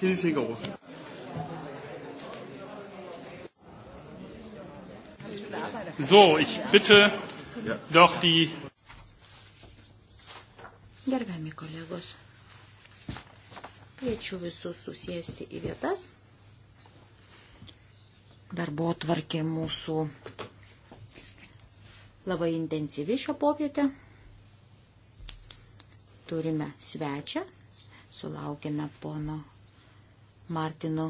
Dit is Ingo. So, ich bitte doch die. Gerbiami kolegos, kviečiu visus susėsti į vietas. Darbo tvarkė mūsų labai intensyvi šią popietę. Turime svečią, sulaukėme pono Martinu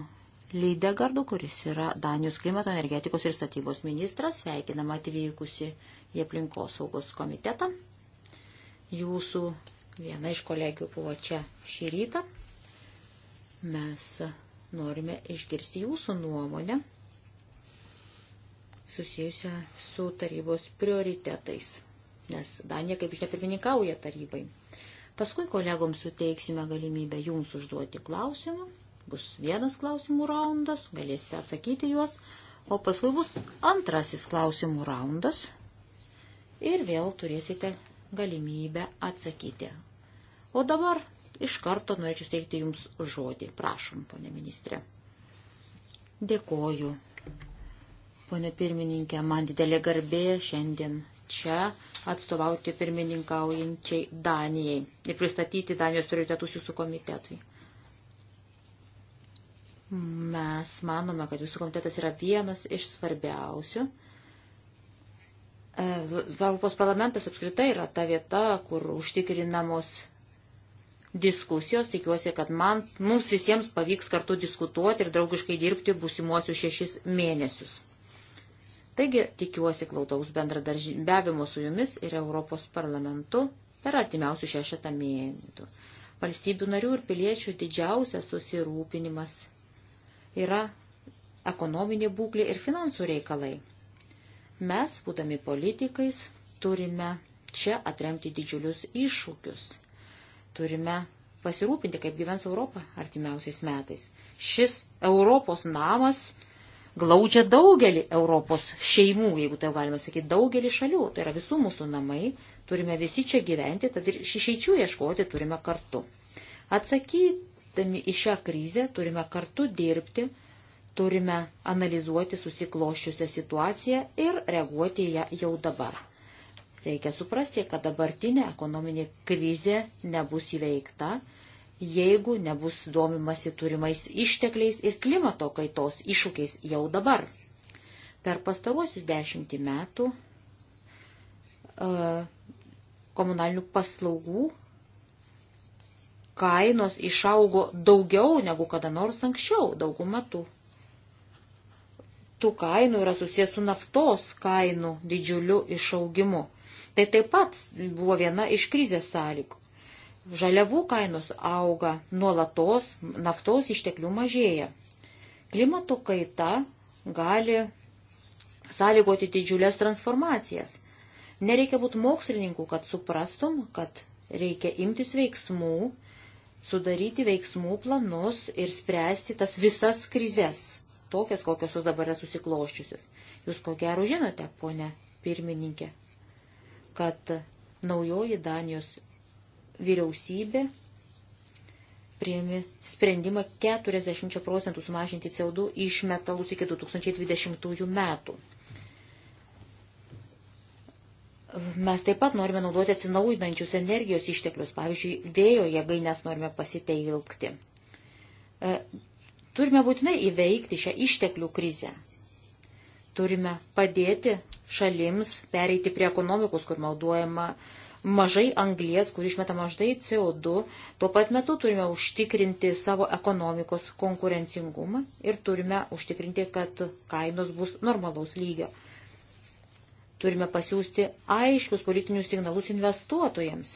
Lydegardu, kuris yra Danijos klimato energetikos ir statybos ministras. Sveikinam atvykusi į aplinkosaugos komitetą. Jūsų viena iš kolegių buvo čia šį rytą. Mes norime išgirsti jūsų nuomonę susijusią su tarybos prioritetais, nes Danija, kaip žinia, pirmininkauja tarybai. Paskui kolegoms suteiksime galimybę jums užduoti klausimų Bus vienas klausimų raundas, galėsite atsakyti juos, o paskui bus antrasis klausimų raundas ir vėl turėsite galimybę atsakyti. O dabar iš karto norėčiau steigti Jums žodį. Prašom, ponė ministrė. Dėkoju. Pone pirmininkė, man didelė garbė šiandien čia atstovauti pirmininkaujančiai Danijai ir pristatyti Danijos prioritetus jūsų komitetui. Mes manome, kad jūsų komitetas yra vienas iš svarbiausių. Europos parlamentas apskritai yra ta vieta, kur užtikrinamos diskusijos. Tikiuosi, kad man, mums visiems pavyks kartu diskutuoti ir draugiškai dirbti būsimuosius šešis mėnesius. Taigi tikiuosi klaudaus bendradarbiavimo su jumis ir Europos parlamentu per artimiausių šešetą mėnesių. Valstybių narių ir piliečių didžiausias susirūpinimas yra ekonominė būklė ir finansų reikalai. Mes, būdami politikais, turime čia atremti didžiulius iššūkius. Turime pasirūpinti, kaip gyvens Europa artimiausiais metais. Šis Europos namas glaudžia daugelį Europos šeimų, jeigu tai galima sakyti, daugelį šalių. Tai yra visų mūsų namai, turime visi čia gyventi, tad ir išeičių ieškoti turime kartu. Atsakyti žvelgdami į šią krizę turime kartu dirbti, turime analizuoti susikloščiusią situaciją ir reaguoti ją jau dabar. Reikia suprasti, kad dabartinė ekonominė krizė nebus įveikta, jeigu nebus domimasi turimais ištekliais ir klimato kaitos iššūkiais jau dabar. Per pastaruosius dešimtį metų e, komunalinių paslaugų kainos išaugo daugiau negu kada nors anksčiau daugumą tų. Tų kainų yra susijęs su naftos kainų didžiuliu išaugimu. Tai taip pat buvo viena iš krizės sąlygų. Žaliavų kainos auga nuolatos, naftos išteklių mažėja. Klimato kaita gali sąlygoti didžiulės transformacijas. Nereikia būti mokslininku, kad suprastum, kad reikia imtis veiksmų, sudaryti veiksmų planus ir spręsti tas visas krizės, tokias, kokios jūs dabar yra susikloščiusios. Jūs ko gero žinote, ponė pirmininkė, kad naujoji Danijos vyriausybė priėmė sprendimą 40 procentų sumažinti CO2 iš metalus iki 2020 metų. Mes taip pat norime naudoti atsinaujinančius energijos išteklius, pavyzdžiui, vėjo jėgainės norime pasiteilgti. E, turime būtinai įveikti šią išteklių krizę. Turime padėti šalims pereiti prie ekonomikos, kur nauduojama mažai anglies, kur išmeta mažai CO2. Tuo pat metu turime užtikrinti savo ekonomikos konkurencingumą ir turime užtikrinti, kad kainos bus normalaus lygio. Turime pasiūsti aiškius politinius signalus investuotojams.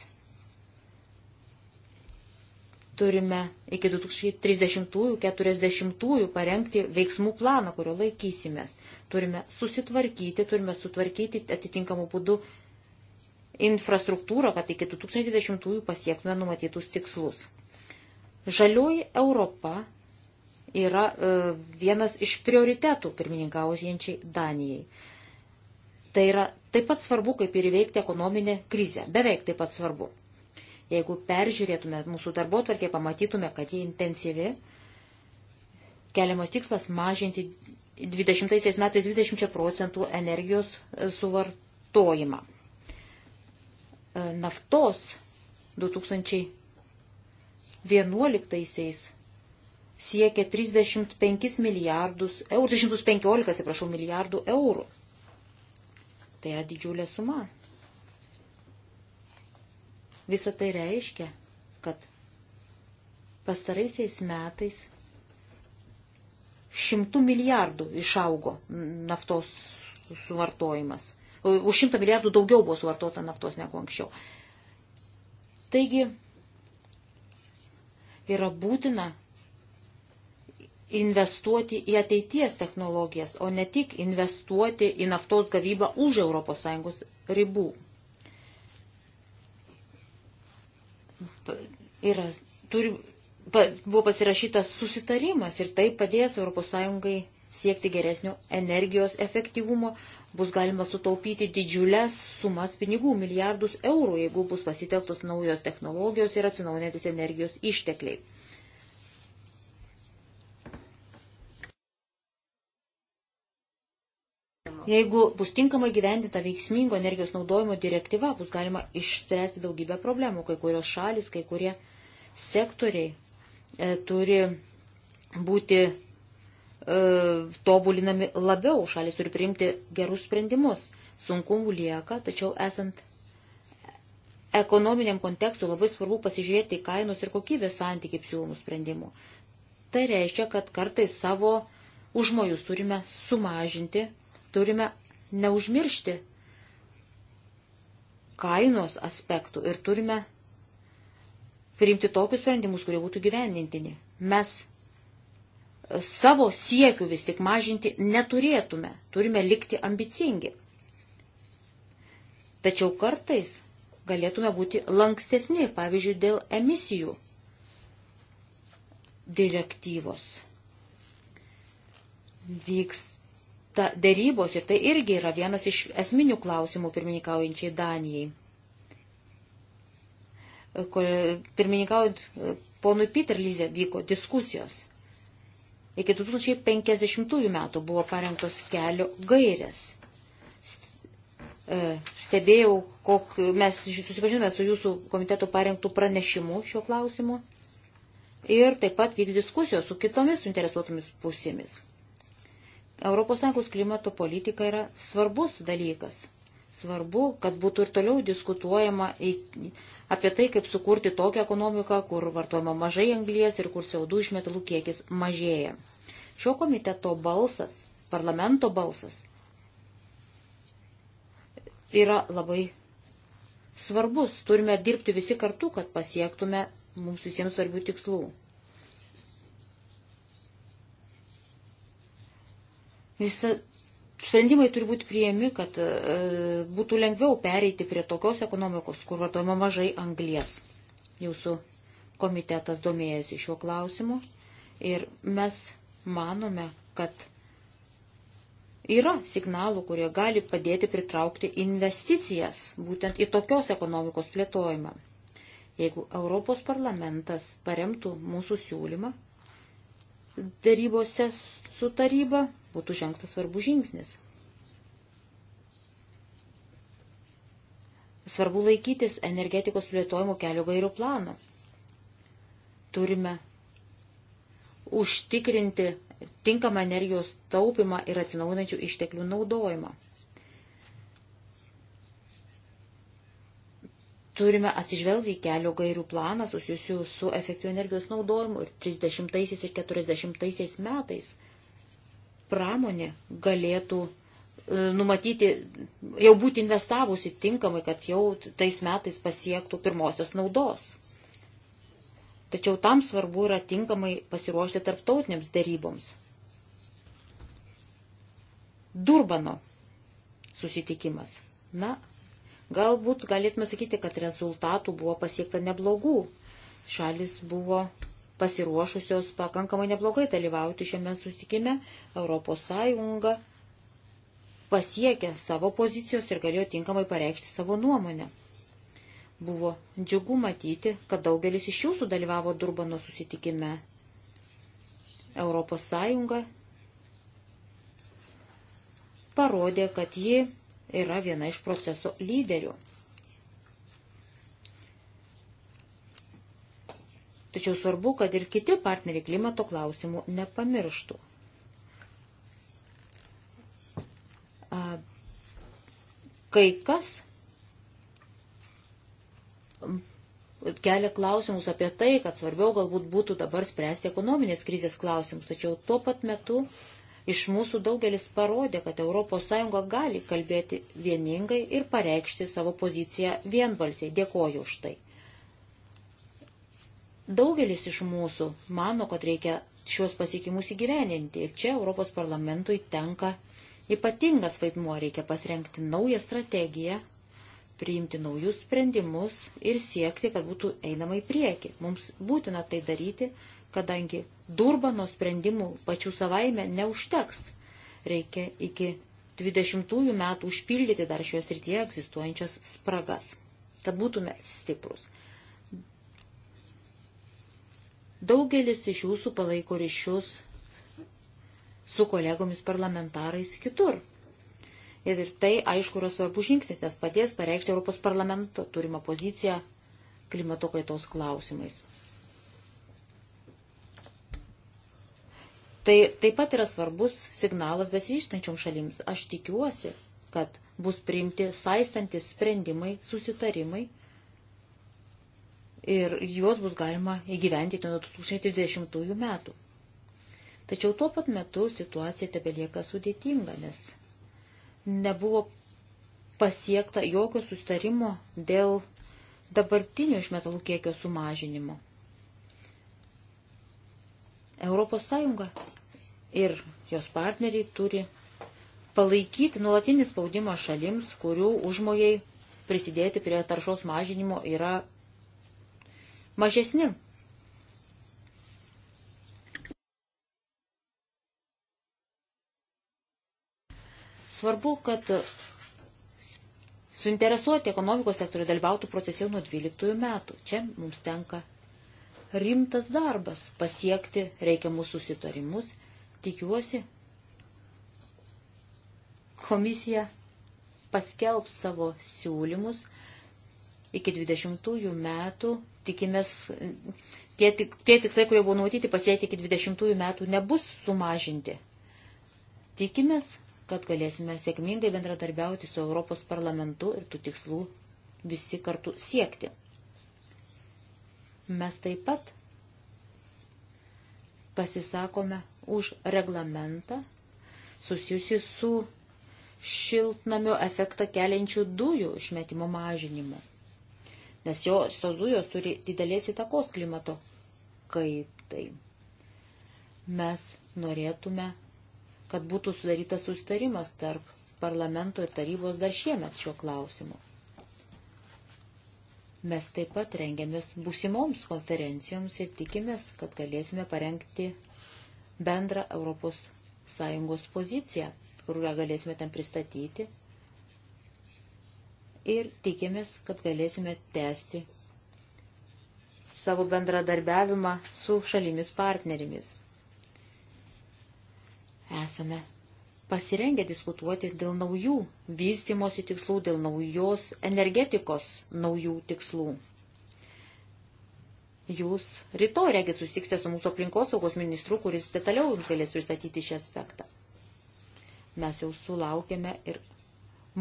Turime iki 2030-40 parengti veiksmų planą, kurio laikysimės. Turime susitvarkyti, turime sutvarkyti atitinkamų būdų infrastruktūrą, kad iki 2020 pasiektume numatytus tikslus. Žalioji Europa yra e, vienas iš prioritetų pirmininkaujančiai Danijai. Tai yra taip pat svarbu, kaip ir įveikti ekonominę krizę. Beveik taip pat svarbu. Jeigu peržiūrėtume mūsų darbo tvarkė, pamatytume, kad ji intensyvi, keliamas tikslas mažinti 20 metais 20 procentų energijos e, suvartojimą. E, naftos 2011 siekia 35 milijardus eurų, 315, atsiprašau, milijardų eurų. Tai yra didžiulė suma. Visą tai reiškia, kad pastaraisiais metais šimtų milijardų išaugo naftos suvartojimas. Už šimtą milijardų daugiau buvo suvartota naftos negu anksčiau. Taigi yra būtina investuoti į ateities technologijas, o ne tik investuoti į naftos gavybą už ES ribų. Yra, turi, pa, buvo pasirašytas susitarimas ir tai padės ES siekti geresnio energijos efektyvumo, bus galima sutaupyti didžiulės sumas pinigų, milijardus eurų, jeigu bus pasitelktos naujos technologijos ir atsinaujantis energijos ištekliai. Jeigu bus tinkamai gyvendinta veiksmingo energijos naudojimo direktyva, bus galima išspręsti daugybę problemų. Kai kurios šalis, kai kurie sektoriai e, turi būti e, tobulinami labiau, šalis turi priimti gerus sprendimus. Sunkumų lieka, tačiau esant ekonominiam kontekstui labai svarbu pasižiūrėti kainos ir kokybės santykiai siūlomų sprendimų. Tai reiškia, kad kartais savo užmojus turime sumažinti turime neužmiršti kainos aspektų ir turime priimti tokius sprendimus, kurie būtų gyvendintini. Mes savo siekių vis tik mažinti neturėtume, turime likti ambicingi. Tačiau kartais galėtume būti lankstesni, pavyzdžiui, dėl emisijų direktyvos. Vyks ta dėrybos ir tai irgi yra vienas iš esminių klausimų pirmininkaujančiai Danijai. Pirmininkaujant e, ponui Peter Lyze vyko diskusijos. Iki 2050 metų buvo parengtos kelio gairės. E, stebėjau, kok, mes susipažinome su jūsų komiteto parengtų pranešimu šiuo klausimu ir taip pat vyks diskusijos su kitomis suinteresuotomis pusėmis. ES klimato politika yra svarbus dalykas. Svarbu, kad būtų ir toliau diskutuojama apie tai, kaip sukurti tokią ekonomiką, kur vartojama mažai anglies ir kur CO2 išmetalų kiekis mažėja. Šio komiteto balsas, parlamento balsas, yra labai svarbus. Turime dirbti visi kartu, kad pasiektume mums visiems svarbių tikslų. Visa sprendimai turi būti prieimi, kad e, būtų lengviau pereiti prie tokios ekonomikos, kur vartojama mažai anglies. Jūsų komitetas domėjasi šiuo klausimu ir mes manome, kad yra signalų, kurie gali padėti pritraukti investicijas būtent į tokios ekonomikos plėtojimą. Jeigu Europos parlamentas paremtų mūsų siūlymą darybose su taryba, būtų žengtas svarbu žingsnis. Svarbu laikytis energetikos plėtojimo kelio gairių plano. Turime užtikrinti tinkamą energijos taupimą ir atsinaujinančių išteklių naudojimą. Turime atsižvelgti į kelio gairių planą susijusių su efektyviu energijos naudojimu ir 30 ir 40 metais pramonė galėtų e, numatyti, jau būti investavusi tinkamai, kad jau tais metais pasiektų pirmosios naudos. Tačiau tam svarbu yra tinkamai pasiruošti tarptautiniams dėryboms. Durbano susitikimas. Na, galbūt galėtume sakyti, kad rezultatų buvo pasiekta neblogų. Šalis buvo pasiruošusios pakankamai neblogai dalyvauti šiame susitikime. Europos Sąjunga pasiekė savo pozicijos ir galėjo tinkamai pareikšti savo nuomonę. Buvo džiugu matyti, kad daugelis iš jūsų dalyvavo Durbano susitikime. Europos Sąjunga parodė, kad ji yra viena iš proceso lyderių. Tačiau svarbu, kad ir kiti partneriai klimato klausimų nepamirštų. Kai kas kelia klausimus apie tai, kad svarbiau galbūt būtų dabar spręsti ekonominės krizės klausimus, tačiau tuo pat metu iš mūsų daugelis parodė, kad ES gali kalbėti vieningai ir pareikšti savo poziciją vienbalsiai. Dėkoju už tai. Daugelis iš mūsų mano, kad reikia šios pasiekimus įgyveninti ir čia Europos parlamentui tenka ypatingas vaidmuo, reikia pasirengti naują strategiją, priimti naujus sprendimus ir siekti, kad būtų einama į priekį. Mums būtina tai daryti, kadangi durbano sprendimų pačių savaime neužteks. Reikia iki 20 metų užpildyti dar šioje srityje egzistuojančias spragas, kad būtume stiprus. Daugelis iš jūsų palaiko ryšius su kolegomis parlamentarais kitur. Ir tai, aišku, yra svarbus žingsnis, nes padės pareikšti Europos parlamento turimą poziciją klimato kaitos klausimais. Tai taip pat yra svarbus signalas besivyštančiom šalims. Aš tikiuosi, kad bus priimti saistantis sprendimai, susitarimai ir juos bus galima įgyvendyti nuo 2020 metų. Tačiau tuo pat metu situacija tebelieka sudėtinga, nes nebuvo pasiekta jokio sustarimo dėl dabartinio išmetalų kiekio sumažinimo. Europos Sąjunga ir jos partneriai turi palaikyti nuolatinį spaudimą šalims, kurių užmojai prisidėti prie taršos mažinimo yra mažesni. Svarbu, kad suinteresuoti ekonomikos sektorių dalyvautų procese nuo 12 metų. Čia mums tenka rimtas darbas pasiekti reikiamus susitarimus. Tikiuosi, komisija paskelb savo siūlymus iki 20 metų tikimės, tie, tik, tie tikslai, kurie buvo numatyti pasiekti iki 20 metų, nebus sumažinti. Tikimės, kad galėsime sėkmingai bendradarbiauti su Europos parlamentu ir tų tikslų visi kartu siekti. Mes taip pat pasisakome už reglamentą susijusi su šiltnamio efektą keliančių dujų išmetimo mažinimu nes jo šios dujos turi didelės įtakos klimato kaitai. Mes norėtume, kad būtų sudarytas sustarimas tarp parlamento ir tarybos dar šiemet šiuo klausimu. Mes taip pat rengiamės būsimoms konferencijoms ir tikimės, kad galėsime parengti bendrą Europos Sąjungos poziciją, kurią galėsime ten pristatyti ir tikimės, kad galėsime tęsti savo bendradarbiavimą su šalimis partnerimis. Esame pasirengę diskutuoti dėl naujų vystimosi tikslų, dėl naujos energetikos naujų tikslų. Jūs rytoj, regi, susitiksite su mūsų aplinkosaugos ministru, kuris detaliau jums galės pristatyti šį aspektą. Mes jau sulaukėme ir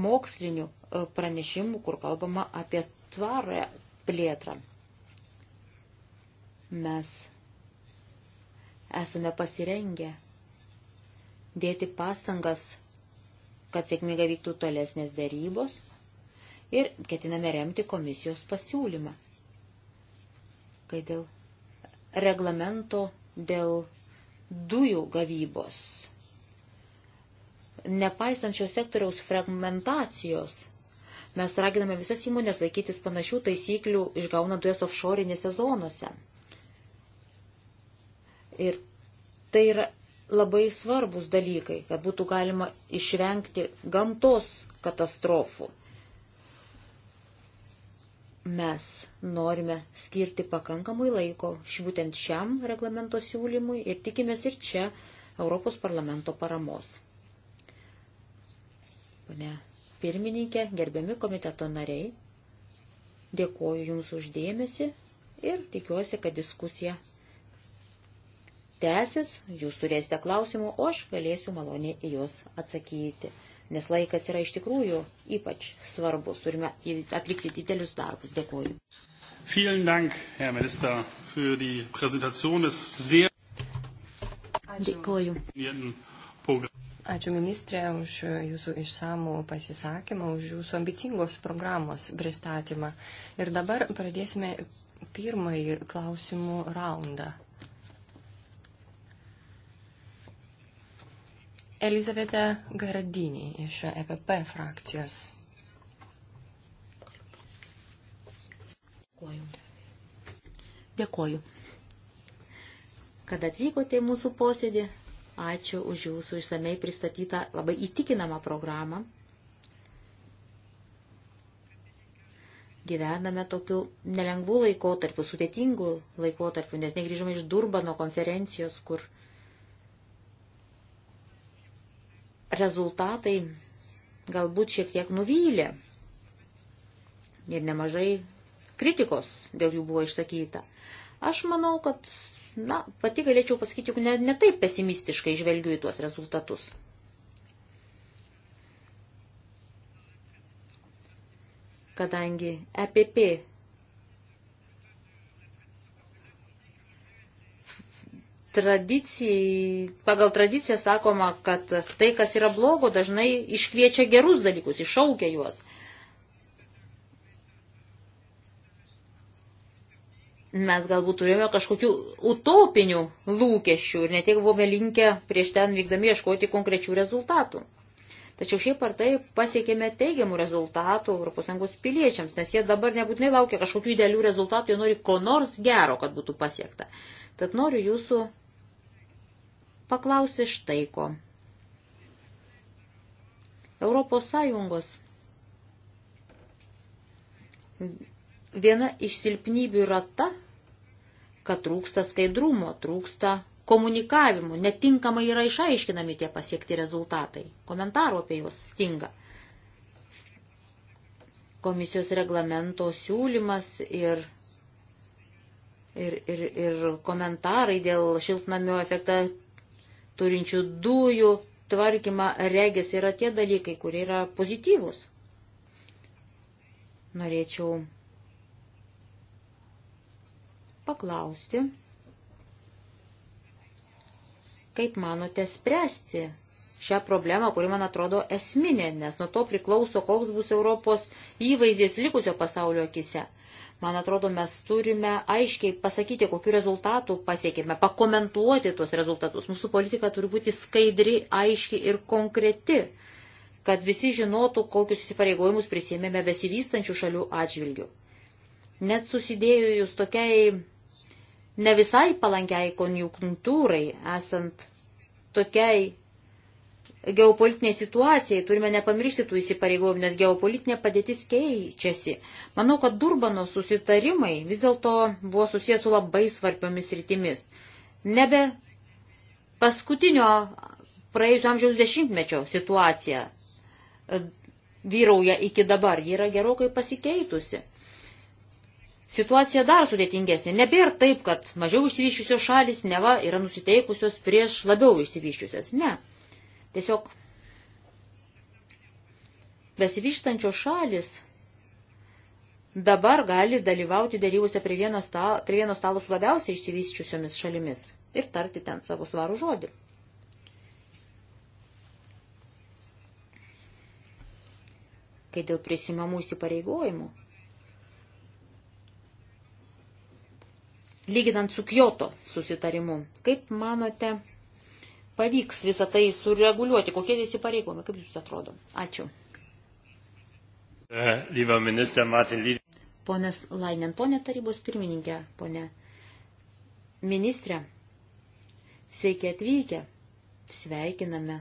mokslinių e, pranešimų, kur kalbama apie tvarą plėtrą. Mes esame pasirengę dėti pastangas, kad sėkmingai vyktų tolesnės darybos ir ketiname remti komisijos pasiūlymą, kai dėl reglamento dėl dujų gavybos Nepaisant šio sektoriaus fragmentacijos, mes raginame visas įmonės laikytis panašių taisyklių išgaunant dujas offshore'inėse zonose. Ir tai yra labai svarbus dalykai, kad būtų galima išvengti gamtos katastrofų. Mes norime skirti pakankamai laiko būtent šiam reglamento siūlymui ir tikimės ir čia Europos parlamento paramos. Pane pirmininkė, gerbiami komiteto nariai, dėkoju Jums uždėmesi ir tikiuosi, kad diskusija tęsis, Jūs turėsite klausimų, o aš galėsiu maloniai į juos atsakyti, nes laikas yra iš tikrųjų ypač svarbus, turime atlikti didelius darbus. Dėkoju. Vielen Dank, Herr Minister, für die Präsentation des sehr Dėkoju. Ačiū ministrė už jūsų išsamų pasisakymą, už jūsų ambicingos programos pristatymą. Ir dabar pradėsime pirmąjį klausimų raundą. Elizaveta Gardinį iš EPP frakcijos. Dėkuoju. Dėkuoju, kad atvykote į mūsų posėdį. Ačiū už jūsų išsamei pristatytą labai įtikinamą programą. Gyvename tokiu nelengvu laikotarpiu, sudėtingu laikotarpiu, nes negrįžome iš Durbano konferencijos, kur rezultatai galbūt šiek tiek nuvylė ir nemažai kritikos dėl jų buvo išsakyta. Aš manau, kad Na, pati galėčiau pasakyti, jog ne, ne taip pesimistiškai žvelgiu į tuos rezultatus. Kadangi EPP tradicijai, pagal tradiciją sakoma, kad tai, kas yra blogo, dažnai iškviečia gerus dalykus, išaukia juos. mes galbūt turėjome kažkokių utopinių lūkesčių ir netiek buvome linkę prieš ten vykdami ieškoti konkrečių rezultatų. Tačiau šiaip ar taip pasiekėme teigiamų rezultatų ES piliečiams, nes jie dabar nebūtinai laukia kažkokių idealių rezultatų, jie nori ko nors gero, kad būtų pasiekta. Tad noriu jūsų paklausti štai ko. Europos Sąjungos viena iš silpnybių yra ta, kad trūksta skaidrumo, trūksta komunikavimo, netinkamai yra išaiškinami tie pasiekti rezultatai. Komentarų apie juos stinga. Komisijos reglamento siūlymas ir ir, ir, ir komentarai dėl šiltnamio efektą turinčių dujų tvarkymą regis yra tie dalykai, kurie yra pozityvūs. Norėčiau paklausti, kaip manote spręsti šią problemą, kuri man atrodo esminė, nes nuo to priklauso, koks bus Europos įvaizdis likusio pasaulio akise. Man atrodo, mes turime aiškiai pasakyti, kokiu rezultatu pasiekėme, pakomentuoti tuos rezultatus. Mūsų politika turi būti skaidri, aiški ir konkreti, kad visi žinotų, kokius įsipareigojimus prisėmėme besivystančių šalių atžvilgių. Net susidėjus tokiai ne visai palankiai konjunktūrai, esant tokiai geopolitiniai situacijai, turime nepamiršti tų įsipareigojimų, nes geopolitinė padėtis keičiasi. Manau, kad Durbano susitarimai vis dėlto buvo susijęs su labai svarbiomis rytimis. Nebe paskutinio praėjusio amžiaus dešimtmečio situacija vyrauja iki dabar, ji yra gerokai pasikeitusi situacija dar sudėtingesnė. Nebėra taip, kad mažiau išsivyščiusios šalis neva yra nusiteikusios prieš labiau išsivyščiusias. Ne. Tiesiog besivyštančios šalis dabar gali dalyvauti dėrybose prie vieno, stalo, prie vieno stalo su labiausiai išsivysčiusiomis šalimis ir tarti ten savo svarų žodį. Kai dėl prisimamų įsipareigojimų lyginant su Kyoto susitarimu. Kaip manote, pavyks visą tai sureguliuoti? Kokie visi pareigūnai? Kaip jums atrodo? Ačiū. Lieber eh, Minister Martin Lydė. Ponas Lainen, ponė tarybos pirmininkė, ponė ministrė, sveiki atvykę, sveikiname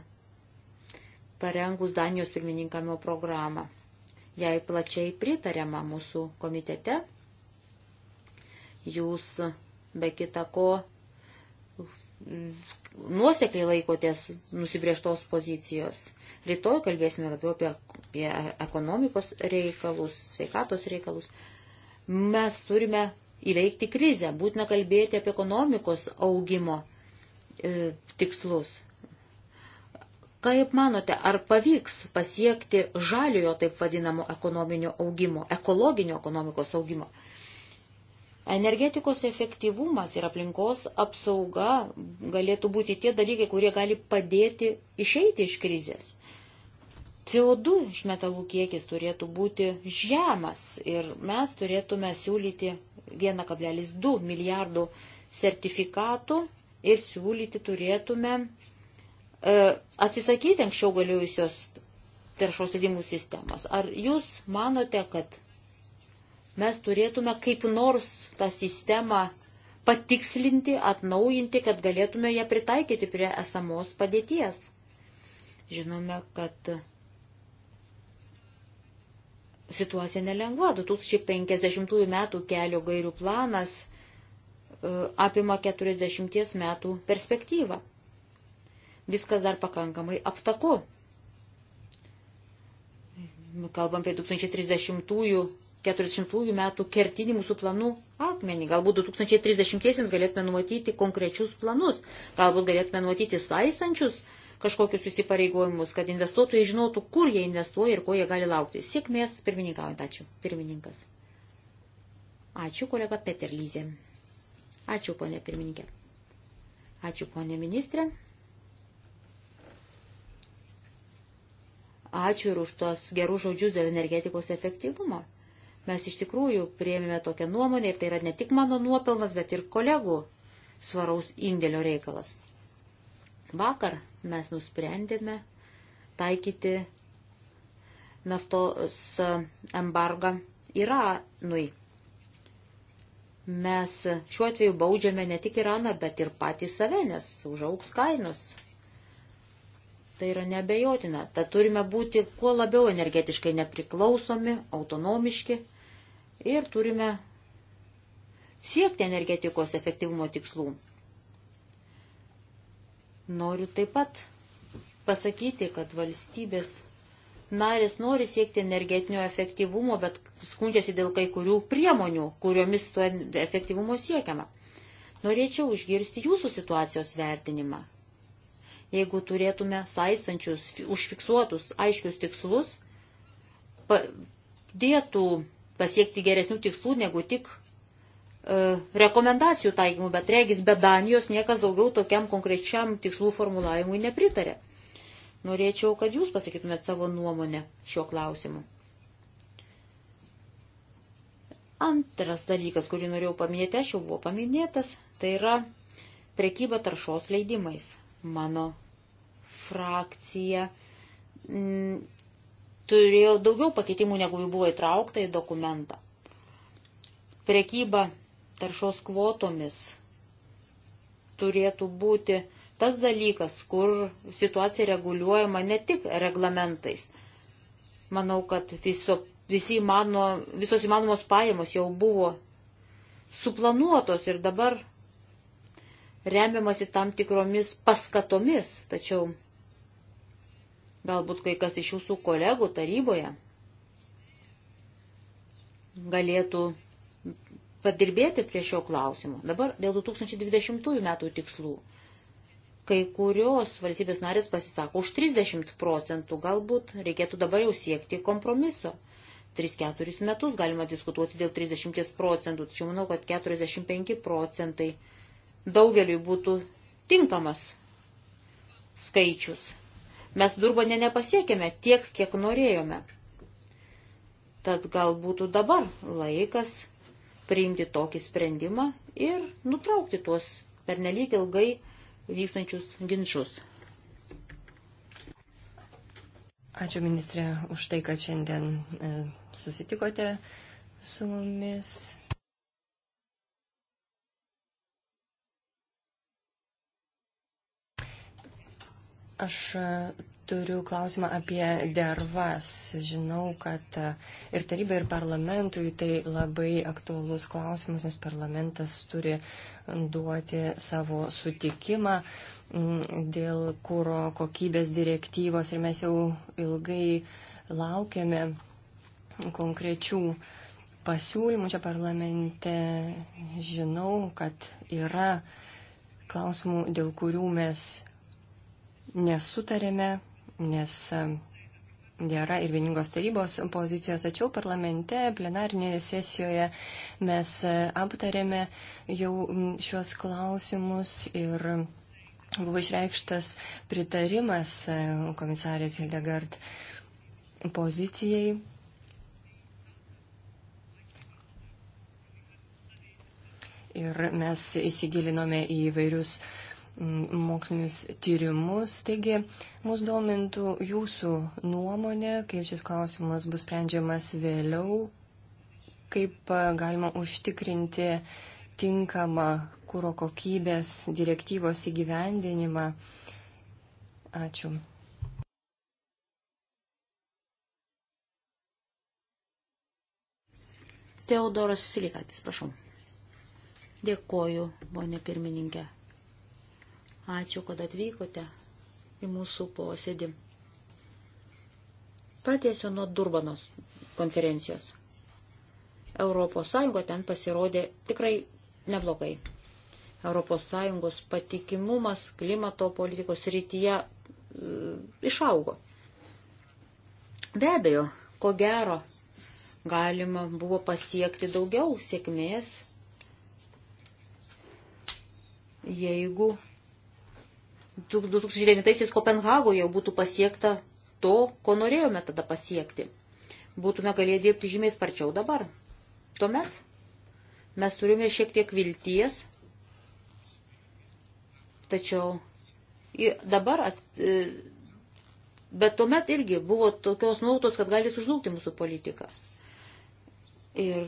parengus Danijos pirmininkamo programą. Jei plačiai pritariama mūsų komitete, Jūs be kita ko nuosekliai laikotės nusibrieštos pozicijos. Rytoj kalbėsime labiau apie, apie ekonomikos reikalus, sveikatos reikalus. Mes turime įveikti krizę, būtina kalbėti apie ekonomikos augimo e, tikslus. Kaip manote, ar pavyks pasiekti žaliojo taip vadinamo ekonominio augimo, ekologinio ekonomikos augimo? E, Energetikos efektyvumas ir aplinkos apsauga galėtų būti tie dalykai, kurie gali padėti išeiti iš krizės. CO2 išmetalų kiekis turėtų būti žemas ir mes turėtume siūlyti 1,2 milijardų sertifikatų ir siūlyti turėtume e, atsisakyti anksčiau galiojusios teršos leidimų sistemos. Ar jūs manote, kad mes turėtume kaip nors tą sistemą patikslinti, atnaujinti, kad galėtume ją pritaikyti prie esamos padėties. Žinome, kad situacija nelengva. 2050 metų kelio gairių planas e, apima 40 metų perspektyvą. Viskas dar pakankamai aptaku. Kalbam apie 2030 40 metų kertinį mūsų planų akmenį. Galbūt 2030 galėtume numatyti konkrečius planus, galbūt galėtume numatyti saistančius kažkokius įsipareigojimus, kad investuotojai žinotų, kur jie investuoja ir ko jie gali laukti. Sėkmės pirmininkaujant. Ačiū. Pirmininkas. Ačiū, kolega Peterlyzė. Ačiū, ponė pirmininkė. Ačiū, ponė ministrė. Ačiū ir už tos gerų žodžius dėl energetikos efektyvumo. Mes iš tikrųjų prieimėme tokią nuomonę ir tai yra ne tik mano nuopelnas, bet ir kolegų svaraus indėlio reikalas. Vakar mes nusprendėme taikyti naftos embargą Iranui. Mes šiuo atveju baudžiame ne tik Iraną, bet ir patį save, nes užauks kainos. Tai yra nebejotina. Tad turime būti kuo labiau energetiškai nepriklausomi, autonomiški ir turime siekti energetikos efektyvumo tikslų. Noriu taip pat pasakyti, kad valstybės narės nori siekti energetinio efektyvumo, bet skundžiasi dėl kai kurių priemonių, kuriomis to efektyvumo siekiama. Norėčiau užgirsti jūsų situacijos vertinimą. Jeigu turėtume saistančius, užfiksuotus, aiškius tikslus, dėtų pasiekti geresnių tikslų negu tik e, rekomendacijų taikymų, bet regis be Danijos niekas daugiau tokiam konkrečiam tikslų formulavimui nepritarė. Norėčiau, kad jūs pasakytumėt savo nuomonę šiuo klausimu. Antras dalykas, kurį norėjau paminėti, aš jau buvo paminėtas, tai yra prekyba taršos leidimais. Mano frakcija mm, turėjo daugiau pakeitimų, negu jų buvo įtraukta į dokumentą. Prekyba taršos kvotomis turėtų būti tas dalykas, kur situacija reguliuojama ne tik reglamentais. Manau, kad viso, visi mano, visos įmanomos pajamos jau buvo suplanuotos ir dabar remiamasi tam tikromis paskatomis, tačiau Galbūt kai kas iš jūsų kolegų taryboje galėtų padirbėti prie šio klausimo. Dabar dėl 2020 metų tikslų. Kai kurios valstybės narės pasisako už 30 procentų, galbūt reikėtų dabar jau siekti kompromiso. 3-4 metus galima diskutuoti dėl 30 procentų, tačiau manau, kad 45 procentai daugeliui būtų tinkamas skaičius. Mes Durbane nepasiekėme tiek, kiek norėjome. Tad gal būtų dabar laikas priimti tokį sprendimą ir nutraukti tuos pernelyg ilgai vykstančius ginčius. Ačiū ministrė už tai, kad šiandien e, susitikote su mumis Aš e, turiu klausimą apie dervas. Žinau, kad e, ir tarybai, ir parlamentui tai labai aktuolus klausimas, nes parlamentas turi duoti savo sutikimą dėl kūro kokybės direktyvos ir mes jau ilgai laukiame konkrečių pasiūlymų čia parlamente. Žinau, kad yra klausimų, dėl kurių mes nesutarėme, nes nėra ir vieningos tarybos pozicijos, tačiau parlamente, plenarinėje sesijoje mes aptarėme jau šios klausimus ir buvo išreikštas pritarimas komisarės Hildegard pozicijai. Ir mes įsigilinome į vairius uh, mokslinius tyrimus. Taigi, mus domintų jūsų nuomonė, kaip šis klausimas bus sprendžiamas vėliau, kaip galima užtikrinti tinkamą kūro kokybės direktyvos įgyvendinimą. Ačiū. Teodoras Silikakis, prašau. Dėkoju, ponė pirmininkė. Ačiū, kad atvykote į mūsų posėdį. Pradėsiu nuo Durbanos konferencijos. Europos Sąjunga ten pasirodė tikrai neblogai. Europos Sąjungos patikimumas klimato politikos rytyje e, išaugo. Be abejo, ko gero, galima buvo pasiekti daugiau sėkmės, jeigu 2009-aisiais Kopenhagoje būtų pasiekta to, ko norėjome tada pasiekti. Būtume galėję dirbti žymiai sparčiau dabar. Tuomet mes turime šiek tiek vilties, tačiau dabar, at, e, bet tuomet irgi buvo tokios nuotos, kad gali sužlugti mūsų politiką. Ir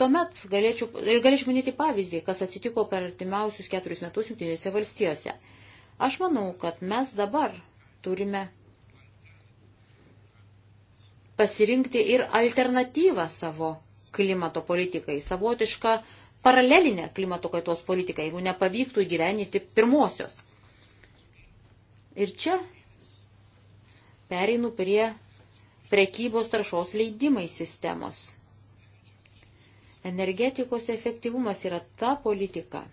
tuomet galėčiau, ir galėčiau minėti pavyzdį, kas atsitiko per artimiausius keturis metus Junktinėse valstijose. Uh, Aš manau, kad mes dabar turime pasirinkti ir alternatyvą savo klimato politikai, savotišką paralelinę klimato kaitos politiką, jeigu nepavyktų įgyveninti pirmosios. Ir čia pereinu prie prekybos taršos leidimai sistemos. Energetikos efektyvumas yra ta politika,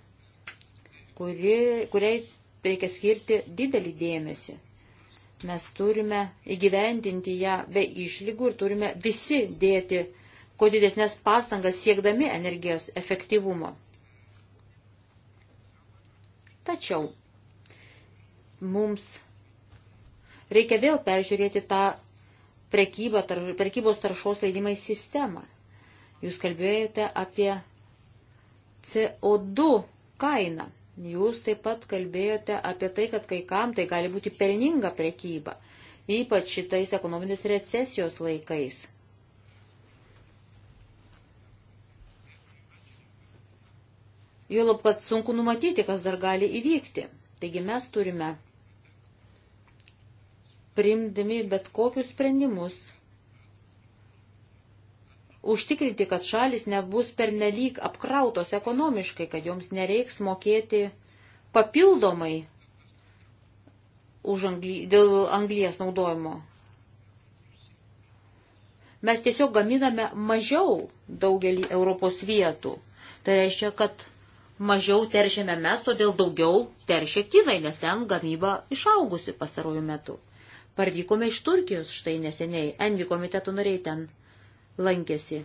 kuri, kuriai reikia skirti didelį dėmesį. Mes turime įgyvendinti ją be išlygų ir turime visi dėti kuo didesnės pastangas siekdami energijos efektyvumo. Tačiau mums reikia vėl peržiūrėti tą prekybą, tar, prekybos taršos leidimai sistemą. Jūs kalbėjote apie CO2 kainą. Jūs taip pat kalbėjote apie tai, kad kai kam tai gali būti pelninga prekyba, ypač šitais ekonominės recesijos laikais. Juolab, kad sunku numatyti, kas dar gali įvykti. Taigi mes turime, primdami bet kokius sprendimus, užtikrinti, kad šalis nebus pernelyg apkrautos ekonomiškai, kad joms nereiks mokėti papildomai angly, dėl anglijas naudojimo. Mes tiesiog gaminame mažiau daugelį Europos vietų. Tai reiškia, kad mažiau teršiame mes, todėl daugiau teršia Kinai, nes ten gamyba išaugusi pastarojų metų. Parvykome iš Turkijos štai neseniai, Envi komiteto nariai ten lankėsi.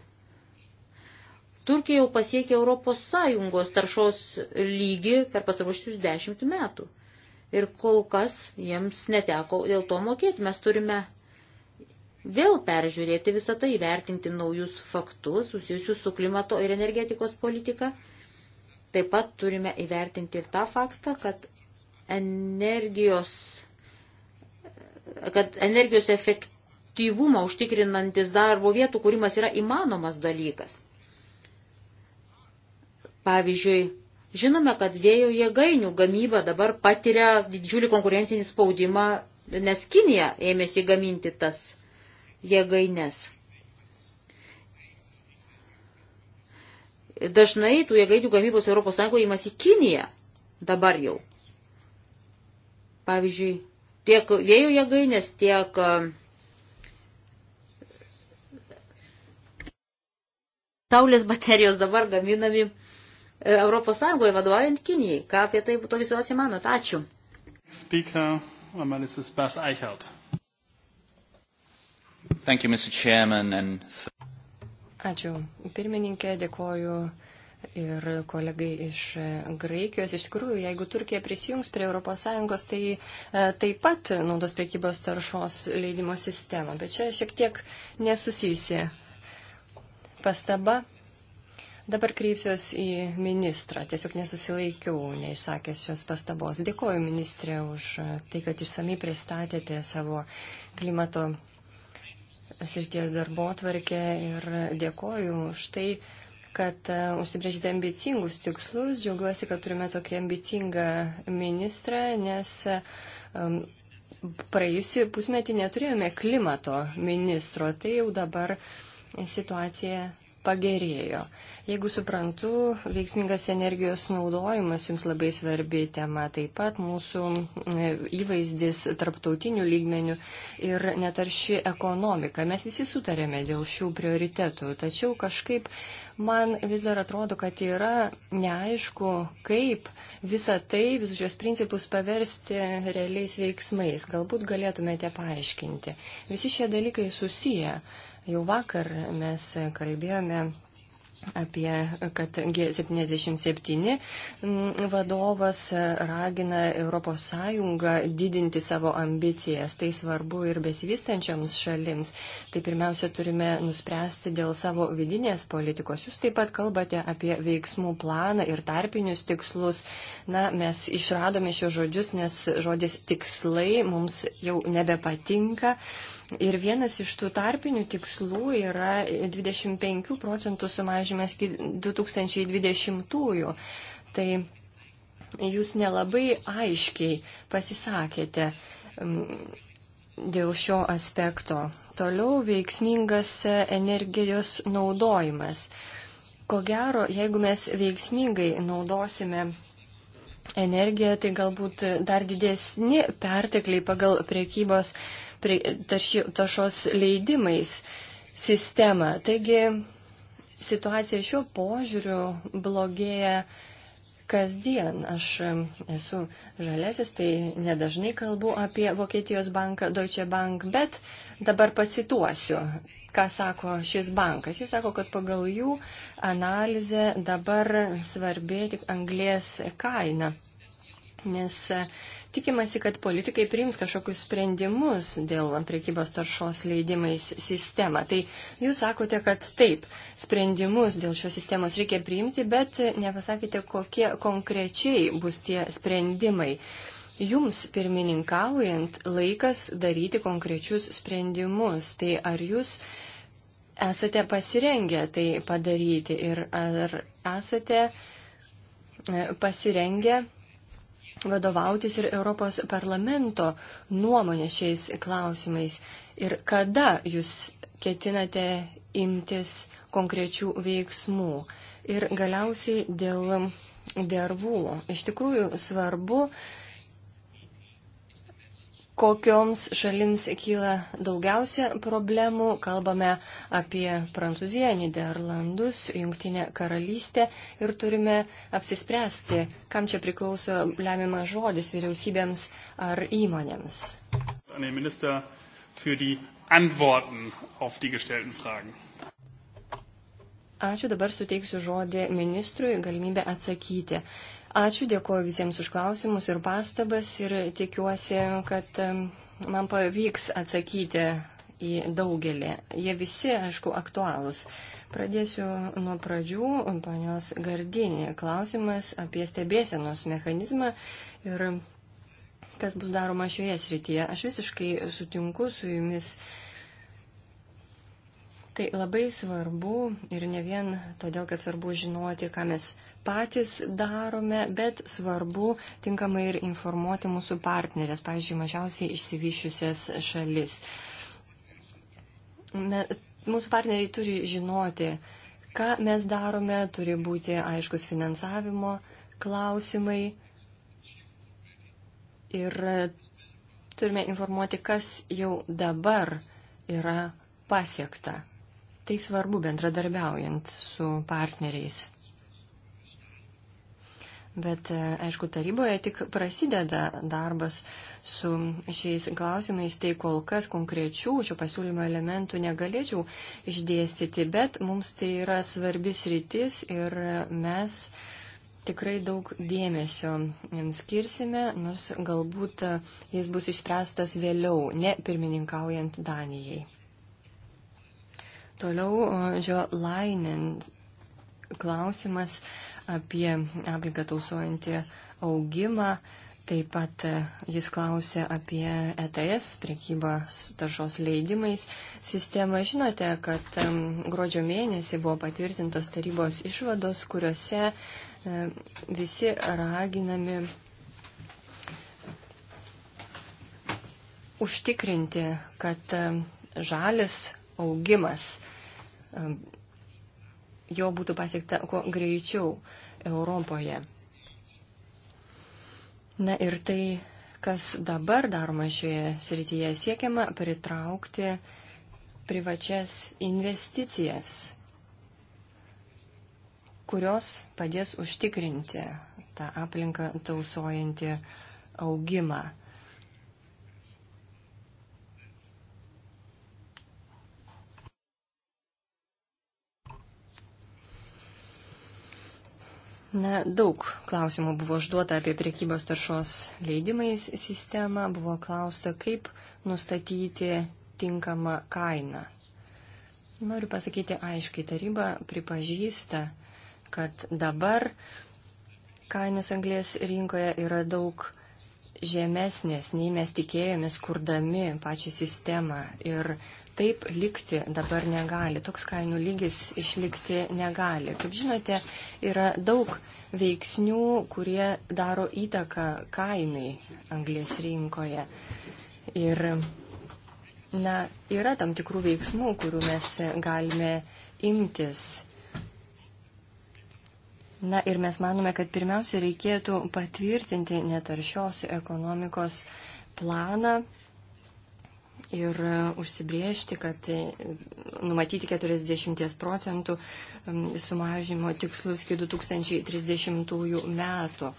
Turkija jau pasiekė Europos Sąjungos taršos lygį per pastaruosius dešimt metų. Ir kol kas jiems neteko dėl to mokėti. Mes turime vėl peržiūrėti visą tai, vertinti naujus faktus susijusius su klimato ir energetikos politika. Taip pat turime įvertinti ir tą faktą, kad energijos, kad energijos efektyvumas produktyvumą užtikrinantis darbo vietų kūrimas yra įmanomas dalykas. Pavyzdžiui, žinome, kad vėjo jėgainių gamyba dabar patiria didžiulį konkurencinį spaudimą, nes Kinija ėmėsi gaminti tas jėgaines. Dažnai tų jėgainių gamybos ES įmasi Kinija dabar jau. Pavyzdžiui, tiek vėjo jėgainės, tiek uh, Saulės baterijos dabar gaminami e, Europos Sąjungoje vadovaujant Kinijai. Ką apie tai tokia situacija manot? Ačiū. Speaker, Analysis Bas Eichelt. Thank you, Mr. Chairman. And... Ačiū. Pirmininkė, dėkoju ir kolegai iš e, Graikijos. Iš tikrųjų, jeigu Turkija prisijungs prie ES, tai e, taip pat naudos priekybos taršos leidimo sistema. Bet čia šiek tiek nesusijusi pastaba. Dabar kreipsiuosi į ministrą. Tiesiog nesusilaikiau neišsakęs šios pastabos. Dėkoju ministrė už tai, kad išsamei pristatėte savo klimato srities darbo tvarkę ir dėkoju už tai, kad e, užsibrėžėte ambicingus tikslus. Džiaugiuosi, kad turime tokį ambicingą ministrą, nes. Um, Praėjusį pusmetį neturėjome klimato ministro, tai jau dabar uh, situacija pagerėjo. Jeigu suprantu, veiksmingas energijos naudojimas jums labai svarbi tema, taip pat mūsų e, įvaizdis tarptautinių lygmenių ir netarši ekonomika. Mes visi sutarėme dėl šių prioritetų, tačiau kažkaip man vis dar atrodo, kad yra neaišku, kaip visą tai, visus šios principus paversti realiais veiksmais. Galbūt galėtumėte paaiškinti. Visi šie dalykai susiję. Jau vakar mes kalbėjome apie, kad G77 vadovas ragina ES didinti savo ambicijas. Tai svarbu ir besivystančioms šalims. Tai pirmiausia, turime nuspręsti dėl savo vidinės politikos. Jūs taip pat kalbate apie veiksmų planą ir tarpinius tikslus. Na, mes išradome šios žodžius, nes žodis tikslai mums jau nebepatinka. Ir vienas iš tų tarpinių tikslų yra 25 procentų sumažinimas iki 2020-ųjų. Tai jūs nelabai aiškiai pasisakėte mm, dėl šio aspekto. Toliau veiksmingas energijos naudojimas. Ko gero, jeigu mes veiksmingai naudosime energiją, tai galbūt dar didesni pertekliai pagal priekybos prie, taši, tašos leidimais sistemą. Taigi situacija šiuo požiūriu blogėja kasdien. Aš esu žalesis, tai nedažnai kalbu apie Vokietijos banką Deutsche Bank, bet dabar pacituosiu ką sako šis bankas. Jis sako, kad pagal jų analizę dabar svarbi tik anglės kaina. Nes e, tikimasi, kad politikai priims kažkokius sprendimus dėl priekybos taršos leidimais sistemą. Tai jūs sakote, kad taip, sprendimus dėl šios sistemos reikia priimti, bet nepasakėte, kokie konkrečiai bus tie sprendimai. Uh, Jums pirmininkaujant laikas daryti konkrečius sprendimus. Tai ar jūs esate pasirengę tai padaryti ir ar esate e, pasirengę vadovautis ir Europos parlamento nuomonė šiais klausimais ir kada jūs ketinate imtis konkrečių veiksmų. Ir galiausiai dėl dervų. Iš tikrųjų svarbu kokioms šalims kyla daugiausia problemų. Kalbame apie Prancūziją, Niderlandus, Junktinę karalystę ir turime apsispręsti, kam čia priklauso lemiamas žodis vyriausybėms ar įmonėms. Ačiū, dabar suteiksiu žodį ministrui galimybę atsakyti Ačiū, dėkuoju visiems už klausimus ir pastabas ir tikiuosi, kad man pavyks atsakyti į daugelį. Jie visi, aišku, aktualūs. Pradėsiu nuo pradžių, panios Gardinė. Klausimas apie stebėsenos mechanizmą ir kas bus daroma šioje srityje. Aš visiškai sutinku su jumis. Tai labai svarbu ir ne vien todėl, kad svarbu žinoti, ką mes patys darome, bet svarbu tinkamai ir informuoti mūsų partnerės, pavyzdžiui, mažiausiai išsivyšiusias šalis. Me, mūsų partneriai turi žinoti, ką mes darome, turi būti aiškus finansavimo klausimai ir turime informuoti, kas jau dabar yra pasiekta. Tai svarbu bendradarbiaujant su partneriais. Bet, e, aišku, taryboje tik prasideda darbas su šiais klausimais, tai kol kas konkrečių šio pasiūlymo elementų negalėčiau išdėstyti, bet mums tai yra svarbis rytis ir mes tikrai daug dėmesio jam skirsime, nors galbūt jis bus išspręstas vėliau, ne pirmininkaujant Danijai. Toliau Džio e, Lainin klausimas apie aplinką tausojantį augimą. Taip pat e, jis klausė apie ETS, priekybos taršos leidimais sistemą. Žinote, kad gruodžio mėnesį buvo patvirtintos tarybos išvados, kuriuose e, visi raginami užtikrinti, kad žalis augimas jo būtų pasiekta kuo greičiau Europoje. Na ir tai, kas dabar daroma šioje srityje, siekiama pritraukti privačias investicijas, kurios padės užtikrinti tą aplinką tausojantį augimą. Na, daug klausimų buvo užduota apie priekybos taršos leidimais sistemą, buvo klausta, kaip nustatyti tinkamą kainą. Noriu pasakyti aiškiai, taryba pripažįsta, kad dabar kainos anglės rinkoje yra daug žemesnės, nei mes tikėjomės, kurdami pačią sistemą. Ir taip likti dabar negali, toks kainų lygis išlikti negali. Kaip žinote, yra daug veiksnių, kurie daro įtaką kainai anglės rinkoje. Ir na, yra tam tikrų veiksmų, kurių mes galime imtis. Na ir mes manome, kad pirmiausia reikėtų patvirtinti netaršios ekonomikos planą ir e, užsibriežti, kad e, numatyti 40 procentų sumažimo tikslus iki 2030 metų.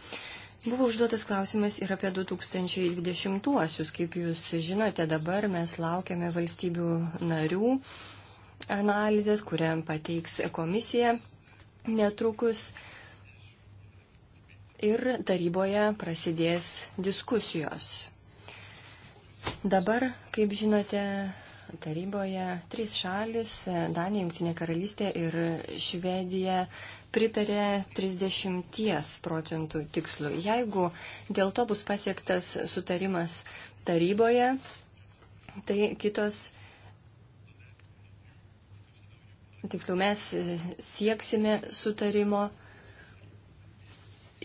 Buvo užduotas klausimas ir apie 2020-uosius. Kaip jūs žinote, dabar mes laukiame valstybių narių analizės, kuriam pateiks komisija netrukus. Ir taryboje prasidės diskusijos Dabar, kaip žinote, taryboje trys šalis - Danija, Junktinė karalystė ir Švedija pritarė 30 procentų tikslui. Jeigu dėl to bus pasiektas sutarimas taryboje, tai kitos. Tiksliau, mes sieksime sutarimo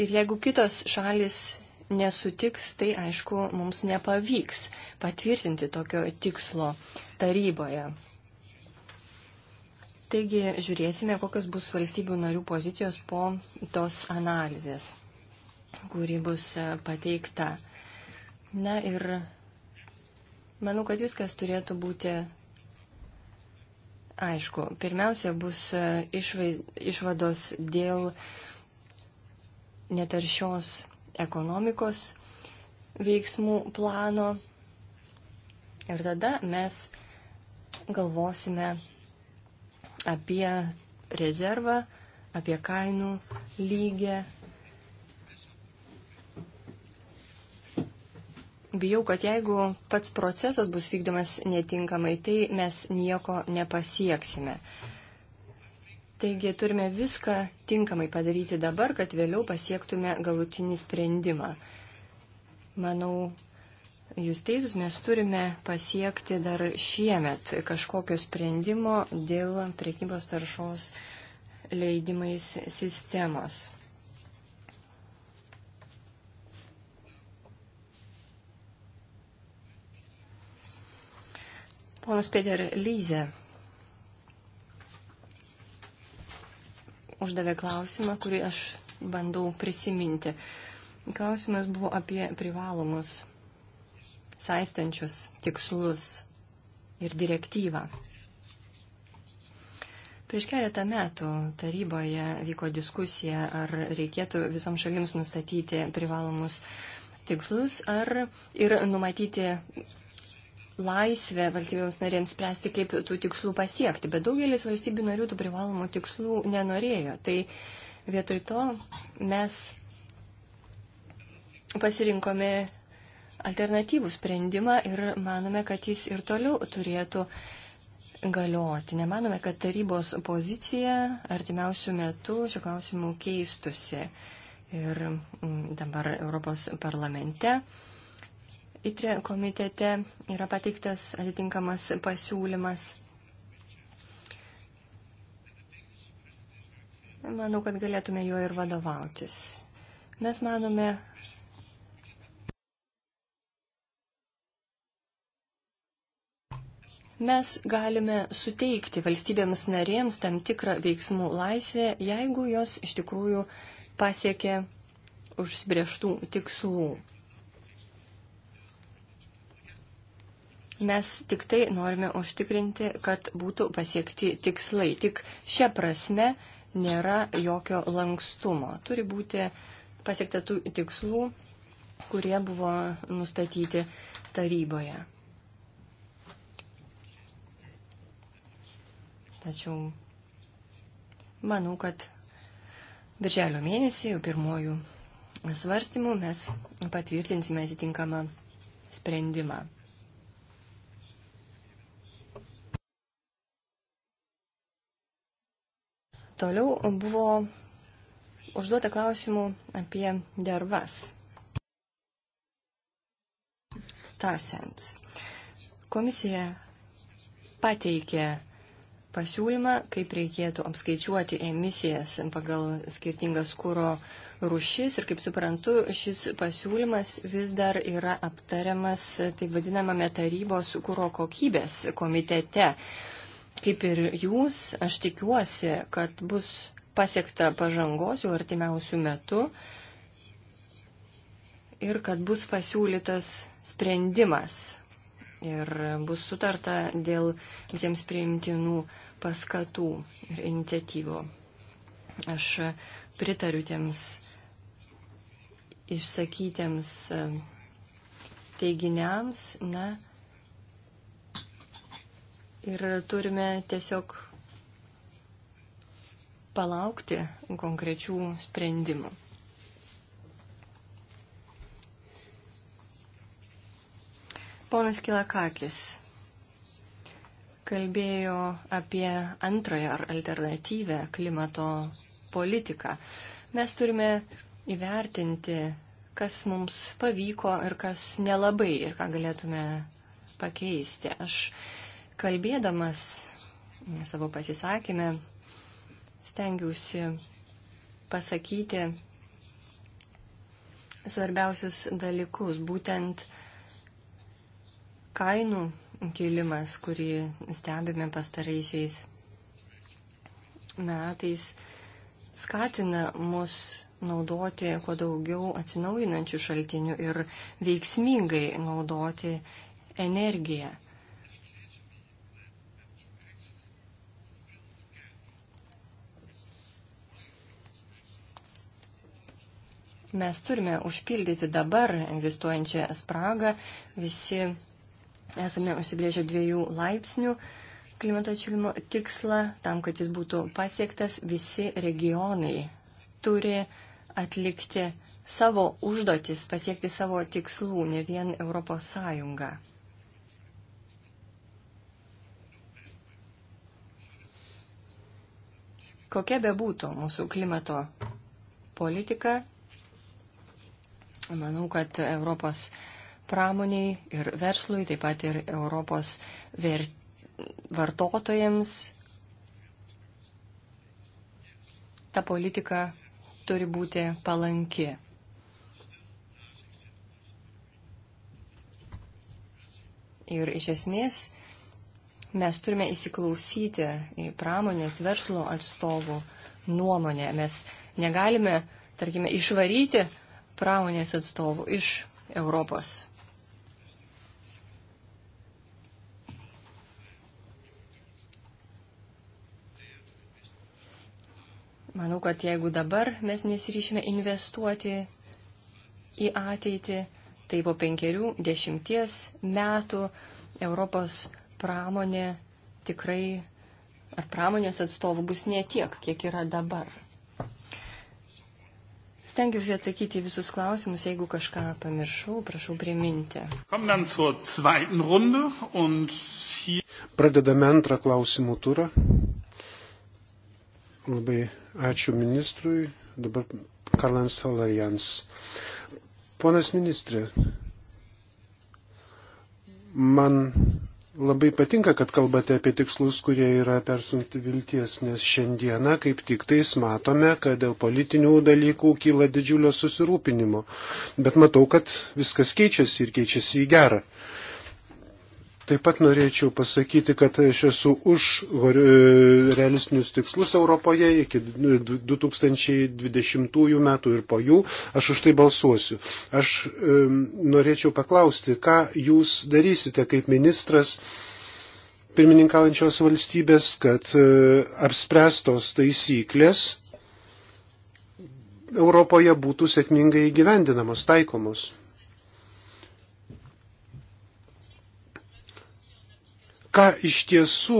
ir jeigu kitos šalis nesutiks, tai aišku, mums nepavyks patvirtinti tokio tikslo taryboje. Taigi žiūrėsime, kokios bus valstybių narių pozicijos po tos analizės, kuri bus e, pateikta. Na ir manau, kad viskas turėtų būti aišku. Pirmiausia bus e, išvados dėl netaršios ekonomikos veiksmų plano. Ir tada mes galvosime apie rezervą, apie kainų lygį. Bijau, kad jeigu pats procesas bus vykdomas netinkamai, tai mes nieko nepasieksime. Uh, Taigi turime viską tinkamai padaryti dabar, kad vėliau pasiektume galutinį sprendimą. Manau, jūs teisus, mes turime pasiekti dar šiemet kažkokio sprendimo dėl priekybos taršos leidimais sistemos. Ponas Peter Lyze uždavė klausimą, kurį aš bandau prisiminti. Klausimas buvo apie privalomus saistančius tikslus ir direktyvą. Prieš keletą metų taryboje vyko diskusija, ar reikėtų visom šalims nustatyti privalomus tikslus ar ir numatyti laisvė valstybėms narėms spręsti, kaip tų tikslų pasiekti, bet daugelis valstybių narių tų privalomų tikslų nenorėjo. Tai vietoj to mes pasirinkome alternatyvų sprendimą ir manome, kad jis ir toliau turėtų galioti. Nemanome, kad tarybos pozicija artimiausių metų šiuo klausimu keistusi. Ir mm, dabar Europos parlamente ITRE komitete yra pateiktas atitinkamas pasiūlymas. Manau, kad galėtume juo ir vadovautis. Mes manome, mes galime suteikti valstybėms narėms tam tikrą veiksmų laisvę, jeigu jos iš tikrųjų pasiekė užsibrieštų tikslų. Mes tik tai norime užtikrinti, kad būtų pasiekti tikslai. Tik šia prasme nėra jokio lankstumo. Turi būti pasiekta tų tikslų, kurie buvo nustatyti taryboje. Tačiau manau, kad birželio mėnesį, jau pirmojų svarstymų, mes patvirtinsime atitinkamą sprendimą. Toliau buvo užduota klausimų apie dervas. Tarsens. Komisija pateikė pasiūlymą, kaip reikėtų apskaičiuoti emisijas pagal skirtingas kūro rušis ir kaip suprantu, šis pasiūlymas vis dar yra aptariamas taip vadinamame tarybos kūro kokybės komitete. Kaip ir jūs, aš tikiuosi, kad bus pasiekta pažangos jau artimiausių metų ir kad bus pasiūlytas sprendimas ir bus sutarta dėl visiems priimtinų paskatų ir iniciatyvų. Aš pritariu tiems išsakytiems e, teiginiams, na, Ir turime tiesiog palaukti konkrečių sprendimų. Ponas Kilakakis kalbėjo apie antrąją ar alternatyvę klimato politiką. Mes turime įvertinti, kas mums pavyko ir kas nelabai ir ką galėtume pakeisti. Aš uh, Kalbėdamas savo pasisakymę, stengiausi pasakyti svarbiausius dalykus, būtent kainų kilimas, kurį stebime pastaraisiais metais, skatina mus naudoti kuo daugiau atsinaujinančių šaltinių ir veiksmingai naudoti energiją. Mes turime užpildyti dabar egzistuojančią spragą. Visi esame užsibrėžę dviejų laipsnių klimato atšilimo tikslą. Tam, kad jis būtų pasiektas, visi regionai turi atlikti savo užduotis, pasiekti savo tikslų, ne vien Europos Sąjunga. kokia bebūtų mūsų klimato politika, Manau, kad Europos pramoniai ir verslui, taip pat ir Europos ver... vartotojams ta politika turi būti palanki. Ir iš esmės mes turime įsiklausyti į pramonės verslo atstovų nuomonę. Mes negalime, tarkime, išvaryti pramonės atstovų iš Europos. Manau, kad jeigu dabar mes nesiryšime investuoti į ateitį, tai po penkerių dešimties metų Europos pramonė tikrai ar pramonės atstovų bus ne tiek, kiek yra dabar. Stengiuosi atsakyti į visus klausimus, jeigu kažką pamiršau, prašau priminti. Pradedame antrą klausimų turą. Labai ačiū ministrui. Dabar Karlans Falarjans. Ponas ministrė, man labai patinka, kad kalbate apie tikslus, kurie yra persunti vilties, nes šiandieną kaip tik tais matome, kad dėl politinių dalykų kyla didžiulio susirūpinimo. Bet matau, kad viskas keičiasi ir keičiasi į gerą. Taip pat norėčiau pasakyti, kad aš esu už e, realistinius tikslus Europoje iki 2020 metų ir po jų. Aš už tai balsuosiu. Aš um, norėčiau paklausti, ką jūs darysite kaip ministras pirmininkaujančios valstybės, kad uh, apspręstos taisyklės Europoje būtų sėkmingai įgyvendinamos, taikomos. ką iš tiesų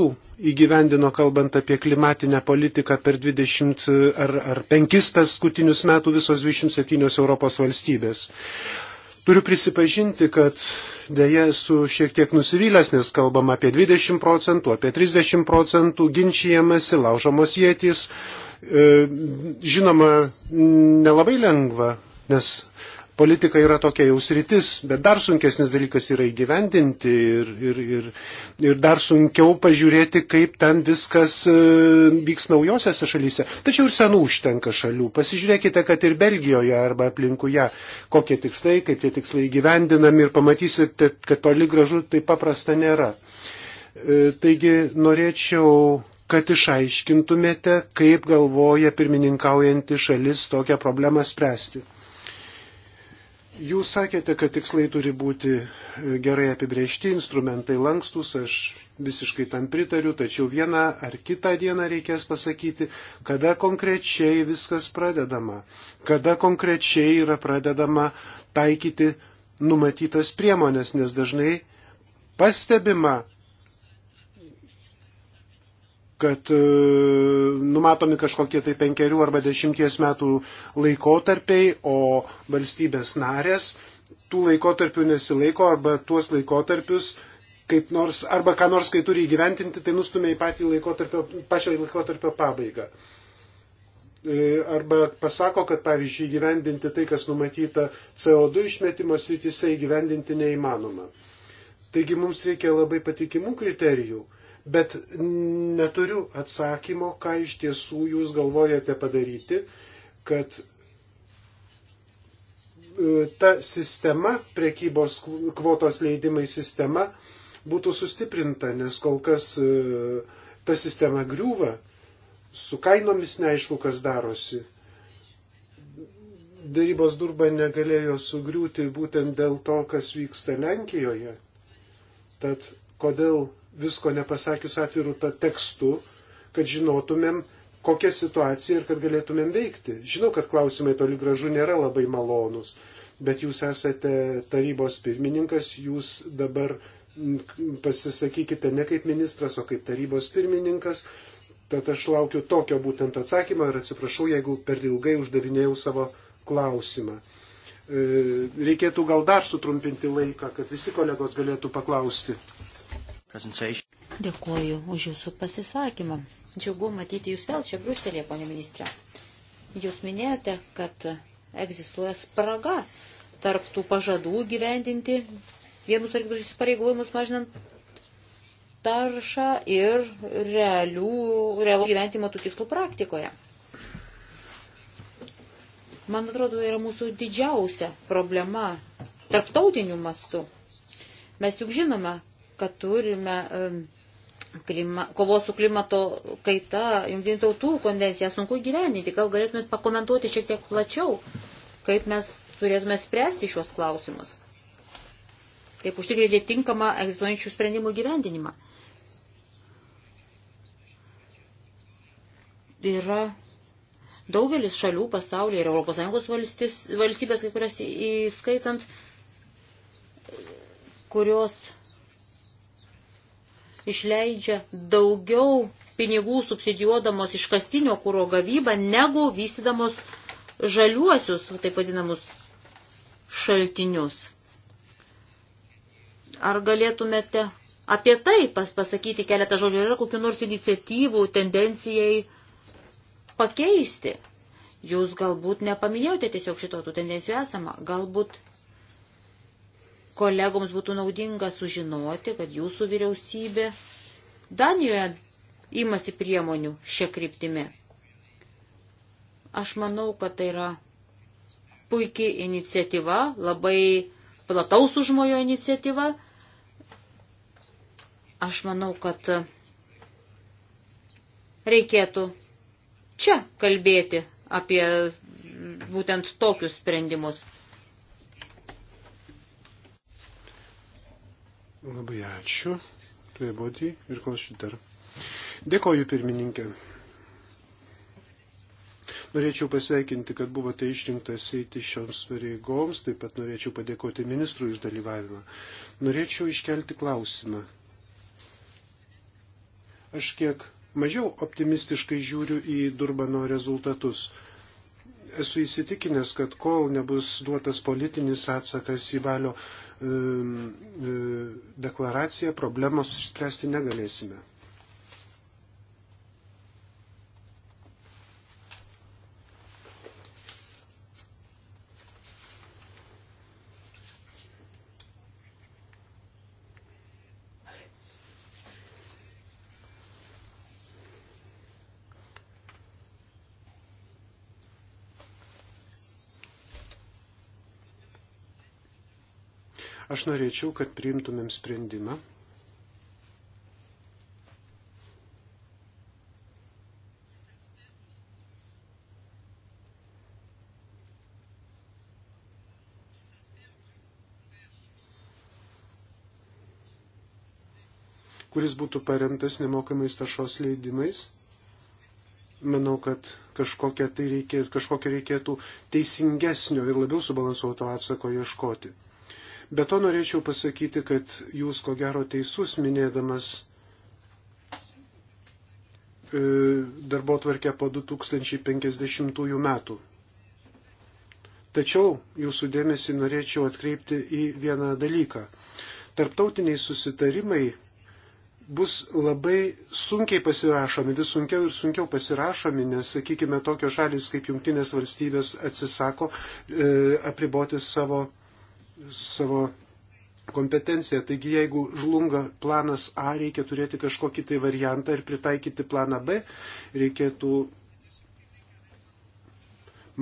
įgyvendino, kalbant apie klimatinę politiką per 20 ar, ar 5 paskutinius metų visos 27 Europos valstybės. Turiu prisipažinti, kad dėja esu šiek tiek nusivylęs, nes kalbam apie 20 procentų, apie 30 procentų, ginčijamasi, laužomos jėtys. E, žinoma, nelabai lengva, nes politika yra tokia jau sritis, bet dar sunkesnis dalykas yra įgyvendinti ir, ir, ir, ir dar sunkiau pažiūrėti, kaip ten viskas e, vyks naujosiose šalyse. Tačiau ir senų užtenka šalių. Pasižiūrėkite, kad ir Belgijoje arba aplinkuje, kokie tikslai, kaip tie tikslai įgyvendinami ir pamatysite, kad toli gražu tai paprasta nėra. E, taigi norėčiau kad išaiškintumėte, kaip galvoja pirmininkaujanti šalis tokią problemą spręsti. Jūs sakėte, kad tikslai turi būti e, gerai apibriežti, instrumentai lankstus, aš visiškai tam pritariu, tačiau vieną ar kitą dieną reikės pasakyti, kada konkrečiai viskas pradedama, kada konkrečiai yra pradedama taikyti numatytas priemonės, nes dažnai pastebima, kad e, numatomi kažkokie tai penkerių arba dešimties metų laikotarpiai, o valstybės narės tų laikotarpių nesilaiko arba tuos laikotarpius kaip nors, arba ką nors, kai turi įgyventinti, tai nustumia į patį laikotarpio, pačią laikotarpio pabaigą. E, arba pasako, kad pavyzdžiui įgyvendinti tai, kas numatyta CO2 išmetimo srityse, įgyvendinti neįmanoma. Taigi mums reikia labai patikimų kriterijų bet neturiu atsakymo, ką iš tiesų jūs galvojate padaryti, kad e, ta sistema, prekybos kvotos leidimai sistema, būtų sustiprinta, nes kol kas e, ta sistema griūva, su kainomis neaišku, kas darosi. Darybos durba negalėjo sugriūti būtent dėl to, kas vyksta Lenkijoje. Tad kodėl visko nepasakius atvirų tą tekstu, kad žinotumėm, kokia situacija ir kad galėtumėm veikti. Žinau, kad klausimai toli gražu nėra labai malonus, bet jūs esate tarybos pirmininkas, jūs dabar pasisakykite ne kaip ministras, o kaip tarybos pirmininkas. Tad aš laukiu tokio būtent atsakymo ir atsiprašau, jeigu per ilgai uždavinėjau savo klausimą. E, reikėtų gal dar sutrumpinti laiką, kad visi kolegos galėtų paklausti. Dėkuoju už Jūsų pasisakymą. Džiugu matyti Jūs vėl čia Bruselėje, ponė ministrė. Jūs minėjote, kad egzistuoja spraga tarp tų pažadų gyvendinti vienus ar kitus įsipareigojimus mažinant taršą ir realių, realų gyventimo tų tikslų praktikoje. Man atrodo, yra mūsų didžiausia problema tarptautiniu mastu. Mes juk žinome, kad turime klima, kovos su klimato kaita, jungtinių tautų konvenciją sunku gyveninti. Gal galėtumėt pakomentuoti šiek tiek plačiau, kaip mes turėtume spręsti šios klausimus, kaip užtikrinti tinkamą egzistuojančių sprendimų gyvendinimą. Yra daugelis šalių pasaulyje ir ES valstybės, kai kurias įskaitant, kurios išleidžia daugiau pinigų subsidijuodamos iškastinio kūro gavybą, negu vystydamos žaliuosius, taip vadinamus, šaltinius. Ar galėtumėte apie tai pas pasakyti keletą žodžių, yra kokiu nors iniciatyvų, tendencijai pakeisti? Jūs galbūt nepaminėjote tiesiog šito tų tendencijų esama, galbūt kolegoms būtų naudinga sužinoti, kad jūsų vyriausybė Danijoje imasi priemonių šią kryptimį. Aš manau, kad tai yra puikiai iniciatyva, labai plataus užmojo iniciatyva. Aš manau, kad reikėtų čia kalbėti apie būtent tokius sprendimus. Labai ačiū. Tuje būti ir klausytar. Dėkoju pirmininkė. Norėčiau pasveikinti, kad buvote išrinktas eiti šioms pareigoms, taip pat norėčiau padėkoti ministrui už dalyvavimą. Norėčiau iškelti klausimą. Aš kiek mažiau optimistiškai žiūriu į Durbano rezultatus esu įsitikinęs, kad kol nebus duotas politinis atsakas į valio e, e, deklaraciją, problemos išspręsti negalėsime. Aš norėčiau, kad priimtumėm sprendimą. kuris būtų paremtas nemokamais tašos leidimais manau, kad kažkokią tai reikėtų, kažkokio reikėtų teisingesnio ir labiau subalansuoto atsako ieškoti. Be to norėčiau pasakyti, kad jūs ko gero teisus minėdamas e, darbo tvarkę po 2050 metų. Tačiau jūsų dėmesį norėčiau atkreipti į vieną dalyką. Tarptautiniai susitarimai bus labai sunkiai pasirašomi, vis sunkiau ir sunkiau pasirašomi, nes, sakykime, tokios šalis kaip Junktinės valstybės atsisako e, apriboti savo savo kompetenciją. Taigi jeigu žlunga planas A, reikia turėti kažkokį tai variantą ir pritaikyti planą B, reikėtų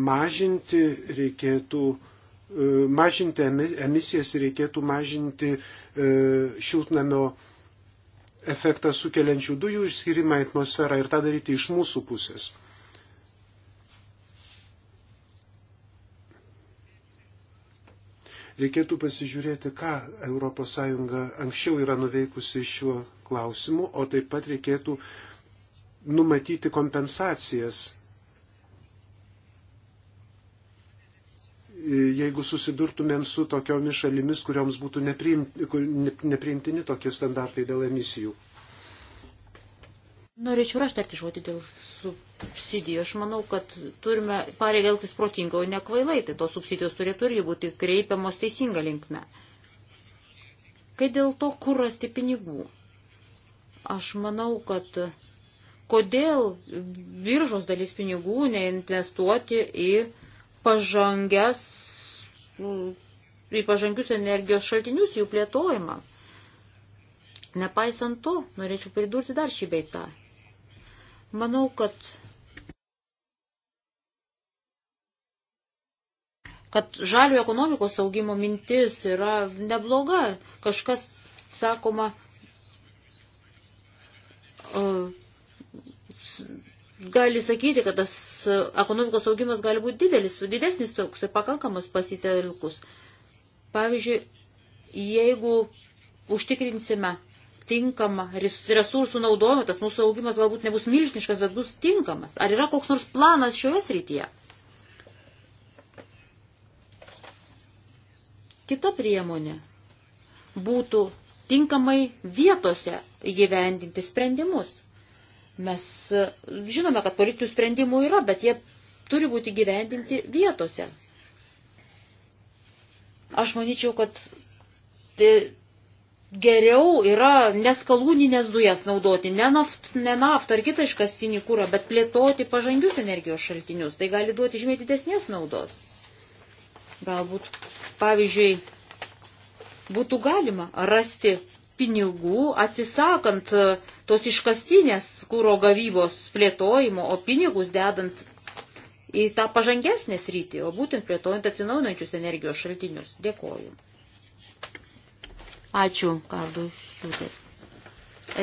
mažinti, reikėtų e, mažinti emisijas ir reikėtų mažinti e, šiltnamio efektą sukeliančių dujų išskirimą į atmosferą ir tą daryti iš mūsų pusės. Reikėtų pasižiūrėti, ką ES anksčiau yra nuveikusi šiuo klausimu, o taip pat reikėtų numatyti kompensacijas, jeigu susidurtumėm su tokiomis šalimis, kurioms būtų nepriimtini tokie standartai dėl emisijų. Norėčiau aš tarti žodį dėl subsidijų. Aš manau, kad turime pareigą elgtis protingai, o ne kvailai. Tai tos subsidijos turėtų irgi būti kreipiamos teisinga linkme. Kai dėl to, kur rasti pinigų, aš manau, kad kodėl biržos dalis pinigų neinvestuoti į pažangias, į pažangius energijos šaltinius, jų plėtojimą. Nepaisant to, norėčiau pridurti dar šį beitą. Manau, kad kad žalio ekonomikos augimo mintis yra nebloga. Kažkas, sakoma, gali sakyti, kad tas ekonomikos augimas gali būti didelis, didesnis toks ir pakankamas pasitelkus. Pavyzdžiui, jeigu užtikrinsime tinkamą resursų naudojimą, tas mūsų augimas galbūt nebus milžiniškas, bet bus tinkamas. Ar yra koks nors planas šioje srityje? Kita priemonė būtų tinkamai vietose įgyvendinti sprendimus. Mes e, žinome, kad politinių sprendimų yra, bet jie turi būti gyvendinti vietose. Aš manyčiau, kad tai geriau yra neskalūninės dujas naudoti, ne, naft, ne naftą ar kitą iškastinį kūrą, bet plėtoti pažangius energijos šaltinius. Tai gali duoti žymiai didesnės naudos. Galbūt, pavyzdžiui, būtų galima rasti pinigų atsisakant e, tos iškastinės kūro gavybos plėtojimo, o pinigus dedant į tą pažangesnę sritį, o būtent plėtojant atsinaujinančius energijos šaltinius. Dėkoju. Ačiū, Karlui Šliūtė.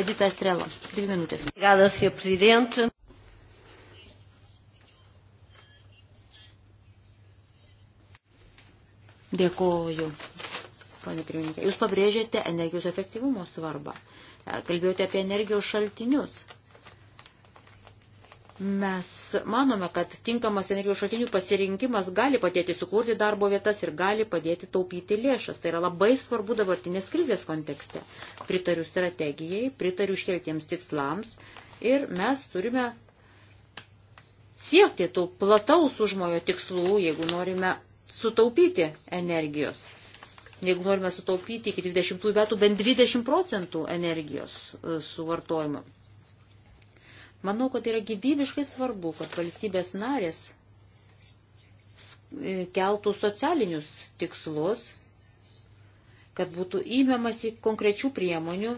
Edita Estrela, dvi minutės. Gadas, jo prezidentui. Dėkoju, ponė pirmininkė. Jūs pabrėžėte energijos efektyvumo svarbą. Kalbėjote apie energijos šaltinius. Mes manome, kad tinkamas energijos šaltinių pasirinkimas gali padėti sukurti darbo vietas ir gali padėti taupyti lėšas. Tai yra labai svarbu dabartinės krizės kontekste. Pritariu strategijai, pritariu iškeltiems tikslams ir mes turime siekti tų plataus užmojo tikslų, jeigu norime sutaupyti energijos. Jeigu norime sutaupyti iki 20 metų bent 20 procentų energijos e, suvartojimo. Manau, kad yra gyvybiškai svarbu, kad valstybės narės e, keltų socialinius tikslus, kad būtų įmėmasi konkrečių priemonių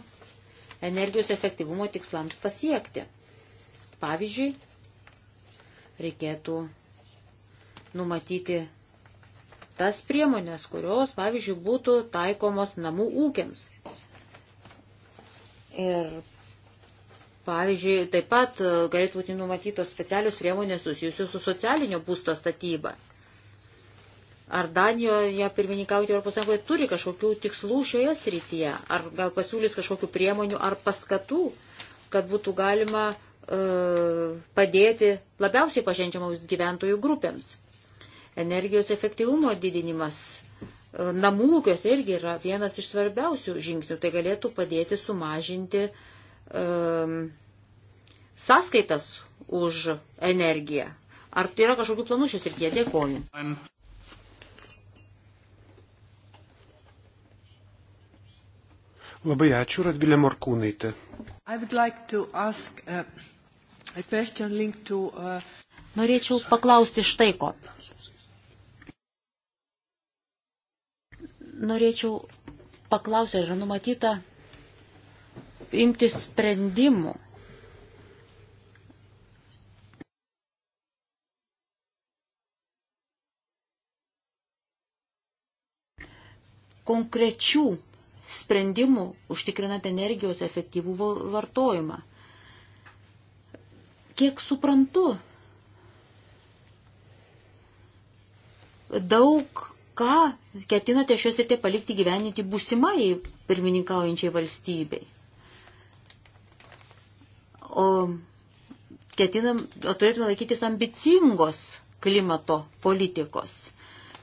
energijos efektyvumo tikslams pasiekti. Pavyzdžiui, reikėtų numatyti tas priemonės, kurios, pavyzdžiui, būtų taikomos namų ūkiams. Ir Pavyzdžiui, taip pat e, galėtų būti numatytos specialios priemonės susijusios su socialinio būsto statyba. Ar Danijoje pirmininkauti ES turi kažkokių tikslų šioje srityje? Ar gal pasiūlys kažkokių priemonių ar paskatų, kad būtų galima e, padėti labiausiai pažendžiamams gyventojų grupėms? Energijos efektyvumo didinimas e, namų ūkiuose irgi yra vienas iš svarbiausių žingsnių. Tai galėtų padėti sumažinti uh, um, sąskaitas už energiją. Ar tai yra kažkokių planų šios rytyje? Dėkoju. Labai ačiū, Radvilė Morkūnaitė. Like ask, uh, to, uh... Norėčiau paklausti štai ko. Norėčiau paklausti, ar yra numatyta imti sprendimų. Konkrečių sprendimų užtikrinant energijos efektyvų vartojimą. Kiek suprantu, daug ką ketinate šios ir tie palikti gyveninti būsimai pirmininkaujančiai valstybei o, ketinam, o turėtume laikytis ambicingos klimato politikos.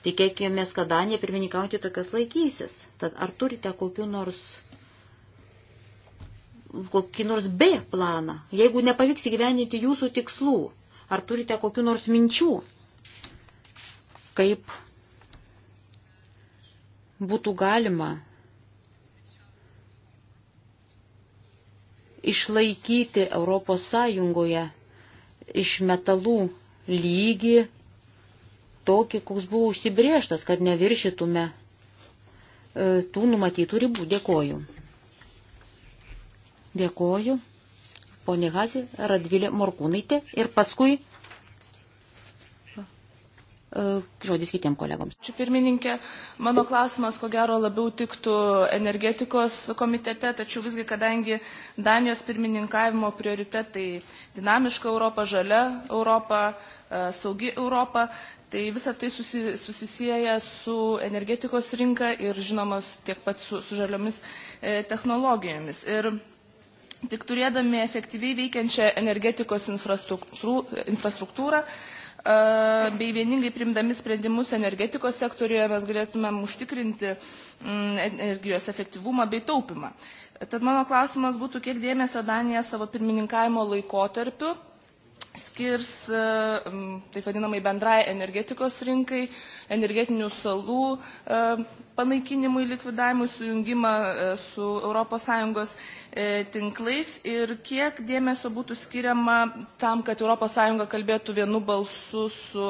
Tikėkime, kad Danija pirmininkauti tokios laikysis. Tad ar turite kokiu nors kokį nors B planą, jeigu nepavyks įgyveninti jūsų tikslų, ar turite kokiu nors minčių, kaip būtų galima išlaikyti Europos Sąjungoje iš metalų lygį tokį, koks buvo užsibrėžtas, kad neviršytume e, tų numatytų ribų. Dėkoju. Dėkoju. Ponė Hasi, Radvilė Morkūnaitė ir paskui E, žodis kitiem kolegoms. Ačiū pirmininkė. Mano klausimas, ko gero, labiau tiktų energetikos komitete, tačiau visgi, kadangi Danijos pirmininkavimo prioritetai dinamiška Europa, žalia Europa, e, saugi Europa, tai visa tai susi, susisieja su energetikos rinka ir žinomas tiek pat su, su žaliomis e, technologijomis. Ir tik turėdami efektyviai veikiančią energetikos infrastruktūrą, infrastruktūrą E, bei vieningai primdami sprendimus energetikos sektorijoje mes galėtumėm užtikrinti mm, energijos efektyvumą bei taupimą. Tad mano klausimas būtų, kiek dėmesio Danija savo pirmininkavimo laikotarpiu skirs e, taip vadinamai bendrai energetikos rinkai, energetinių salų e, panaikinimui, likvidavimui, sujungimą e, su ES tinklais ir kiek dėmesio būtų skiriama tam, kad ES kalbėtų vienu balsu su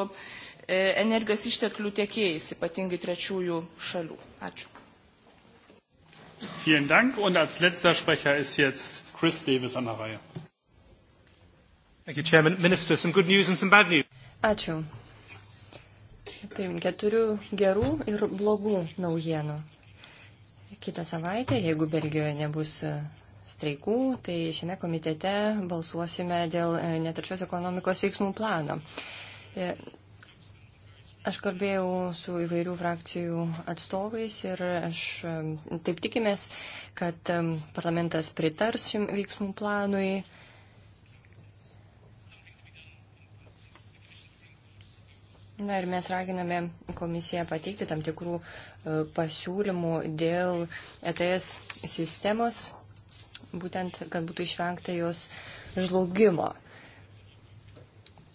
energijos išteklių tiekėjais, ypatingai trečiųjų šalių. Ačiū. Vielen Dank. Und als letzter Sprecher ist jetzt Chris Davis an der Reihe. Ačiū. Pirminkė, turiu gerų ir blogų naujienų. Kita savaitė, jeigu Belgijoje nebus e, streikų, tai šiame komitete balsuosime dėl e, netaršios ekonomikos veiksmų plano. E, aš kalbėjau su įvairių frakcijų atstovais ir aš taip tikimės, kad parlamentas pritars šiam veiksmų planui. Na ir mes raginame komisiją pateikti tam tikrų e, pasiūlymų dėl ETS sistemos, būtent, kad būtų išvengta jos žlugimo.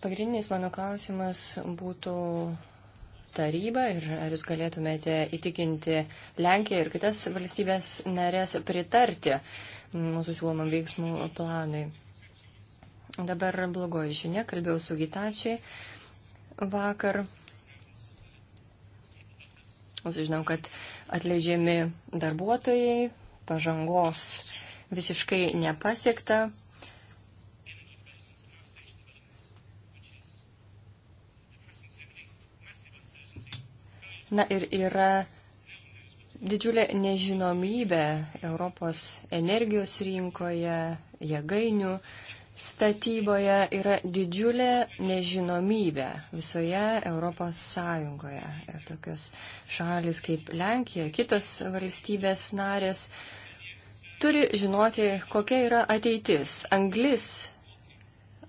Pagrindinis mano klausimas būtų taryba ir ar jūs galėtumėte įtikinti Lenkiją ir kitas valstybės narės pritarti mūsų siūlomam veiksmų planui. Dabar blogoji žinia, kalbėjau su Gitačiai vakar. Sužinau, kad atleidžiami darbuotojai, pažangos visiškai nepasiekta. Na ir yra didžiulė nežinomybė Europos energijos rinkoje, jėgainių statyboje yra didžiulė nežinomybė visoje Europos Sąjungoje. Ir tokios šalis kaip Lenkija, kitos valstybės narės turi žinoti, kokia yra ateitis. Anglis,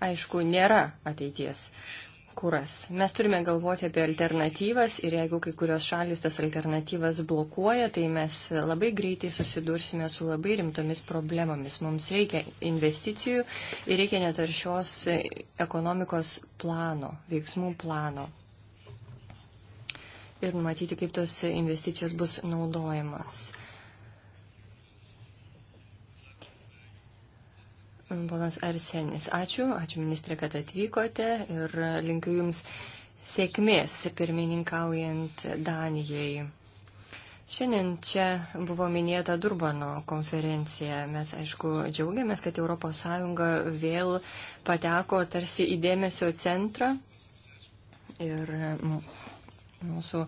aišku, nėra ateities. Uh, kuras. Mes turime galvoti apie alternatyvas ir jeigu kai kurios šalis tas alternatyvas blokuoja, tai mes labai greitai susidursime su labai rimtomis problemomis. Mums reikia investicijų ir reikia netaršios ekonomikos plano, veiksmų plano. Ir matyti, kaip tos investicijos bus naudojamas. Ponas Arsenis, ačiū, ačiū ministrė, kad atvykote ir linkiu Jums sėkmės pirmininkaujant Danijai. Šiandien čia buvo minėta Durbano konferencija. Mes, aišku, džiaugiamės, kad ES vėl pateko tarsi į dėmesio centrą ir mūsų,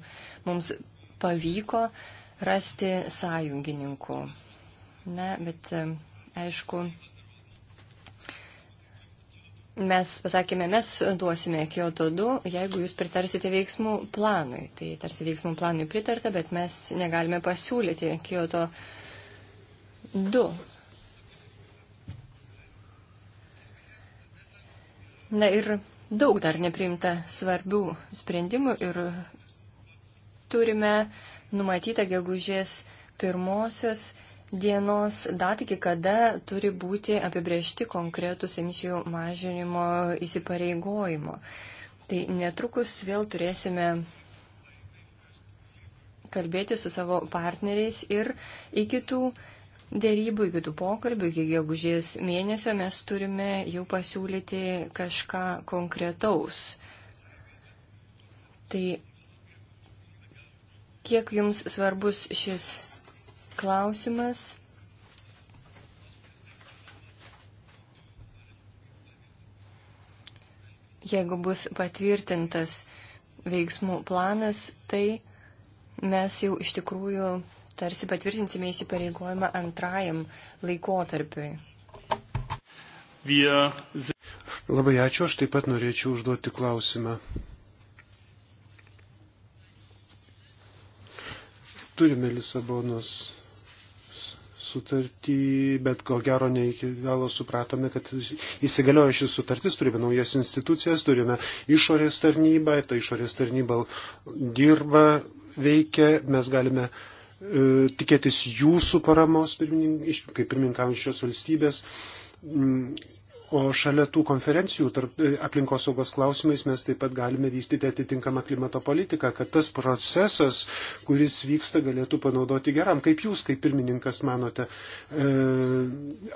mums pavyko rasti sąjungininkų. Na, bet aišku, mes pasakėme, mes duosime Kyoto 2, jeigu jūs pritarsite veiksmų planui. Tai tarsi veiksmų planui pritarta, bet mes negalime pasiūlyti Kyoto 2. Na ir daug dar neprimta svarbių sprendimų ir turime numatytą gegužės pirmosios dienos datą, iki kada turi būti apibriežti konkretus emisijų mažinimo įsipareigojimo. Tai netrukus vėl turėsime kalbėti su savo partneriais ir iki tų dėrybų, iki tų pokalbių, iki gegužės mėnesio mes turime jau pasiūlyti kažką konkretaus. Tai kiek jums svarbus šis klausimas. Jeigu bus patvirtintas veiksmų planas, tai mes jau iš tikrųjų tarsi patvirtinsime įsipareigojimą antrajam laikotarpiui. Labai ačiū, aš taip pat norėčiau užduoti klausimą. Turime Lisabonos sutartį, bet ko gero ne iki galo supratome, kad įsigaliojo šis sutartis, turime naujas institucijas, turime išorės tarnybą, ta išorės tarnyba dirba, veikia, mes galime e, tikėtis jūsų paramos, pirmininkai, kaip pirmininkaujančios valstybės. M, mm, O šalia tų konferencijų tarp e, aplinkosaugos klausimais mes taip pat galime vystyti atitinkamą klimato politiką, kad tas procesas, kuris vyksta, galėtų panaudoti geram. Kaip jūs, kaip pirmininkas, manote, e,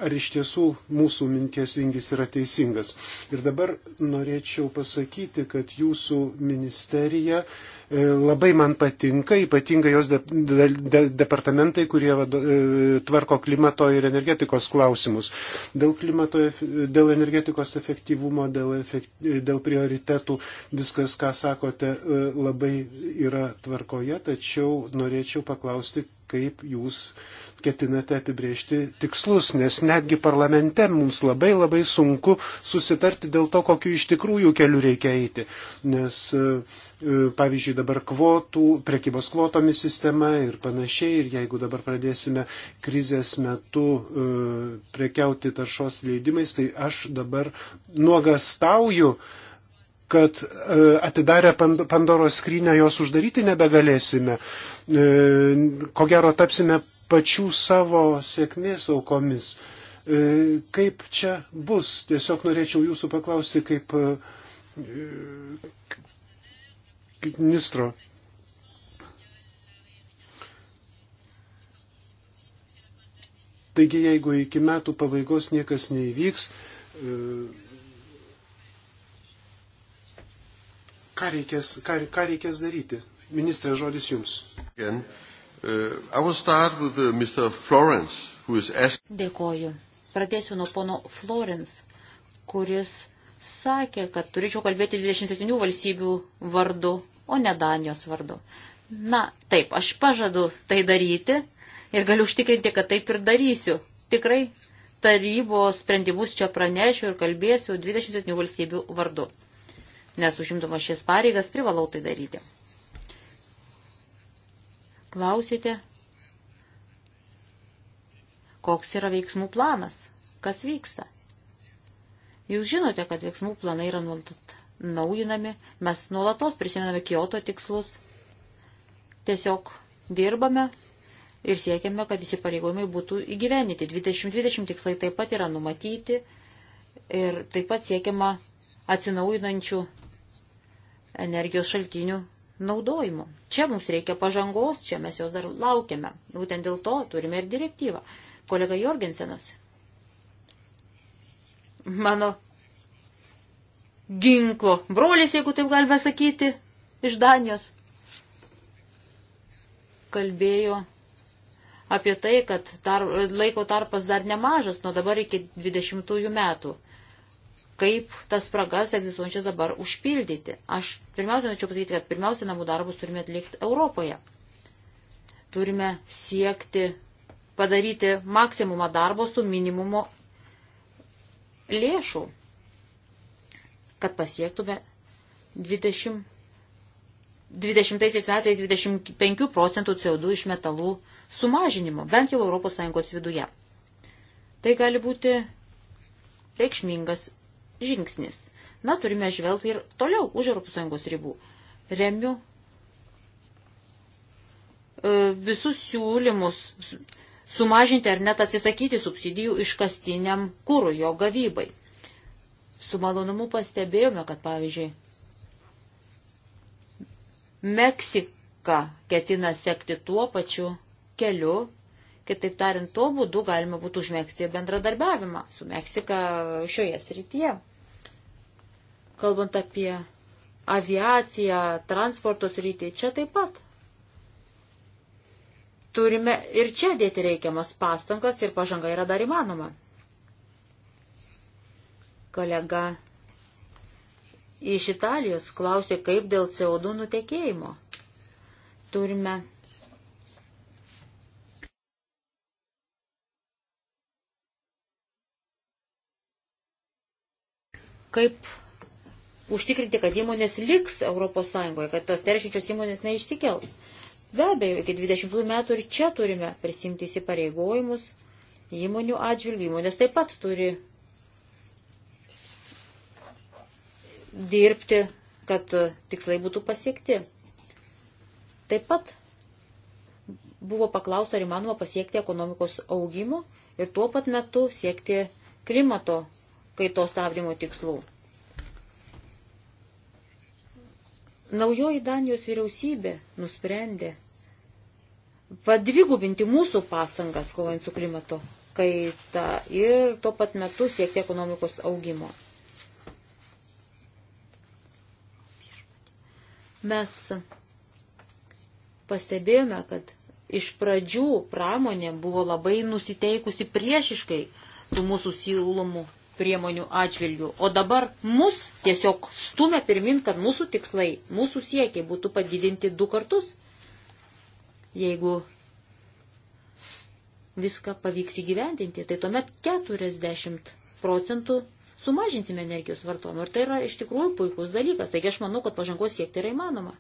ar iš tiesų mūsų minties ingis yra teisingas? Ir dabar norėčiau pasakyti, kad jūsų ministerija E, labai man patinka, ypatingai jos de, de, de, departamentai, kurie vado, e, tvarko klimato ir energetikos klausimus. Dėl, klimato, dėl energetikos efektyvumo, dėl, efekt, dėl prioritetų viskas, ką sakote, e, labai yra tvarkoje, tačiau norėčiau paklausti, kaip jūs ketinate apibriežti tikslus, nes netgi parlamente mums labai labai sunku susitarti dėl to, kokiu iš tikrųjų keliu reikia eiti, nes E, pavyzdžiui, dabar kvotų, prekybos kvotomis sistema ir panašiai. Ir jeigu dabar pradėsime krizės metu e, prekiauti taršos leidimais, tai aš dabar nuogastauju, kad e, atidarę Pandoros skrynę jos uždaryti nebegalėsime. Ko gero tapsime pačių savo sėkmės aukomis. Kaip čia bus? Tiesiog norėčiau jūsų paklausti, kaip kaip ministro. Taigi, jeigu iki metų pabaigos niekas neįvyks, e, ką reikės, ką, ką reikės daryti? Ministrė, žodis jums. E, uh, Dėkoju. Pradėsiu nuo pono Florence, kuris sakė, kad turėčiau kalbėti 27 valstybių vardu, o ne Danijos vardu. Na, taip, aš pažadu tai daryti ir galiu užtikrinti, kad taip ir darysiu. Tikrai tarybos sprendimus čia pranešiu ir kalbėsiu 27 valstybių vardu. Nes užimdamas šias pareigas privalau tai daryti. Klausite, koks yra veiksmų planas, kas vyksta. Jūs žinote, kad veiksmų planai yra nuolat naujinami, mes nuolatos prisimename Kyoto tikslus, tiesiog dirbame ir siekiame, kad įsipareigojimai būtų įgyvenyti. 2020 tikslai taip pat yra numatyti ir taip pat siekiama atsinaujinančių energijos šaltinių naudojimo. Čia mums reikia pažangos, čia mes jos dar laukiame. Būtent dėl to turime ir direktyvą. Kolega Jorgensenas, mano ginklo brolis, jeigu taip galime sakyti, iš Danijos kalbėjo apie tai, kad tar, laiko tarpas dar nemažas nuo dabar iki 20 metų. Kaip tas spragas egzistuojančias dabar užpildyti? Aš pirmiausia norėčiau pasakyti, kad pirmiausia namų darbus turime atlikti Europoje. Turime siekti padaryti maksimumą darbo su minimumo lėšų kad pasiektume 20, 20 metais 25 procentų CO2 iš metalų sumažinimo, bent jau ES viduje. Tai gali būti reikšmingas žingsnis. Na, turime žvelgti ir toliau už ES ribų. Remiu e, visus siūlymus sumažinti ar net atsisakyti subsidijų iškastiniam kūrų jo gavybai. Su malonumu pastebėjome, kad pavyzdžiui, Meksika ketina sekti tuo pačiu keliu. Kitaip tariant, tuo būdu galima būtų užmėgsti bendradarbiavimą su Meksika šioje srityje. Kalbant apie aviaciją, transporto srity, čia taip pat. Turime ir čia dėti reikiamas pastangas ir pažanga yra dar įmanoma. Kolega iš Italijos klausė, kaip dėl CO2 nutekėjimo. Turime kaip užtikrinti, kad įmonės liks Europos Sąjungoje, kad tos teršinčios įmonės neišsikels. Be abejo, iki 20 metų ir čia turime prisimti įsipareigojimus įmonių atžvilgių. Įmonės taip pat turi dirbti, kad e, tikslai būtų pasiekti. Taip pat buvo paklausta, ar įmanoma pasiekti ekonomikos augimo ir tuo pat metu siekti klimato kaitos stabdymo tikslų. Naujoji Danijos vyriausybė nusprendė padvigubinti mūsų pastangas kovojant su klimato kaita ir tuo pat metu siekti ekonomikos augimo. Mes pastebėjome, kad iš pradžių pramonė buvo labai nusiteikusi priešiškai tų mūsų siūlomų priemonių atžvilgių, o dabar mus tiesiog stumia pirmin, kad mūsų tikslai, mūsų siekiai būtų padidinti du kartus. Jeigu viską pavyks įgyvendinti, tai tuomet 40 procentų sumažinsime energijos vartojimą. Ir tai yra iš tikrųjų puikus dalykas. Taigi aš manau, kad pažangos siekti yra įmanoma.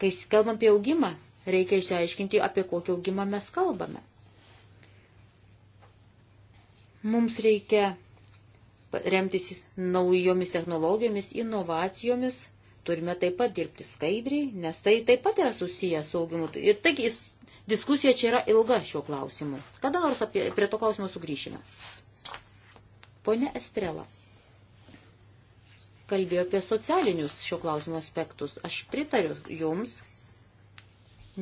Kai kalbam apie augimą, reikia išsiaiškinti, apie kokį augimą mes kalbame. Mums reikia remtis naujomis technologijomis, inovacijomis, turime taip pat dirbti skaidriai, nes tai taip pat yra susijęs su augimu. Tai- ir taigi diskusija čia yra ilga šiuo klausimu. Kada nors apie, prie to klausimo sugrįšime. Pone Estrela kalbėjo apie socialinius šio klausimo aspektus. Aš pritariu jums,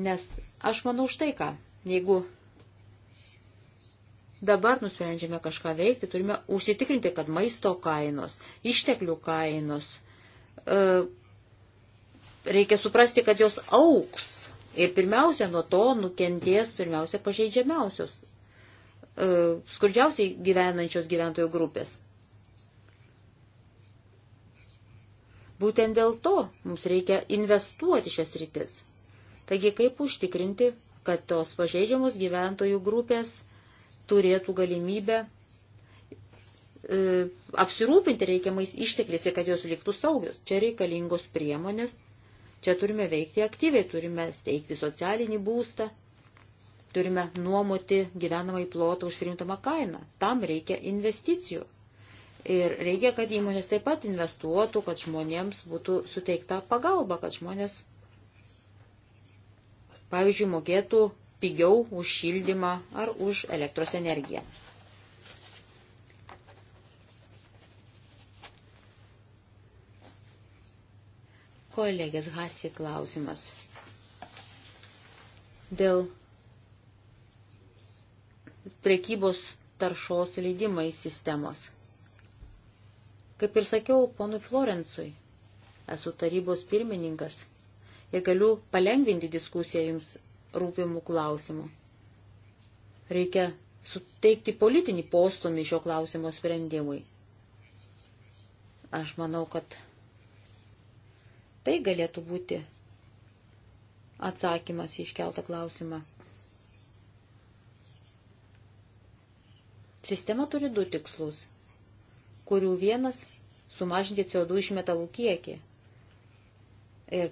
nes aš manau štai ką, jeigu dabar nusprendžiame kažką veikti, turime užsitikrinti, kad maisto kainos, išteklių kainos, e, reikia suprasti, kad jos auks. Ir pirmiausia, nuo to nukenties pirmiausia pažeidžiamiausios E, skurdžiausiai gyvenančios gyventojų grupės. Būtent dėl to mums reikia investuoti šias rytis. Taigi kaip užtikrinti, kad tos pažeidžiamos gyventojų grupės turėtų galimybę e, apsirūpinti reikiamais ištekliais ir kad jos liktų saugios. Čia reikalingos priemonės, čia turime veikti aktyviai, turime steigti socialinį būstą, turime nuomoti gyvenamąjį plotą už priimtamą kainą. Tam reikia investicijų. Ir reikia, kad įmonės taip pat investuotų, kad žmonėms būtų suteikta pagalba, kad žmonės, pavyzdžiui, mokėtų pigiau už šildymą ar už elektros energiją. Kolegės Hasi klausimas. Dėl priekybos taršos leidimai sistemos. Kaip ir sakiau, ponui Florencui, esu tarybos pirmininkas ir galiu palengvinti diskusiją jums rūpimų klausimų. Reikia suteikti politinį postumį šio klausimo sprendimui. Aš manau, kad tai galėtų būti atsakymas į iškeltą klausimą. Sistema turi du tikslus, kurių vienas – sumažinti CO2 išmetalų kiekį. Ir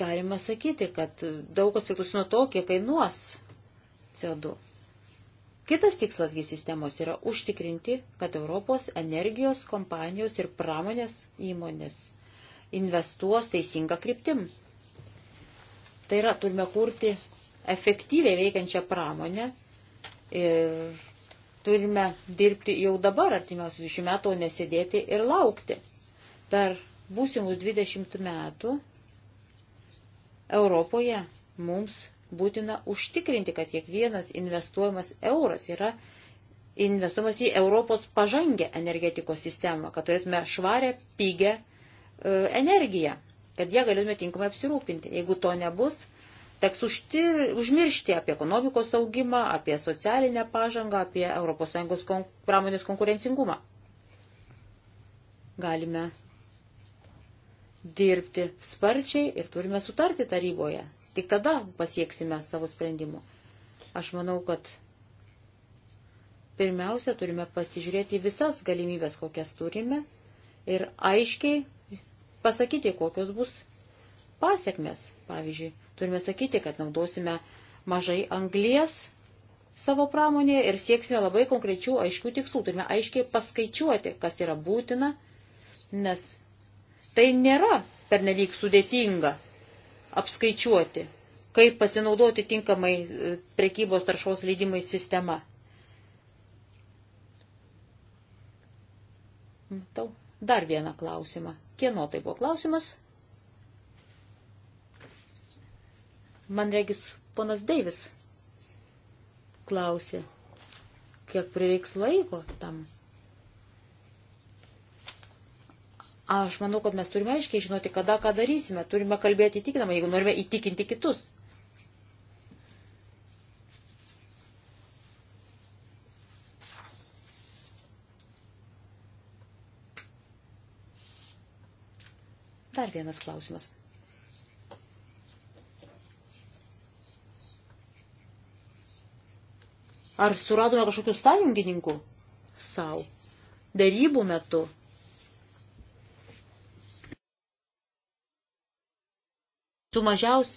galima sakyti, kad daug kas priklauso nuo to, kiek kainuos CO2. Kitas tikslasgi sistemos yra užtikrinti, kad Europos energijos kompanijos ir pramonės įmonės investuos teisingą kryptim. Tai yra, turime kurti efektyviai veikiančią pramonę, Ir turime dirbti jau dabar artimiausius 20 metų, o nesėdėti ir laukti. Per būsimus 20 metų Europoje mums būtina užtikrinti, kad kiekvienas investuojamas euras yra investuojamas į Europos pažangę energetikos sistemą, kad turėtume švarę, pigę e, energiją, kad ją galėtume tinkamai apsirūpinti. Jeigu to nebus, teks užtir, užmiršti apie ekonomikos augimą, apie socialinę pažangą, apie ES kon, pramonės konkurencingumą. Galime dirbti sparčiai ir turime sutarti taryboje. Tik tada pasieksime savo sprendimu. Aš manau, kad pirmiausia turime pasižiūrėti visas galimybės, kokias turime ir aiškiai pasakyti, kokios bus pasiekmes. Pavyzdžiui, turime sakyti, kad naudosime mažai anglies savo pramonėje ir sieksime labai konkrečių aiškių tikslų. Turime aiškiai paskaičiuoti, kas yra būtina, nes tai nėra pernelyg sudėtinga apskaičiuoti, kaip pasinaudoti tinkamai e, prekybos taršos leidimai sistema. Matau dar vieną klausimą. Kieno tai buvo klausimas? Man regis, ponas Deivis klausė, kiek prireiks laiko tam. Aš manau, kad mes turime aiškiai žinoti, kada ką darysime. Turime kalbėti įtikinamai, jeigu norime įtikinti kitus. Dar vienas klausimas. Ar suradome kažkokių sąjungininkų savo darybų metu? Su mažiaus,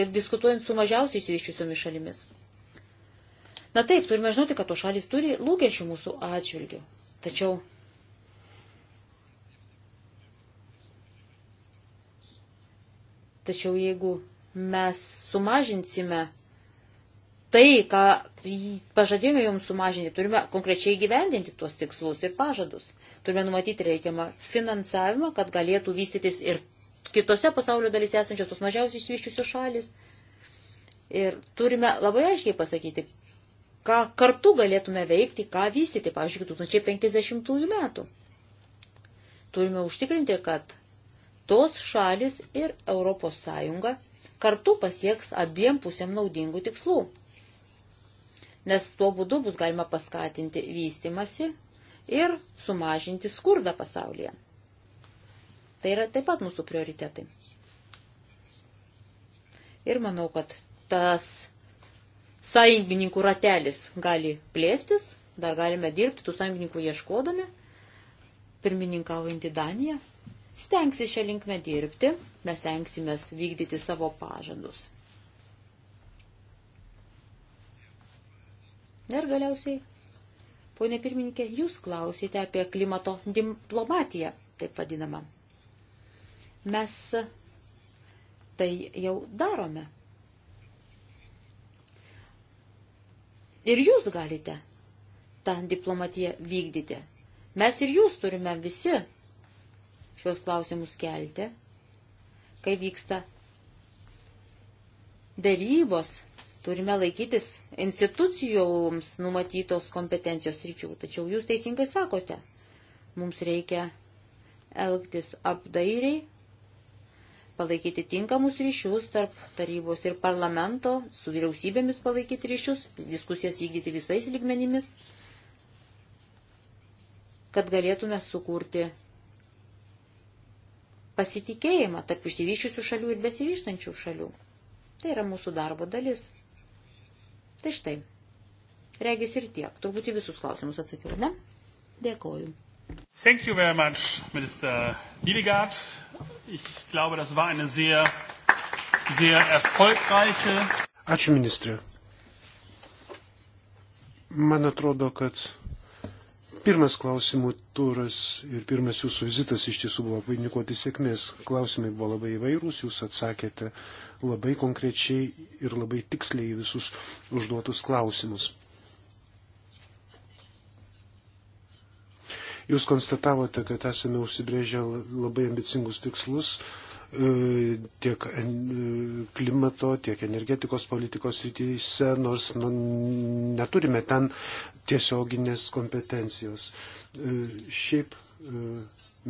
ir diskutuojant su mažiausiai išsivyščiusiomis šalimis. Na taip, turime žinoti, kad to šalis turi lūkesčių mūsų atžvilgių. Tačiau Tačiau jeigu mes sumažinsime tai, ką pažadėjome jums sumažinti, turime konkrečiai gyvendinti tuos tikslus ir pažadus. Turime numatyti reikiamą finansavimą, kad galėtų vystytis ir kitose pasaulio dalyse esančios tos mažiausiai išsivyščiusios šalis. Ir turime labai aiškiai pasakyti, ką kartu galėtume veikti, ką vystyti, pavyzdžiui, 2050 metų. Turime užtikrinti, kad tos šalis ir Europos Sąjunga kartu pasieks abiem pusėm naudingų tikslų nes tuo būdu bus galima paskatinti vystimasi ir sumažinti skurdą pasaulyje. Tai yra taip pat mūsų prioritetai. Ir manau, kad tas sąjungininkų ratelis gali plėstis, dar galime dirbti tų sąjungininkų ieškodami, pirmininkaujantį Daniją. Stengsi šią linkmę dirbti, mes stengsimės vykdyti savo pažadus. Dar galiausiai, ponė pirmininkė, jūs klausite apie klimato diplomatiją, taip vadinamą. Mes tai jau darome. Ir jūs galite tą diplomatiją vykdyti. Mes ir jūs turime visi šios klausimus kelti, kai vyksta darybos Turime laikytis institucijoms numatytos kompetencijos ryčių. Tačiau jūs teisingai sakote, mums reikia elgtis apdairiai, palaikyti tinkamus ryšius tarp tarybos ir parlamento, su vyriausybėmis palaikyti ryšius, diskusijas vykdyti visais lygmenimis, kad galėtume sukurti pasitikėjimą tarp išsivyščiusių šalių ir besivyštančių šalių. Tai yra mūsų darbo dalis. Tai štai. Regis ir tiek. Turbūt į visus klausimus atsakiau, ne? Dėkoju. Thank you very much, Minister Hildegard. Ich glaube, das war eine sehr, sehr erfolgreiche. Ačiū, ministrė. Man atrodo, kad Pirmas klausimų turas ir pirmas jūsų vizitas iš tiesų buvo vainikuoti sėkmės. Klausimai buvo labai įvairūs, jūs atsakėte labai konkrečiai ir labai tiksliai visus užduotus klausimus. Jūs konstatavote, kad esame užsibrėžę labai ambicingus tikslus, E, tiek e, klimato, tiek energetikos politikos rytyse, nors nu, neturime ten tiesioginės kompetencijos. E, šiaip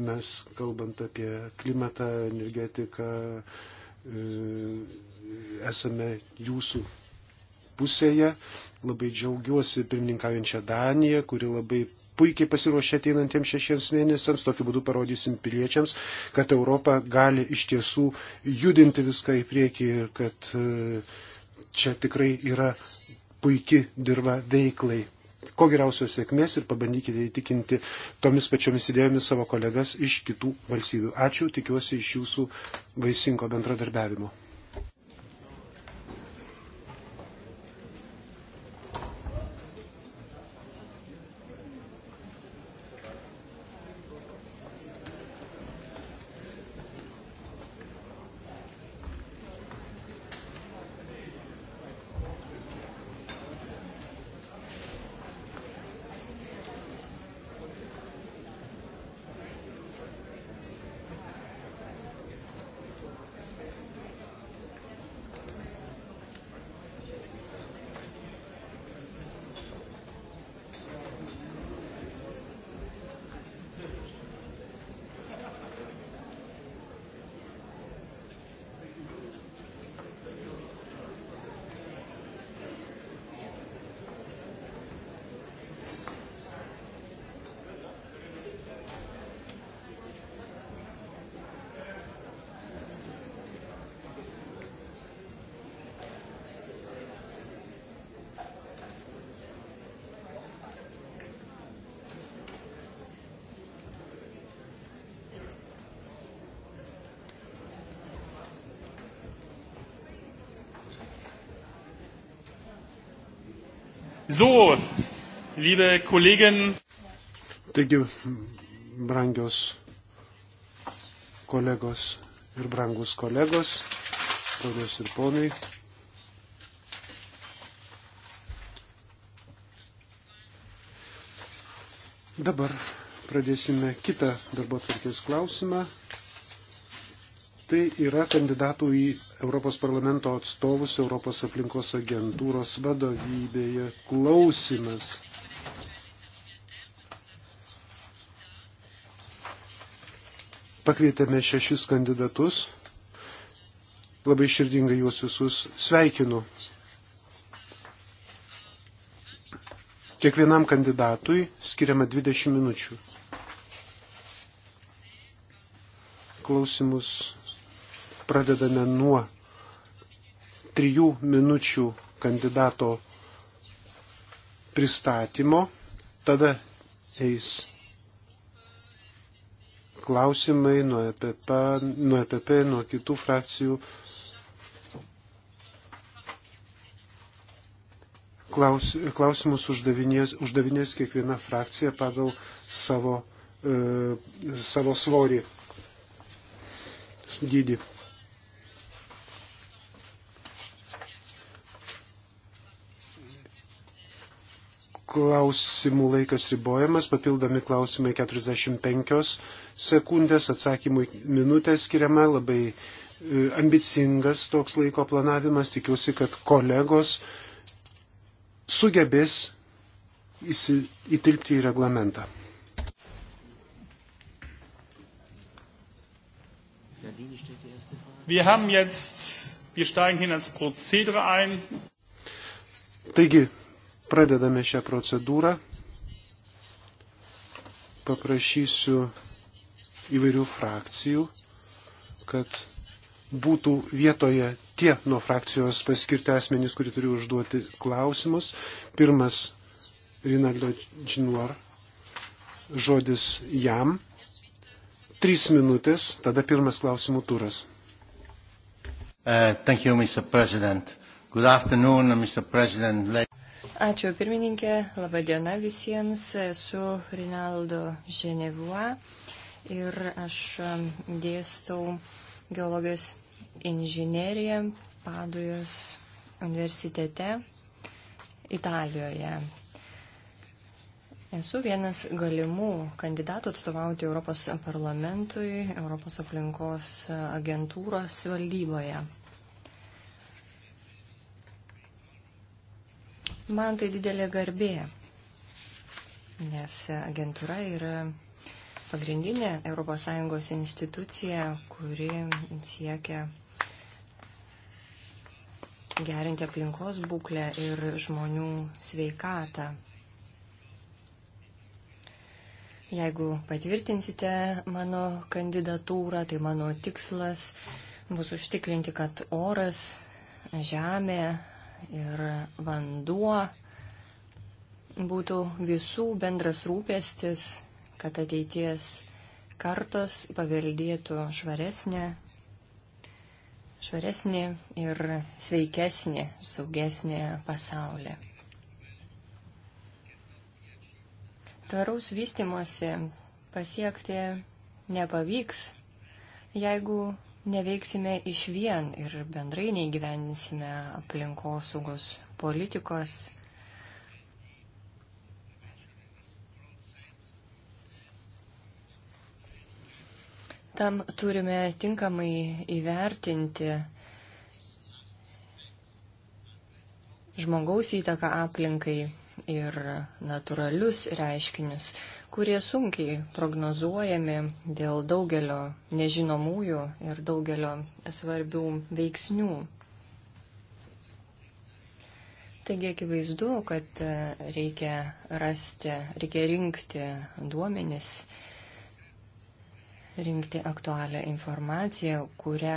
mes, kalbant apie klimatą, energetiką, esame jūsų pusėje. Labai džiaugiuosi pirmininkaujančią Daniją, kuri labai puikiai pasiruošę ateinantiems šešiems mėnesiams, tokiu būdu parodysim piliečiams, kad Europa gali iš tiesų judinti viską į priekį ir kad e, čia tikrai yra puikia dirba veiklai. Ko geriausios sėkmės ir pabandykite įtikinti tomis pačiomis idėjomis savo kolegas iš kitų valstybių. Ačiū, tikiuosi iš jūsų vaisingo bendradarbiavimo. So, liebe Kolleginnen. Taigi, brangios kolegos ir brangus kolegos, ponios ir ponai. Dabar pradėsime kitą darbo atvarkės klausimą tai yra kandidatų į Europos parlamento atstovus Europos aplinkos agentūros vadovybėje klausimas. Pakvietėme šešis kandidatus. Labai širdingai juos visus sveikinu. Kiekvienam kandidatui skiriama 20 minučių. Klausimus pradedame nuo trijų minučių kandidato pristatymo, tada eis klausimai nuo EPP, nuo, EPP, nuo kitų frakcijų. Klaus, klausimus uždavinės, uždavinės kiekviena frakcija pagal savo, e, savo svorį dydį. klausimų laikas ribojamas, papildomi klausimai 45 sekundės, atsakymui minutė skiriama, labai e, ambicingas toks laiko planavimas, tikiuosi, kad kolegos sugebės įtilpti į reglamentą. Wir haben jetzt, wir steigen hier ins Prozedere ein. Taigi, Pradedame šią procedūrą. Paprašysiu įvairių frakcijų, kad būtų vietoje tie nuo frakcijos paskirti asmenys, kurie turi užduoti klausimus. Pirmas Rinaldo Džinuar, žodis jam. Trys minutės, tada pirmas klausimų turas. Uh, thank you, Mr. President. Good afternoon, Mr. President. Ačiū pirmininkė, laba diena visiems, esu Rinaldo Ženevua ir aš um, dėstau geologijos inžineriją Padujos universitete Italijoje. Esu vienas galimų kandidatų atstovauti Europos parlamentui, Europos aplinkos agentūros valdyboje. Man tai didelė garbė, nes agentūra yra pagrindinė ES institucija, kuri siekia gerinti aplinkos būklę ir žmonių sveikatą. Jeigu patvirtinsite mano kandidatūrą, tai mano tikslas bus užtikrinti, kad oras, žemė, ir vanduo būtų visų bendras rūpestis, kad ateities kartos paveldėtų švaresnę, švaresnį ir sveikesnį, saugesnį pasaulį. Tvaraus vystimosi pasiekti nepavyks, jeigu neveiksime iš vien ir bendrai neįgyvendinsime aplinkosaugos politikos, tam turime tinkamai įvertinti žmogaus įtaką aplinkai ir natūralius reiškinius kurie sunkiai prognozuojami dėl daugelio nežinomųjų ir daugelio svarbių veiksnių. Taigi akivaizdu, kad e, reikia rasti, reikia rinkti duomenis, rinkti aktualią informaciją, kurią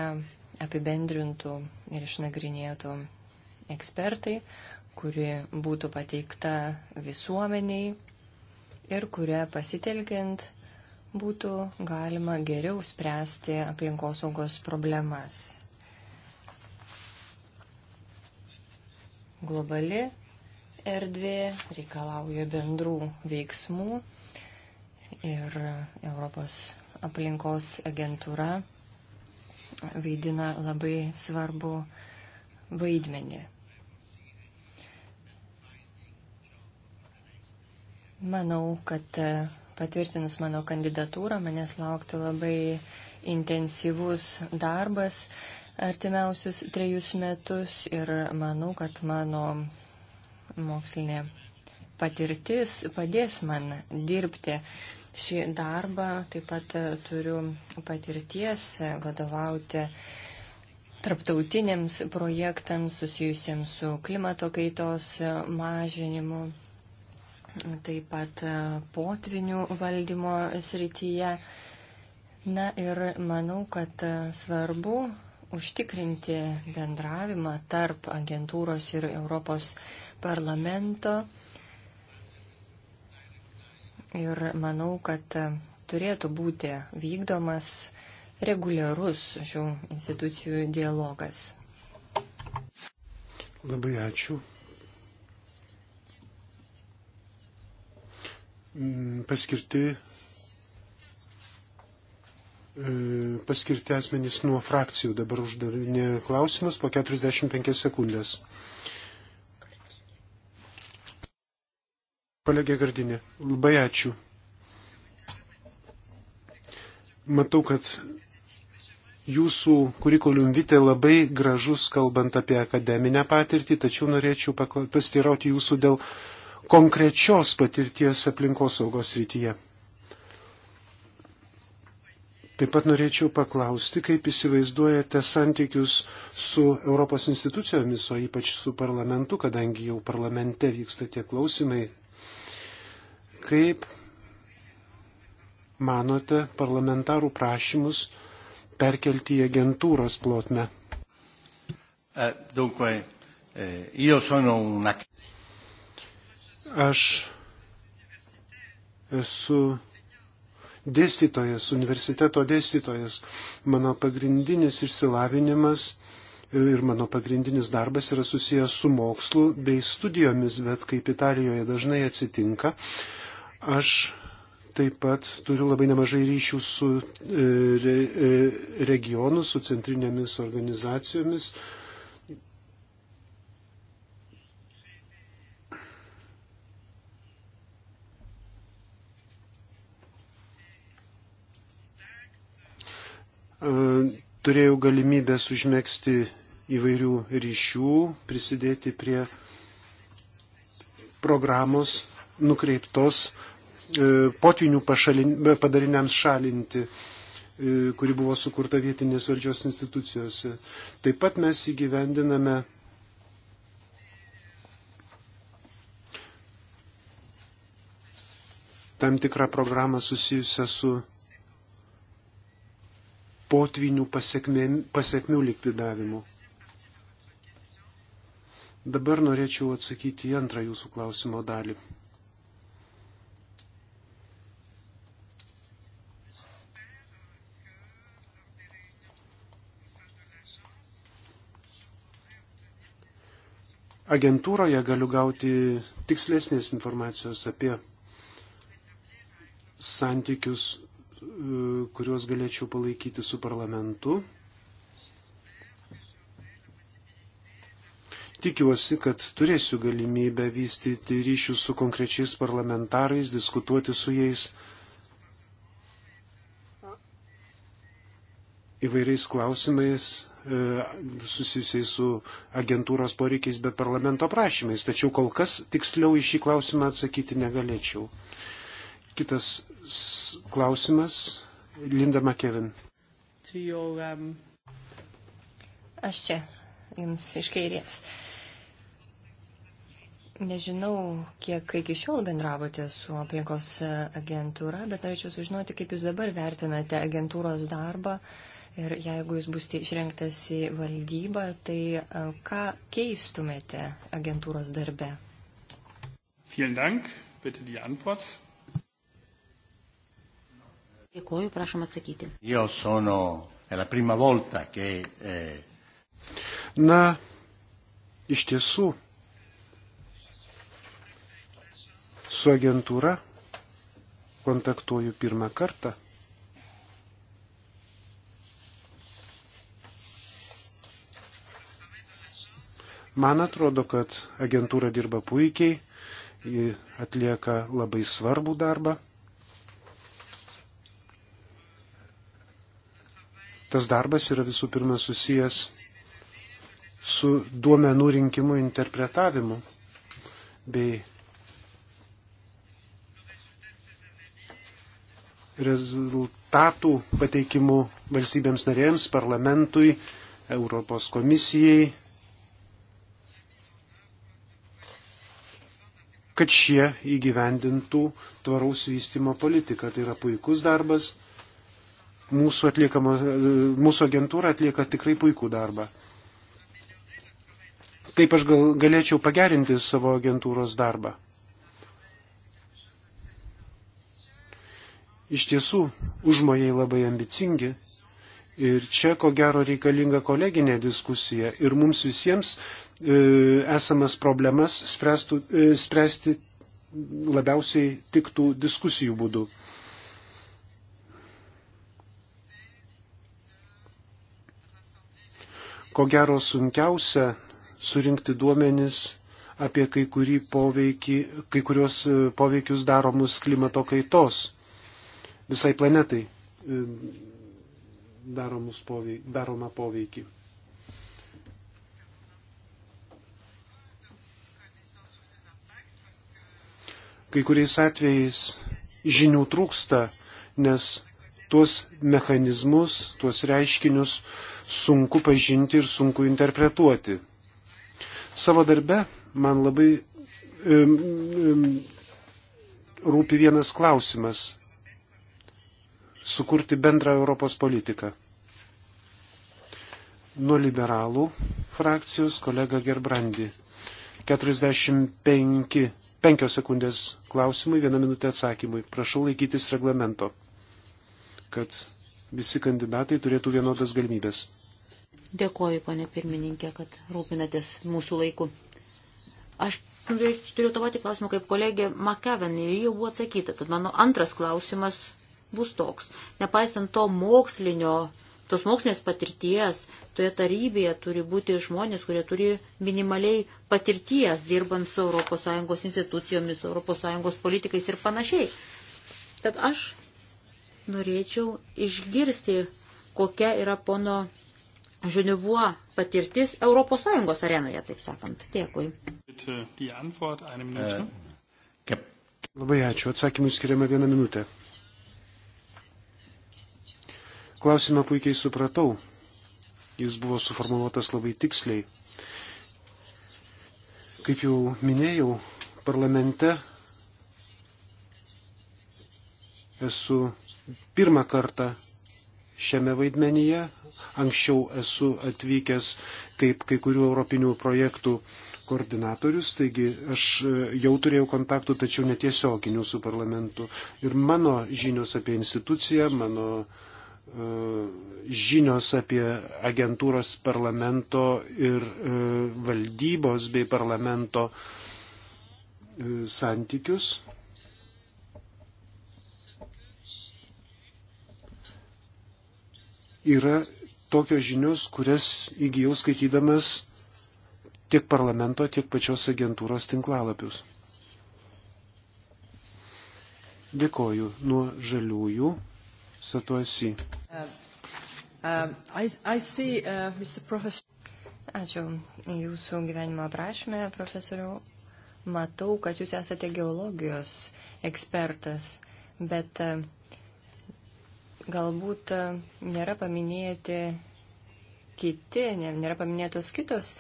apibendrintų ir išnagrinėtų ekspertai, kuri būtų pateikta visuomeniai, ir kurią pasitelkiant būtų galima geriau spręsti aplinkosaugos problemas. Globali erdvė reikalauja bendrų veiksmų ir Europos aplinkos agentūra vaidina labai svarbu vaidmenį. Manau, kad e, patvirtinus mano kandidatūrą manęs lauktų labai intensyvus darbas artimiausius trejus metus ir manau, kad mano mokslinė patirtis padės man dirbti šį darbą. Taip pat e, turiu patirties e, vadovauti tarptautiniams projektams susijusiems su klimato kaitos mažinimu taip pat e, potvinių valdymo srityje. Na ir manau, kad e, svarbu užtikrinti bendravimą tarp agentūros ir Europos parlamento. Ir manau, kad e, turėtų būti vykdomas reguliarus šių institucijų dialogas. Labai ačiū. Mm, paskirti, e, paskirti asmenys nuo frakcijų. Dabar uždavinė klausimus po 45 sekundės. Kolegė Gardinė, labai ačiū. Matau, kad jūsų kurikulum vite labai gražus, kalbant apie akademinę patirtį, tačiau norėčiau pastirauti jūsų dėl uh, konkrečios patirties aplinkosaugos rytyje. Taip pat norėčiau paklausti, kaip įsivaizduojate santykius su Europos institucijomis, o ypač su parlamentu, kadangi jau parlamente vyksta tie klausimai. Kaip manote parlamentarų prašymus perkelti į agentūros plotmę? Eh, dunque, eh, io sono una... Aš esu dėstytojas, universiteto dėstytojas. Mano pagrindinis išsilavinimas ir mano pagrindinis darbas yra susijęs su mokslu bei studijomis, bet kaip Italijoje dažnai atsitinka, aš taip pat turiu labai nemažai ryšių su e, e, regionu, su centrinėmis organizacijomis, E, turėjau galimybę užmėgsti įvairių ryšių, prisidėti prie programos nukreiptos e, potvinių padariniams šalinti, e, kuri buvo sukurta vietinės valdžios institucijose. Taip pat mes įgyvendiname tam tikrą programą susijusią su potvinių pasiekmė, pasiekmių likvidavimu. Dabar norėčiau atsakyti į antrą jūsų klausimo dalį. agentūroje galiu gauti tikslesnės informacijos apie santykius kuriuos galėčiau palaikyti su parlamentu. Tikiuosi, kad turėsiu galimybę vystyti ryšius su konkrečiais parlamentarais, diskutuoti su jais įvairiais klausimais e, susijusiai su agentūros poreikiais, bet parlamento prašymais. Tačiau kol kas tiksliau į šį klausimą atsakyti negalėčiau. Kitas klausimas. Linda McKevin. Your, um... Aš čia, jums iš kairės. Nežinau, kiek iki šiol bendravote su aplinkos agentūra, bet norėčiau sužinoti, kaip jūs dabar vertinate agentūros darbą ir jeigu jūs būsite išrinktas į valdybą, tai e, ką keistumėte agentūros darbe? Vielen Dank, bitte die Antwort. Dėkuoju, prašom atsakyti. Eh, Na, iš tiesų, su agentūra kontaktuoju pirmą kartą. Man atrodo, kad agentūra dirba puikiai, ji atlieka labai svarbų darbą. Tas darbas yra visų pirma susijęs su duomenų rinkimu interpretavimu bei rezultatų pateikimu valstybėms narėms, parlamentui, Europos komisijai, kad šie įgyvendintų tvaraus vystimo politiką. Tai yra puikus darbas mūsų, atliekama, mūsų agentūra atlieka tikrai puikų darbą. Kaip aš gal, galėčiau pagerinti savo agentūros darbą? Iš tiesų, užmojai labai ambicingi ir čia ko gero reikalinga koleginė diskusija ir mums visiems e, esamas problemas spręstų, e, spręsti labiausiai tiktų diskusijų būdu. Ko gero sunkiausia surinkti duomenis apie kai, poveikį, kai kurios e, poveikius daromus klimato kaitos visai planetai poveik, daroma poveikį. Kai kuriais atvejais žinių trūksta, nes tuos mechanizmus, tuos reiškinius sunku pažinti ir sunku interpretuoti. Savo darbe man labai um, um, rūpi vienas klausimas - sukurti bendrą Europos politiką. Nuo liberalų frakcijos kolega Gerbrandi. 45 penkios sekundės klausimui, vieną minutę atsakymui. Prašau laikytis reglamento, kad visi kandidatai turėtų vienodas galimybės. Dėkoju, ponė pirmininkė, kad rūpinatės mūsų laiku. Aš turiu tą patį klausimą kaip kolegė Makeven ir jau buvo atsakyta. Tad mano antras klausimas bus toks. Nepaisant to mokslinio, tos mokslinės patirties, toje tarybėje turi būti žmonės, kurie turi minimaliai patirties dirbant su ES institucijomis, ES politikais ir panašiai. Tad aš norėčiau išgirsti, kokia yra pono Žinivuo patirtis ES arenoje, taip sakant. Dėkui. Äh, labai ačiū. Atsakymui skiriame vieną minutę. Klausimą puikiai supratau. Jis buvo suformuoluotas labai tiksliai. Kaip jau minėjau, parlamente esu pirmą kartą šiame vaidmenyje. Anksčiau esu atvykęs kaip kai kurių europinių projektų koordinatorius, taigi aš e, jau turėjau kontaktų, tačiau netiesioginių su parlamentu. Ir mano žinios apie instituciją, mano e, žinios apie agentūros parlamento ir e, valdybos bei parlamento santykius yra tokios žinios, kurias įgyjau skaitydamas tiek parlamento, tiek pačios agentūros tinklalapius. Dėkoju nuo žaliųjų. Satuosi. Uh, um, uh, Ačiū. Jūsų gyvenimo aprašymė, profesoriau, matau, kad jūs esate geologijos ekspertas, bet uh, galbūt e, nėra paminėti kiti, nėra paminėtos kitos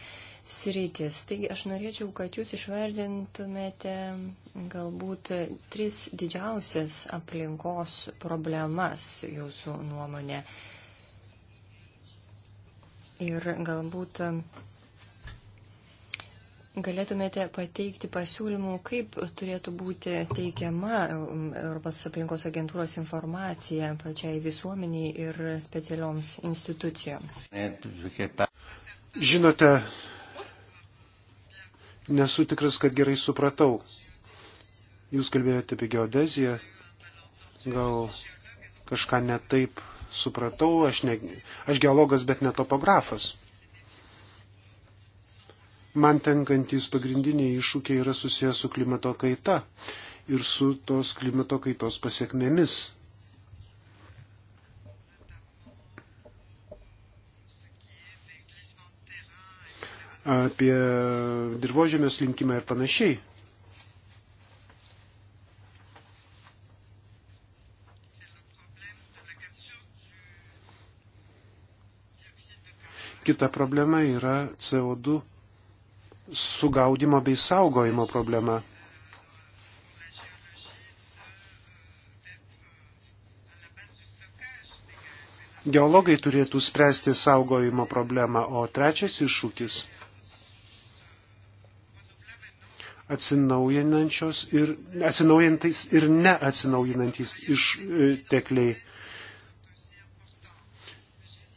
sritis. Taigi aš norėčiau, kad jūs išvardintumėte galbūt tris didžiausias aplinkos problemas jūsų nuomonė. Ir galbūt galėtumėte pateikti pasiūlymų, kaip turėtų būti teikiama um, Europos aplinkos agentūros informacija plačiai visuomeniai ir specialioms institucijoms? Žinote, nesu tikras, kad gerai supratau. Jūs kalbėjote apie geodeziją, gal kažką netaip supratau, aš, ne, aš geologas, bet ne topografas man tenkantis pagrindiniai iššūkiai yra susijęs su klimato kaita ir su tos klimato kaitos pasiekmėmis. apie dirbožėmės linkimą ir panašiai. Kita problema yra CO2 sugaudimo bei saugojimo problema. Geologai turėtų spręsti saugojimo problemą, o trečias iššūkis atsinaujinančios ir atsinaujantis ir neatsinaujinantis ištekliai. E,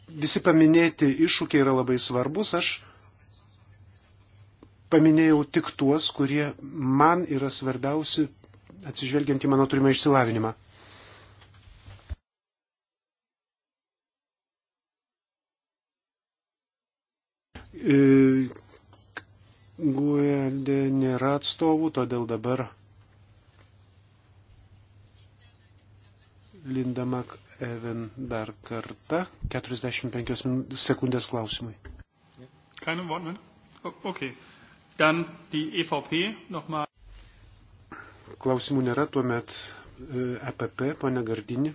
Visi paminėti iššūkiai yra labai svarbus, aš paminėjau tik tuos, kurie man yra svarbiausi, atsižvelgiant į mano turimą išsilavinimą. E, Guelde nėra atstovų, todėl dabar Linda McEwen dar kartą 45 sekundės klausimui. Keine Wortmeldung? Okay. Dann die EVP nochmal. Klausimų nėra, tuomet EPP, e pane Gardinį.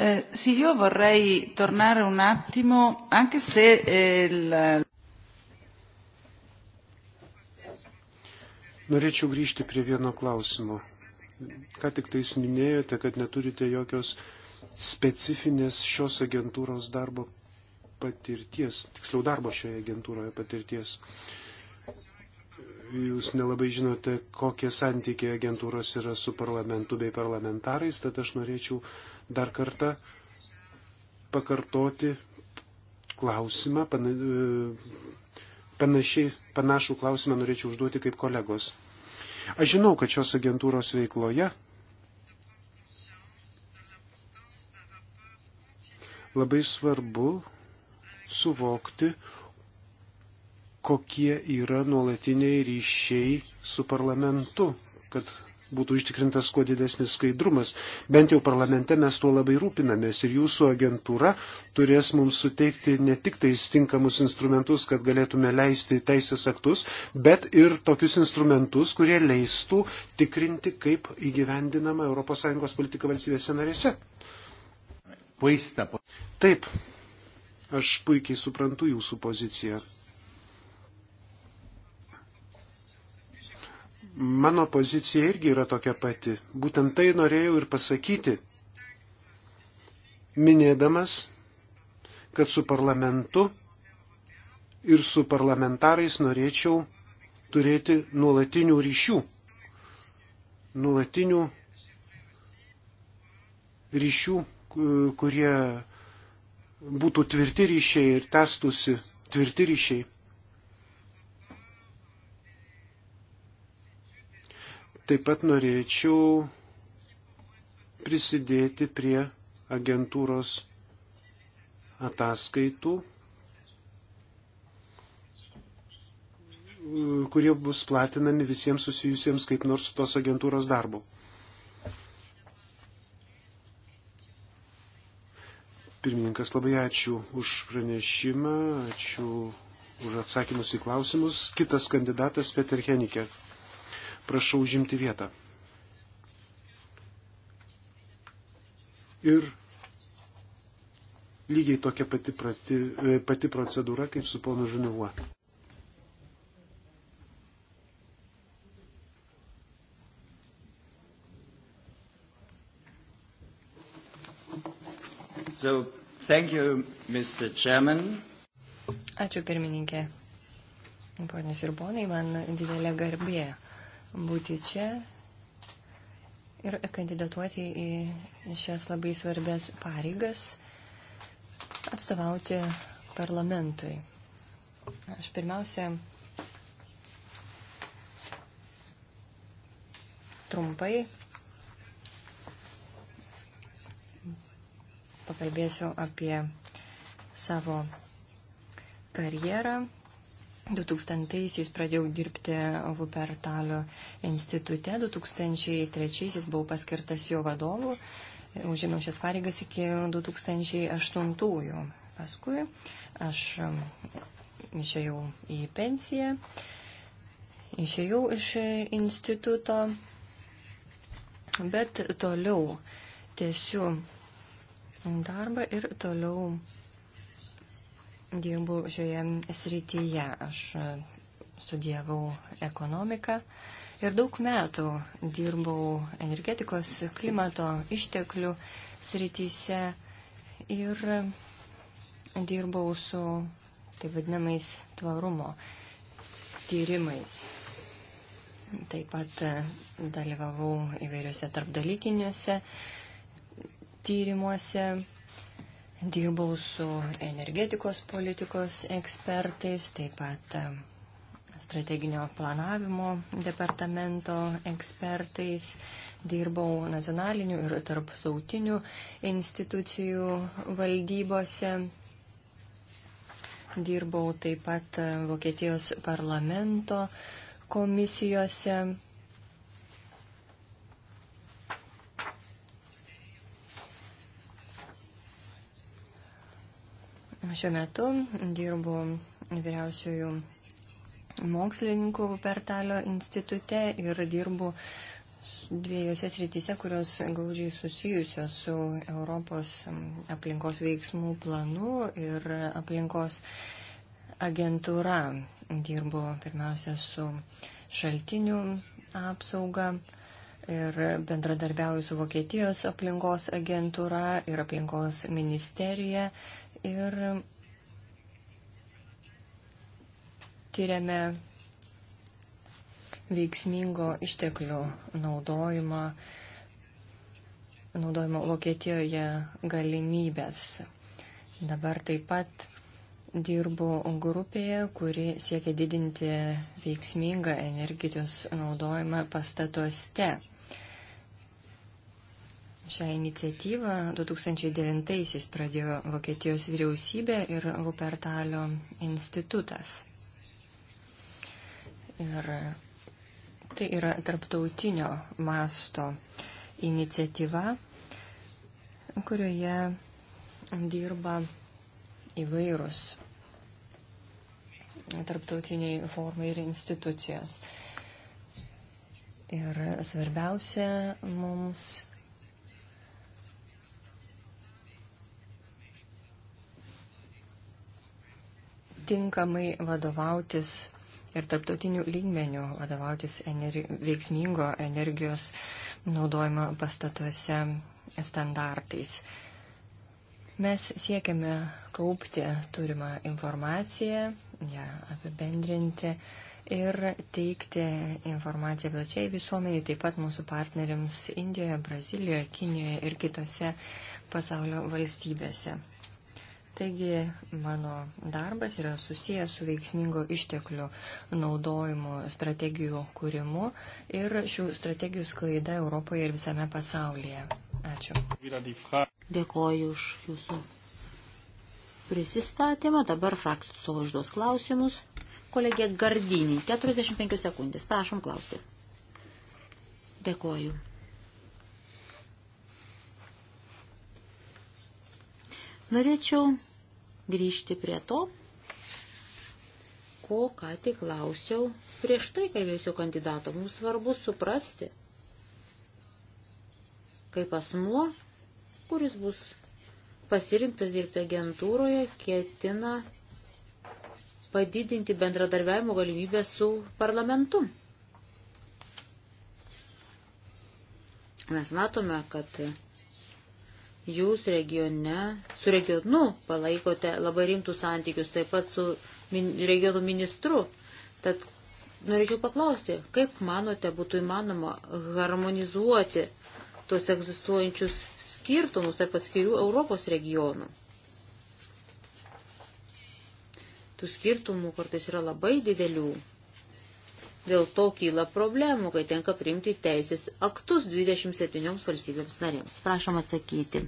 Eh, sì, io vorrei tornare un attimo, anche se eh, il... Norėčiau grįžti prie vieno klausimo. Ką tik tais minėjote, kad neturite jokios specifinės šios agentūros darbo patirties, tiksliau darbo šioje agentūroje patirties. Jūs nelabai žinote, kokie santykiai agentūros yra su parlamentu bei parlamentarais, tad aš norėčiau dar kartą pakartoti klausimą, panašiai, panašų klausimą norėčiau užduoti kaip kolegos. Aš žinau, kad šios agentūros veikloje labai svarbu suvokti, kokie yra nuolatiniai ryšiai su parlamentu, kad būtų ištikrintas kuo didesnis skaidrumas. Bent jau parlamente mes tuo labai rūpinamės ir jūsų agentūra turės mums suteikti ne tik tais tinkamus instrumentus, kad galėtume leisti teisės aktus, bet ir tokius instrumentus, kurie leistų tikrinti, kaip įgyvendinama ES politika valstybėse narėse. Taip, aš puikiai suprantu jūsų poziciją. Mano pozicija irgi yra tokia pati. Būtent tai norėjau ir pasakyti, minėdamas, kad su parlamentu ir su parlamentarais norėčiau turėti nuolatinių ryšių, nuolatinių ryšių, kurie būtų tvirti ryšiai ir testusi tvirti ryšiai. Taip pat norėčiau prisidėti prie agentūros ataskaitų, kurie bus platinami visiems susijusiems kaip nors su tos agentūros darbu. Pirmininkas, labai ačiū už pranešimą, ačiū už atsakymus į klausimus. Kitas kandidatas Peter Henikė. Prašau užimti vietą. Ir lygiai tokia pati, prati, e, pati procedūra kaip su ponu Žiniuo. So, thank you, Mr. Chairman. Ačiū pirmininkė. Ponius ir ponai, man didelė garbė būti čia ir kandidatuoti į šias labai svarbės pareigas, atstovauti parlamentui. Aš pirmiausia trumpai pakalbėsiu apie savo karjerą 2000-aisiais pradėjau dirbti Vupertalio institute, 2003-aisiais buvau paskirtas jo vadovu, užėmiau šias pareigas iki 2008-ųjų. Paskui aš išėjau į pensiją, išėjau iš instituto, bet toliau tiesiu darbą ir toliau dirbu šioje srityje. Aš e, studijavau ekonomiką ir daug metų dirbau energetikos, klimato, išteklių srityse ir dirbau su taip vadinamais tvarumo tyrimais. Taip pat e, dalyvavau įvairiuose tarpdalykiniuose tyrimuose dirbau su energetikos politikos ekspertais, taip pat e, strateginio planavimo departamento ekspertais, dirbau nacionalinių ir tarptautinių institucijų valdybose, dirbau taip pat e, Vokietijos parlamento komisijose Šiuo metu dirbu vyriausiųjų mokslininkų Pertalio institute ir dirbu dviejose srityse, kurios glaudžiai susijusios su Europos aplinkos veiksmų planu ir aplinkos agentūra. Dirbu pirmiausia su šaltinių apsauga ir bendradarbiauju su Vokietijos aplinkos agentūra ir aplinkos ministerija ir tyriame veiksmingo išteklių naudojimo, naudojimo Vokietijoje galimybės. Dabar taip pat dirbu grupėje, kuri siekia didinti veiksmingą energijos naudojimą pastatuose. Šią iniciatyvą 2009-aisiais pradėjo Vokietijos vyriausybė ir Rupertalio institutas. Ir tai yra tarptautinio masto iniciatyva, kurioje dirba įvairūs tarptautiniai formai ir institucijos. Ir svarbiausia mums tinkamai vadovautis ir tarptautinių lygmenių vadovautis energi veiksmingo energijos naudojimo pastatuose standartais. Mes siekiame kaupti turimą informaciją, ją apibendrinti ir teikti informaciją plačiai visuomeniai, taip pat mūsų partneriams Indijoje, Brazilijoje, Kinijoje ir kitose pasaulio valstybėse. Taigi mano darbas yra susijęs su veiksmingo išteklių naudojimo strategijų kūrimu ir šių strategijų sklaida Europoje ir visame pasaulyje. Ačiū. Dėkoju už jūsų prisistatymą. Dabar frakcijų savo užduos klausimus. Kolegė Gardinį, 45 sekundės. Prašom klausti. Dėkoju. Norėčiau grįžti prie to, ko ką tik klausiau prieš tai kalbėsiu kandidato. Mums svarbu suprasti, kaip asmuo, kuris bus pasirinktas dirbti agentūroje, ketina padidinti bendradarbiavimo galimybę su parlamentu. Mes matome, kad jūs regione, su regionu palaikote labai rimtus santykius, taip pat su min, regionų ministru. Tad norėčiau paklausti, kaip manote būtų įmanoma harmonizuoti tuos egzistuojančius skirtumus tarp atskirių Europos regionų? Tų skirtumų kartais yra labai didelių. Dėl to kyla problemų, kai tenka priimti teisės aktus 27 valstybėms narėms. Prašom atsakyti.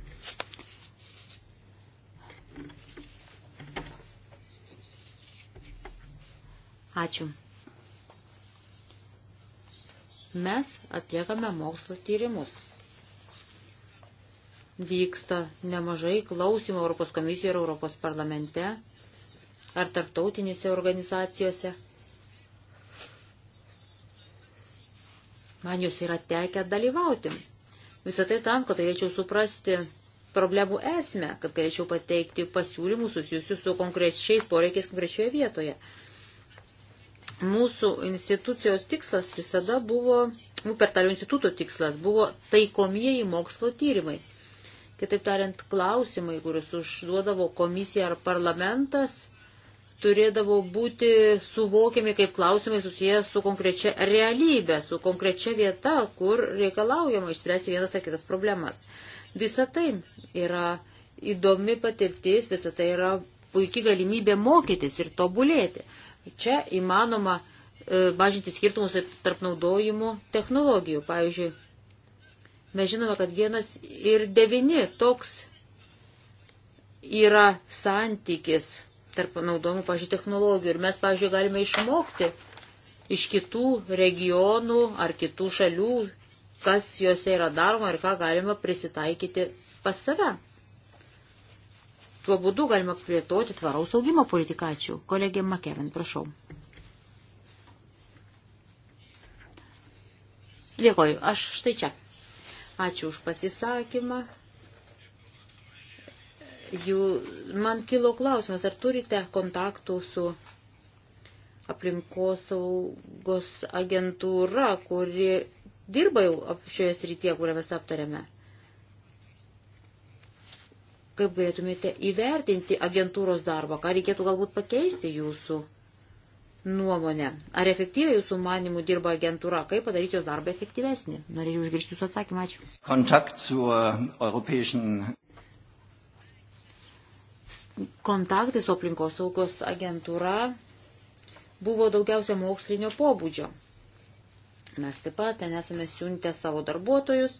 Ačiū. Mes atliekame mokslo tyrimus. Vyksta nemažai klausimų Europos komisijoje ir Europos parlamente ar tarptautinėse organizacijose Man jūs yra tekę dalyvauti. Visą tai tam, kad galėčiau suprasti problemų esmę, kad galėčiau pateikti pasiūlymus susijusius su konkrečiais poreikiais konkrečioje vietoje. Mūsų institucijos tikslas visada buvo, nu, per tarių instituto tikslas buvo taikomieji mokslo tyrimai. Kitaip tariant, klausimai, kuriuos užduodavo komisija ar parlamentas, turėdavo būti suvokiami kaip klausimai susijęs su konkrečia realybė, su konkrečia vieta, kur reikalaujama išspręsti vienas ar kitas problemas. Visa tai yra įdomi patirtis, visa tai yra puikia galimybė mokytis ir tobulėti. Čia įmanoma e, mažinti skirtumus tarp naudojimų technologijų. Pavyzdžiui, mes žinome, kad vienas ir devini toks yra santykis tarp naudojimų, pažiūrėjau, technologijų. Ir mes, pažiūrėjau, galime išmokti iš kitų regionų ar kitų šalių, kas juose yra daroma ir ką galima prisitaikyti pas save. Tuo būdu galima plėtoti tvaraus augimo politikačių. Kolegė Makevin, prašau. Dėkoju, aš štai čia. Ačiū už pasisakymą jų, man kilo klausimas, ar turite kontaktų su aplinkosaugos agentūra, kuri dirba jau šioje srityje, kurią mes aptarėme. Kaip galėtumėte įvertinti agentūros darbą, ką reikėtų galbūt pakeisti jūsų nuomonę. Ar efektyviai jūsų manimų dirba agentūra? Kaip padaryti jos darbą efektyvesnį? Norėjau išgirsti jūsų atsakymą. Ačiū. Kontakt su uh, europäischen kontaktai su aplinkosaugos agentūra buvo daugiausia mokslinio pobūdžio. Mes taip pat ten esame siuntę savo darbuotojus.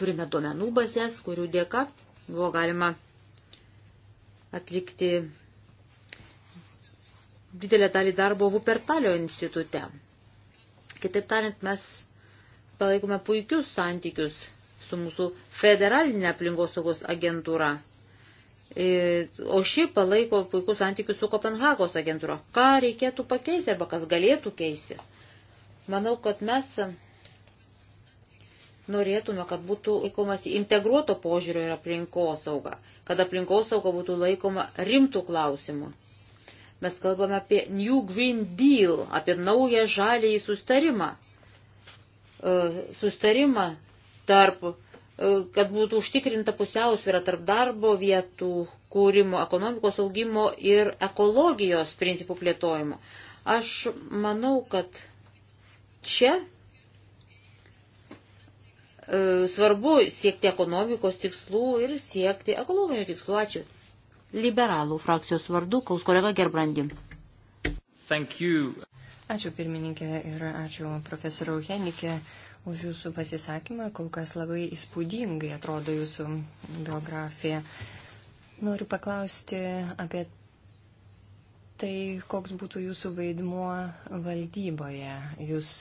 Turime duomenų bazės, kurių dėka buvo galima atlikti didelę dalį darbo Vupertalio institute. Kitaip tariant, mes palaikome puikius santykius su mūsų federalinė aplinkosaugos agentūra. E, o ši palaiko puikus santykius su Kopenhagos agentūra. Ką reikėtų pakeisti arba kas galėtų keisti? Manau, kad mes norėtume, kad būtų laikomasi integruoto požiūrio ir aplinkosauga, kad aplinkosauga būtų laikoma rimtų klausimų. Mes kalbame apie New Green Deal, apie naują žalį į sustarimą. E, sustarimą tarp, e, kad būtų užtikrinta pusiausvėra tarp darbo vietų kūrimo, ekonomikos augimo ir ekologijos principų plėtojimo. Aš manau, kad čia e, svarbu siekti ekonomikos tikslų ir siekti ekologinių tikslų. Ačiū. Liberalų frakcijos vardu, kaus kolega Gerbrandi. Thank you. Ačiū pirmininkė ir ačiū profesoriau Henikė už jūsų pasisakymą. Kol kas labai įspūdingai atrodo jūsų biografija. Noriu paklausti apie tai, koks būtų jūsų vaidmuo valdyboje. Jūs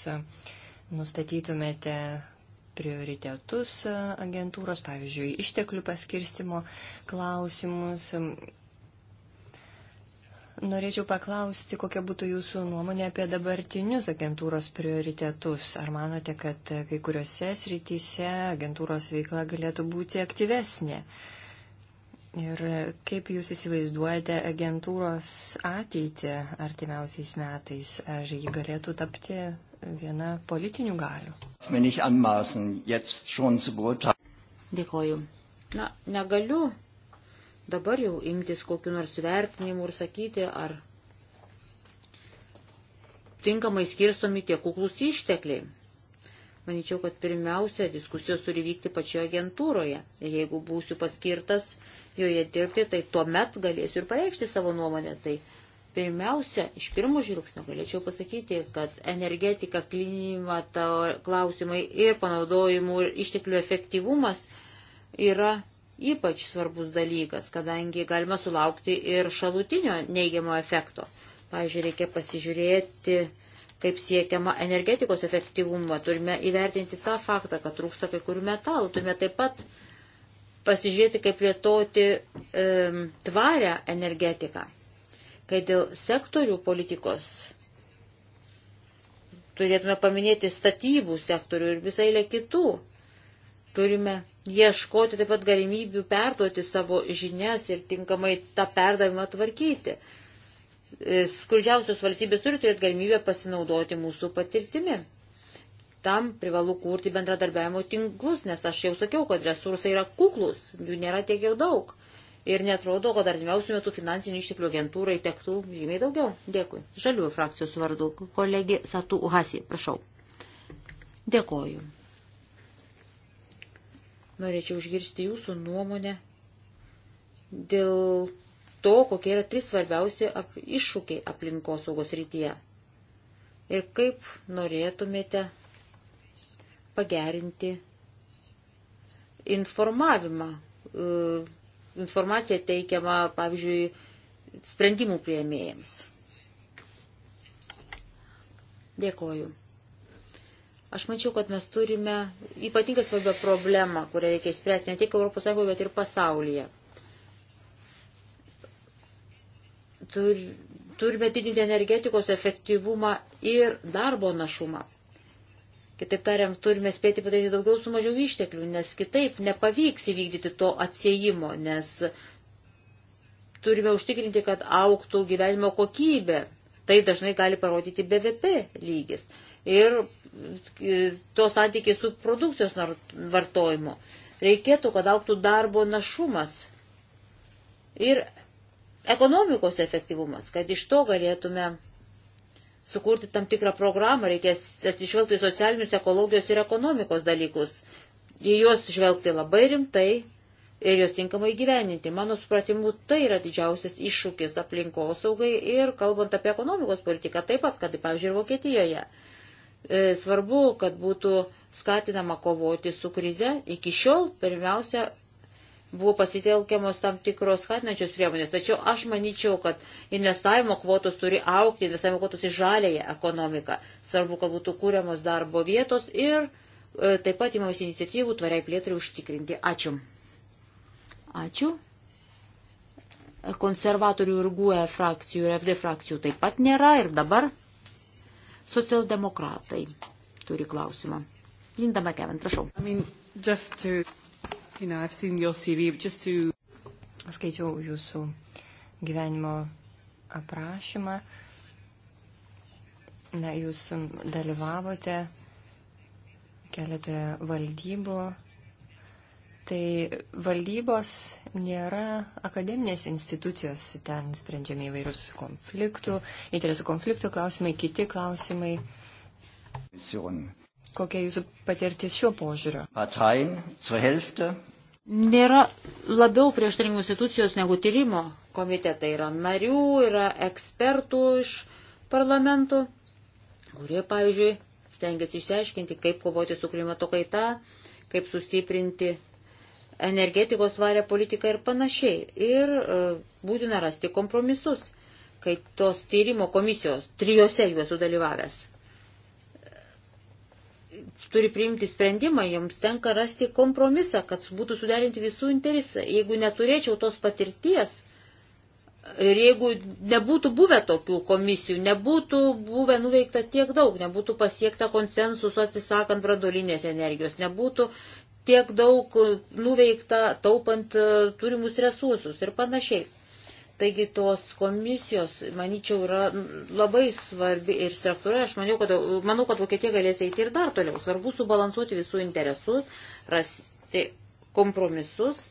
nustatytumėte prioritetus agentūros, pavyzdžiui, išteklių paskirstimo klausimus, norėčiau paklausti, kokia būtų jūsų nuomonė apie dabartinius agentūros prioritetus. Ar manote, kad kai kuriuose srityse agentūros veikla galėtų būti aktyvesnė? Ir kaip jūs įsivaizduojate agentūros ateitį artimiausiais metais? Ar ji galėtų tapti viena politinių galių? Dėkoju. Na, negaliu dabar jau imtis kokiu nors vertinimu ir sakyti, ar tinkamai skirstomi tie kuklus ištekliai. Manyčiau, kad pirmiausia, diskusijos turi vykti pačioje agentūroje. Jeigu būsiu paskirtas joje dirbti, tai tuo met galėsiu ir pareikšti savo nuomonę. Tai pirmiausia, iš pirmo žvilgsnio galėčiau pasakyti, kad energetika, klimato klausimai ir panaudojimų ir išteklių efektyvumas yra ypač svarbus dalykas, kadangi galima sulaukti ir šalutinio neigiamo efekto. Pavyzdžiui, reikia pasižiūrėti, kaip siekiama energetikos efektyvumą, turime įvertinti tą faktą, kad trūksta kai kurių metalų, turime taip pat pasižiūrėti, kaip plėtoti e, tvarę energetiką, kai dėl sektorių politikos turėtume paminėti statybų sektorių ir visai lė kitų. Turime ieškoti taip pat galimybių perduoti savo žinias ir tinkamai tą perdavimą tvarkyti. E, skurdžiausios valstybės turi turėti galimybę pasinaudoti mūsų patirtimi. Tam privalu kurti bendradarbiavimo tinklus, nes aš jau sakiau, kad resursai yra kuklus, jų nėra tiek jau daug. Ir netrodo, kad artimiausių metų finansinių išteklių agentūrai tektų žymiai daugiau. Dėkui. Žaliųjų frakcijos vardu kolegė Satu Uhasi, prašau. Dėkoju. Norėčiau išgirsti jūsų nuomonę dėl to, kokie yra trys svarbiausi ap iššūkiai aplinkosaugos rytyje. Ir kaip norėtumėte pagerinti informavimą. E, Informacija teikiama, pavyzdžiui, sprendimų prieimėjams. Dėkoju. Aš mančiau, kad mes turime ypatingai svarbią problemą, kurią reikia išspręsti ne tik ES, bet ir pasaulyje. Tur, turime didinti energetikos efektyvumą ir darbo našumą. Kitaip tariant, turime spėti padaryti daugiau su mažiau išteklių, nes kitaip nepavyks įvykdyti to atsiejimo, nes turime užtikrinti, kad auktų gyvenimo kokybė. Tai dažnai gali parodyti BVP lygis ir to santykiai su produkcijos vartojimu. Reikėtų, kad auktų darbo našumas ir ekonomikos efektyvumas, kad iš to galėtume sukurti tam tikrą programą, reikės atsižvelgti socialinius, ekologijos ir ekonomikos dalykus, į juos žvelgti labai rimtai ir juos tinkamai gyveninti. Mano supratimu, tai yra didžiausias iššūkis aplinkosaugai ir kalbant apie ekonomikos politiką, taip pat, kad, pavyzdžiui, ir Vokietijoje E, svarbu, kad būtų skatinama kovoti su krize. Iki šiol pirmiausia buvo pasitelkiamos tam tikros skatinančios priemonės. Tačiau aš manyčiau, kad investavimo kvotos turi aukti, investavimo kvotos į žalėją ekonomiką. Svarbu, kad būtų kūriamos darbo vietos ir e, taip pat įmamos iniciatyvų tvariai plėtrai užtikrinti. Ačiū. Ačiū. Konservatorių ir GUE frakcijų ir FD frakcijų taip pat nėra ir dabar Socialdemokratai turi klausimą. Linda McEwen, prašau. I mean, to, you know, CV, to... Skaičiau jūsų gyvenimo aprašymą. Na, jūs dalyvavote keletoje valdybų tai valdybos nėra akademinės institucijos, ten sprendžiami įvairius konfliktų, interesų konfliktų klausimai, kiti klausimai. Kokia jūsų patirtis šiuo požiūriu? Nėra labiau prieštaringų institucijos negu tyrimo komitetai. Yra narių, yra ekspertų iš parlamentų, kurie, pavyzdžiui, stengiasi išsiaiškinti, kaip kovoti su klimato kaita, kaip sustiprinti energetikos varę politiką ir panašiai. Ir e, būtina rasti kompromisus, kai tos tyrimo komisijos, trijose juos sudalyvavęs, e, turi priimti sprendimą, joms tenka rasti kompromisą, kad būtų suderinti visų interesą. Jeigu neturėčiau tos patirties, Ir jeigu nebūtų buvę tokių komisijų, nebūtų buvę nuveikta tiek daug, nebūtų pasiekta konsensuso atsisakant bradolinės energijos, nebūtų tiek daug nuveikta, taupant e, turimus resursus ir panašiai. Taigi tos komisijos, manyčiau, yra labai svarbi ir struktūra. Aš maniau, kad, manau, kad Vokietija galės eiti ir dar toliau. Svarbu subalansuoti visų interesus, rasti kompromisus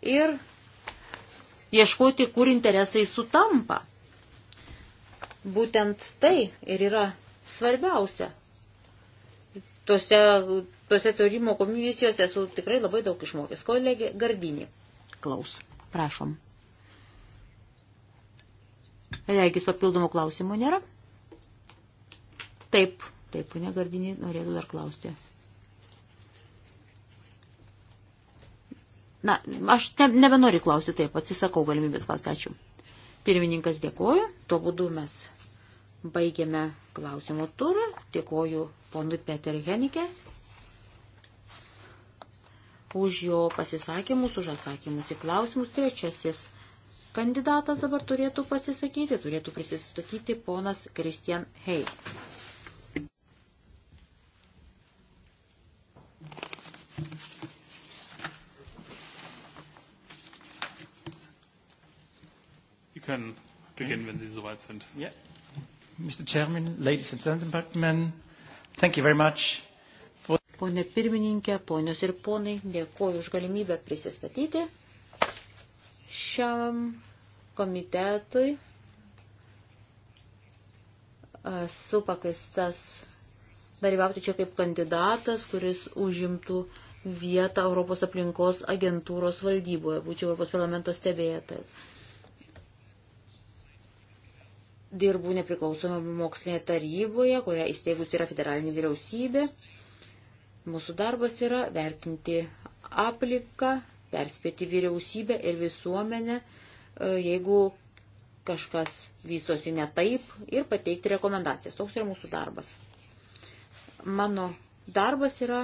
ir ieškoti, kur interesai sutampa. Būtent tai ir yra svarbiausia. Tuose Tuose tyrimo komisijose esu tikrai labai daug išmokęs. Kolegė Gardinį. Klaus, prašom. Regis papildomų klausimų nėra? Taip, taip, ponia Gardinį norėtų dar klausti. Na, aš ne, nebenoriu klausti taip, atsisakau galimybės klausti, ačiū. Pirmininkas dėkoju, tuo būdu mes baigėme klausimo turą, dėkoju ponui Peter Henike už jo pasisakymus, už atsakymus į klausimus. Trečiasis kandidatas dabar turėtų pasisakyti, turėtų prisistatyti ponas Kristian Hei. Sie können beginnen, wenn Sie soweit sind. Yeah. Mr. Chairman, ladies and gentlemen, thank you very much Pone pirmininkė, ponios ir ponai, dėkuoju už galimybę prisistatyti šiam komitetui. Esu pakvistas dalyvauti čia kaip kandidatas, kuris užimtų vietą Europos aplinkos agentūros valdyboje, būčiau Europos parlamento stebėtas. Dirbu nepriklausomą mokslinėje taryboje, kurią įsteigus yra federalinė vyriausybė. Mūsų darbas yra vertinti aplinką, perspėti vyriausybę ir visuomenę, e, jeigu kažkas vystosi ne taip ir pateikti rekomendacijas. Toks yra mūsų darbas. Mano darbas yra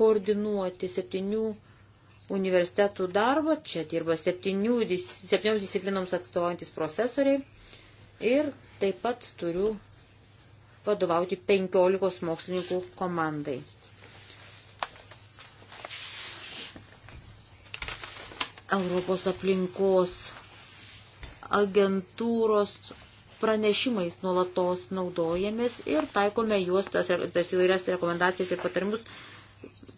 koordinuoti septynių universitetų darbą. Čia dirba septynių, septynioms disciplinoms atstovaujantis profesoriai. Ir taip pat turiu vadovauti penkiolikos mokslininkų komandai. Europos aplinkos agentūros pranešimais nuolatos naudojamės ir taikome juos, tas, tas įvairias rekomendacijas ir patarimus,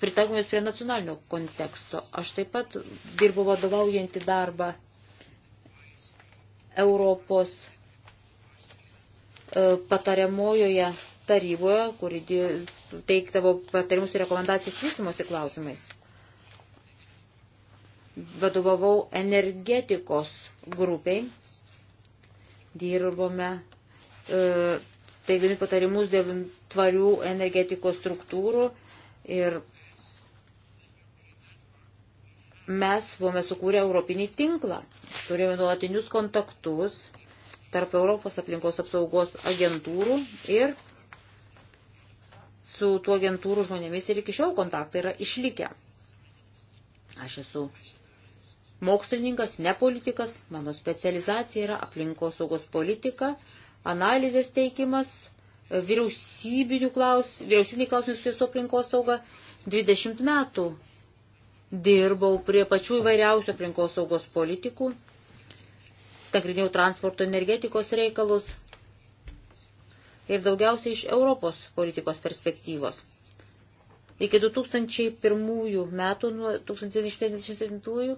pritaikome juos prie nacionalinio konteksto. Aš taip pat dirbu vadovaujantį darbą Europos e, patariamojoje taryboje, kuri teiktavo patarimus ir rekomendacijas vystimosi klausimais vadovavau energetikos grupiai, dirbome e, teikdami patarimus dėl tvarių energetikos struktūrų ir mes buvome sukūrę Europinį tinklą. Turėjome nuolatinius kontaktus tarp Europos aplinkos apsaugos agentūrų ir su tuo agentūrų žmonėmis ir iki šiol kontaktai yra išlikę. Aš esu mokslininkas, ne politikas, mano specializacija yra aplinkosaugos politika, analizės teikimas, vyriausybinių klaus, vyriausybinių klausimų susijęs su aplinkosauga. 20 metų dirbau prie pačių įvairiausių aplinkosaugos politikų, nagrinėjau transporto energetikos reikalus ir daugiausiai iš Europos politikos perspektyvos. Iki 2001 metų, nuo 1997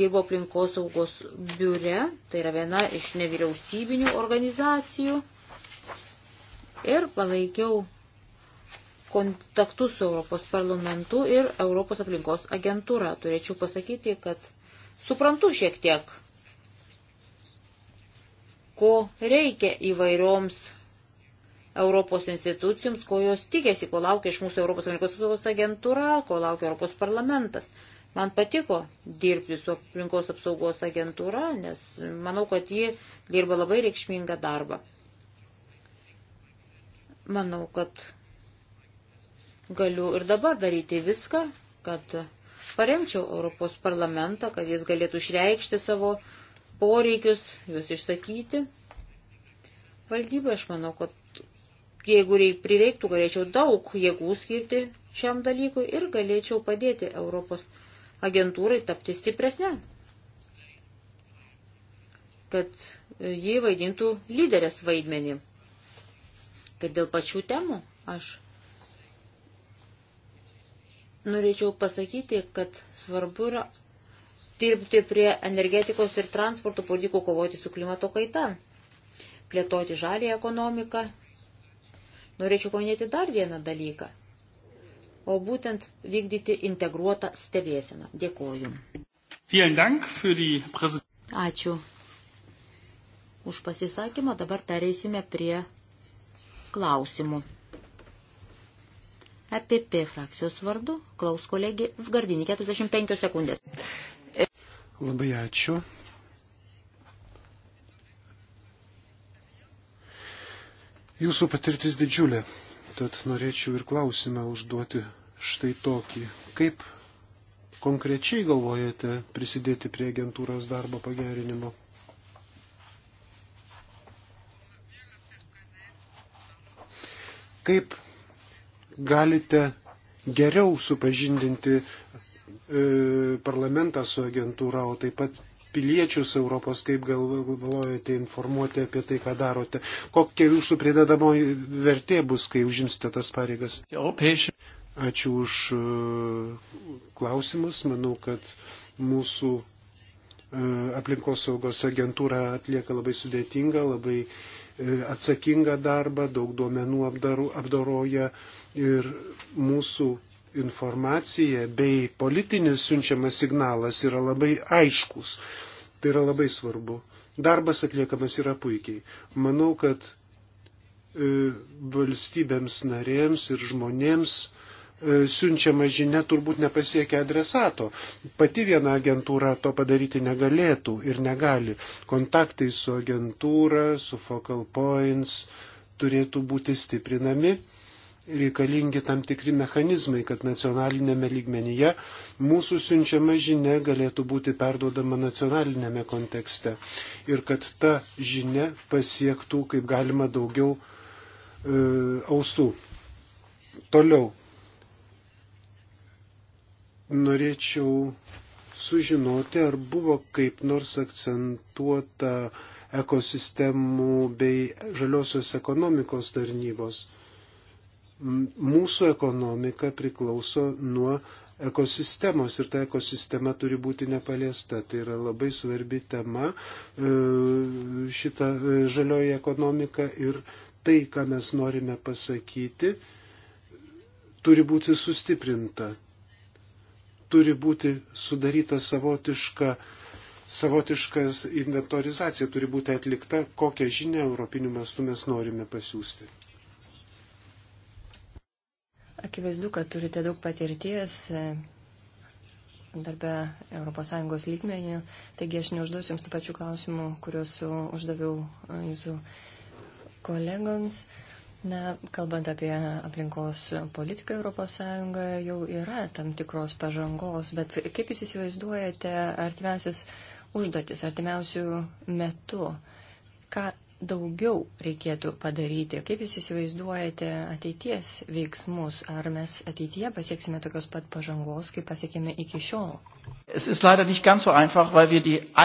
dirbo aplinkosaugos biure, tai yra viena iš nevyriausybinių organizacijų. Ir palaikiau kontaktus su Europos parlamentu ir Europos aplinkos agentūra. Turėčiau pasakyti, kad suprantu šiek tiek, ko reikia įvairioms Europos institucijoms, ko jos tikėsi, ko laukia iš mūsų Europos aplinkos agentūra, ko laukia Europos parlamentas. Man patiko dirbti su aplinkos apsaugos agentūra, nes manau, kad ji dirba labai reikšmingą darbą. Manau, kad galiu ir dabar daryti viską, kad paremčiau Europos parlamentą, kad jis galėtų išreikšti savo poreikius, juos išsakyti. Valdyba, aš manau, kad jeigu reik, prireiktų, galėčiau daug jėgų skirti šiam dalykui ir galėčiau padėti Europos parlamentą agentūrai tapti stipresnė, kad e, jį vaidintų lyderės vaidmenį. Kad dėl pačių temų aš norėčiau pasakyti, kad svarbu yra dirbti prie energetikos ir transporto politikų kovoti su klimato kaita, plėtoti žalį ekonomiką. Norėčiau paminėti dar vieną dalyką – o būtent vykdyti integruotą stebėseną. Dėkoju. Ačiū už pasisakymą. Dabar pereisime prie klausimų. EPP frakcijos vardu klaus kolegė Vgardinį 45 sekundės. Labai ačiū. Jūsų patirtis didžiulė. Tad norėčiau ir klausimą užduoti štai tokį. Kaip konkrečiai galvojate prisidėti prie agentūros darbo pagerinimo? Kaip galite geriau supažindinti e, parlamentą su agentūra, o taip pat piliečius Europos, kaip galvojate informuoti apie tai, ką darote? Kokia jūsų pridedamoji vertė bus, kai užimsite tas pareigas? Ačiū už uh, klausimus. Manau, kad mūsų uh, aplinkosaugos agentūra atlieka labai sudėtingą, labai uh, atsakingą darbą, daug duomenų apdaroja ir mūsų informacija bei politinis siunčiamas signalas yra labai aiškus. Tai yra labai svarbu. Darbas atliekamas yra puikiai. Manau, kad e, valstybėms narėms ir žmonėms e, siunčiama žinia turbūt nepasiekia adresato. Pati viena agentūra to padaryti negalėtų ir negali. Kontaktai su agentūra, su focal points turėtų būti stiprinami reikalingi tam tikri mechanizmai, kad nacionalinėme lygmenyje mūsų siunčiama žinia galėtų būti perduodama nacionalinėme kontekste ir kad ta žinia pasiektų kaip galima daugiau e, ausų. Toliau. Norėčiau sužinoti, ar buvo kaip nors akcentuota ekosistemų bei žaliosios ekonomikos tarnybos mūsų ekonomika priklauso nuo ekosistemos ir ta ekosistema turi būti nepaliesta. Tai yra labai svarbi tema e, šita e, žalioji ekonomika ir tai, ką mes norime pasakyti, turi būti sustiprinta. Turi būti sudaryta savotiška savotiška inventorizacija turi būti atlikta, kokią žinią europiniu mastu mes norime pasiūsti. Akivaizdu, kad turite daug patirties e, darbę ES lygmenių, taigi aš neužduosiu Jums tų pačių klausimų, kuriuos uždaviau e, Jūsų kolegoms. Na, kalbant apie aplinkos politiką ES, jau yra tam tikros pažangos, bet kaip Jūs įsivaizduojate artimiausias užduotis, artimiausių metų, ką daugiau reikėtų padaryti? Kaip Jūs įsivaizduojate ateities veiksmus? Ar mes ateityje pasieksime tokios pat pažangos, kaip pasiekėme iki šiol? So einfach,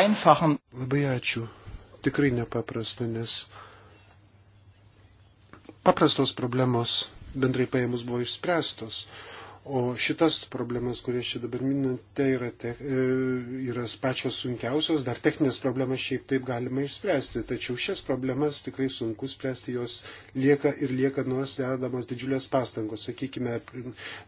einfachen... Labai ačiū. Tikrai nepaprasta, nes paprastos problemos bendrai paėmus buvo išspręstos. Uh, O šitas problemas, kurias čia dabar minate, yra, te, e, yra pačios sunkiausios, dar techninės problemas šiaip taip galima išspręsti, tačiau šias problemas tikrai sunku spręsti, jos lieka ir lieka nors dedamas didžiulės pastangos, sakykime,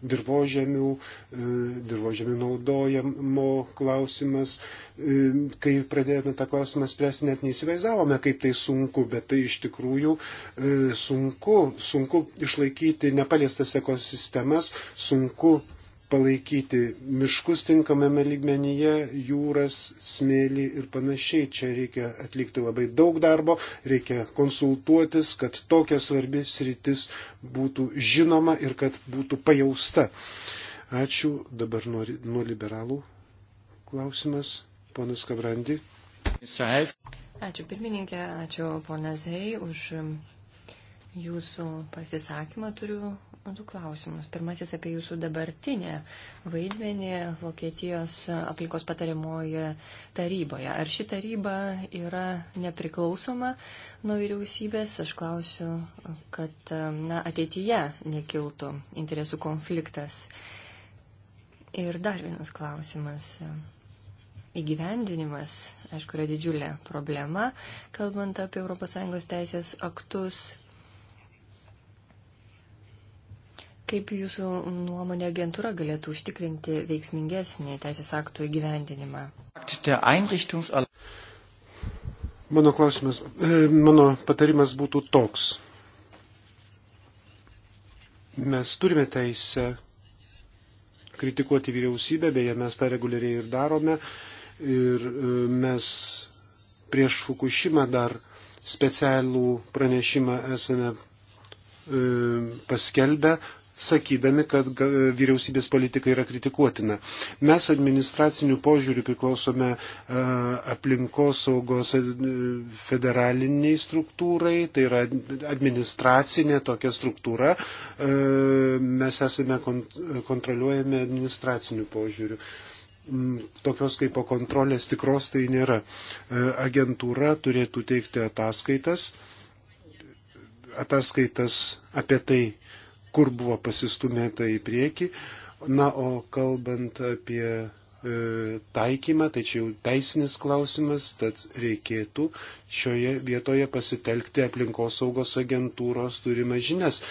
dirbožemių, e, dirbožemių naudojamo klausimas, Ehm, kai pradėjome tą klausimą spręsti, net neįsivaizdavome, kaip tai sunku, bet tai iš tikrųjų ehm, sunku, sunku išlaikyti nepaliestas ekosistemas, sunku palaikyti miškus tinkamame lygmenyje, jūras, smėlį ir panašiai. Čia reikia atlikti labai daug darbo, reikia konsultuotis, kad tokia svarbi sritis būtų žinoma ir kad būtų pajausta. Ačiū dabar nuo, nuo liberalų klausimas. Ponas Kabrandi. Ačiū pirmininkė, ačiū ponas Hei už jūsų pasisakymą. Turiu du klausimus. Pirmasis apie jūsų dabartinę vaidmenį Vokietijos aplinkos patariamoje taryboje. Ar ši taryba yra nepriklausoma nuo vyriausybės? Aš klausiu, kad na, ateityje nekiltų interesų konfliktas. Ir dar vienas klausimas įgyvendinimas, aišku, yra didžiulė problema, kalbant apie ES teisės aktus. Kaip jūsų nuomonė agentūra galėtų užtikrinti veiksmingesnį teisės aktų įgyvendinimą? Mano klausimas, e, mano patarimas būtų toks. Mes turime teisę kritikuoti vyriausybę, beje, mes tą reguliariai ir darome. Ir e, mes prieš Fukushimą dar specialų pranešimą esame e, paskelbę, sakydami, kad vyriausybės politika yra kritikuotina. Mes administracinių požiūrių priklausome e, aplinkosaugos federaliniai struktūrai, tai yra administracinė tokia struktūra. Mes esame kontroliuojami administracinių požiūrių. Mm, tokios kaip po kontrolės tikros tai nėra. E, agentūra turėtų teikti ataskaitas, ataskaitas apie tai, kur buvo pasistumėta į priekį. Na, o kalbant apie e, taikymą, tai čia jau teisinis klausimas, tad reikėtų šioje vietoje pasitelkti aplinkosaugos agentūros turimą žinias.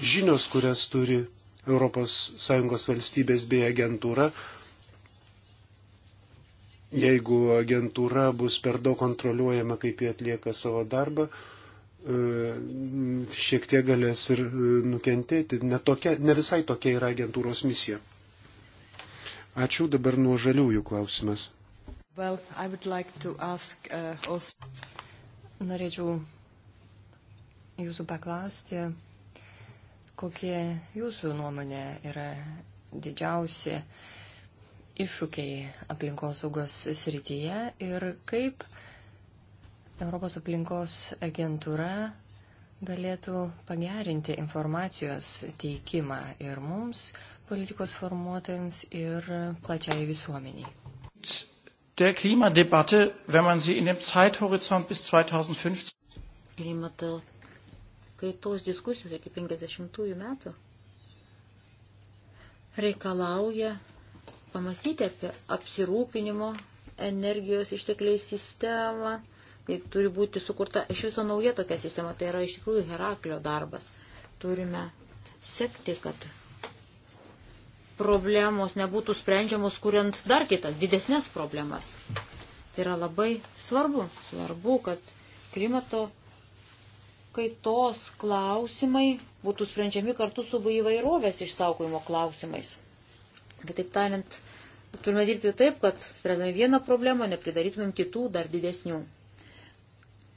Žinios, kurias turi ES valstybės bei agentūra, Jeigu agentūra bus per daug kontroliuojama, kaip jie atlieka savo darbą, e, šiek tiek galės ir e, nukentėti. Ne, tokia, ne visai tokia yra agentūros misija. Ačiū dabar nuo žaliųjų klausimas. Well, like ask, uh, also... Norėčiau jūsų paklausti, kokie jūsų nuomonė yra didžiausi uh, iššūkiai aplinkosaugos srityje ir kaip Europos aplinkos agentūra galėtų pagerinti informacijos teikimą ir mums, politikos formuotojams ir plačiai visuomeniai. Der Klimadebatte, wenn man sie in dem Zeithorizont bis 2015. Klimato kaitos diskusijos iki 50 metų reikalauja pamastyti apie apsirūpinimo energijos ištekliai sistemą. Ir tai turi būti sukurta iš viso nauja tokia sistema. Tai yra iš tikrųjų Heraklio darbas. Turime sekti, kad problemos nebūtų sprendžiamos, kuriant dar kitas, didesnės problemas. Tai yra labai svarbu. Svarbu, kad klimato kaitos klausimai būtų sprendžiami kartu su įvairovės išsaugojimo klausimais. Kitaip tariant, turime dirbti taip, kad spręsdami vieną problemą nepridarytumėm kitų dar didesnių.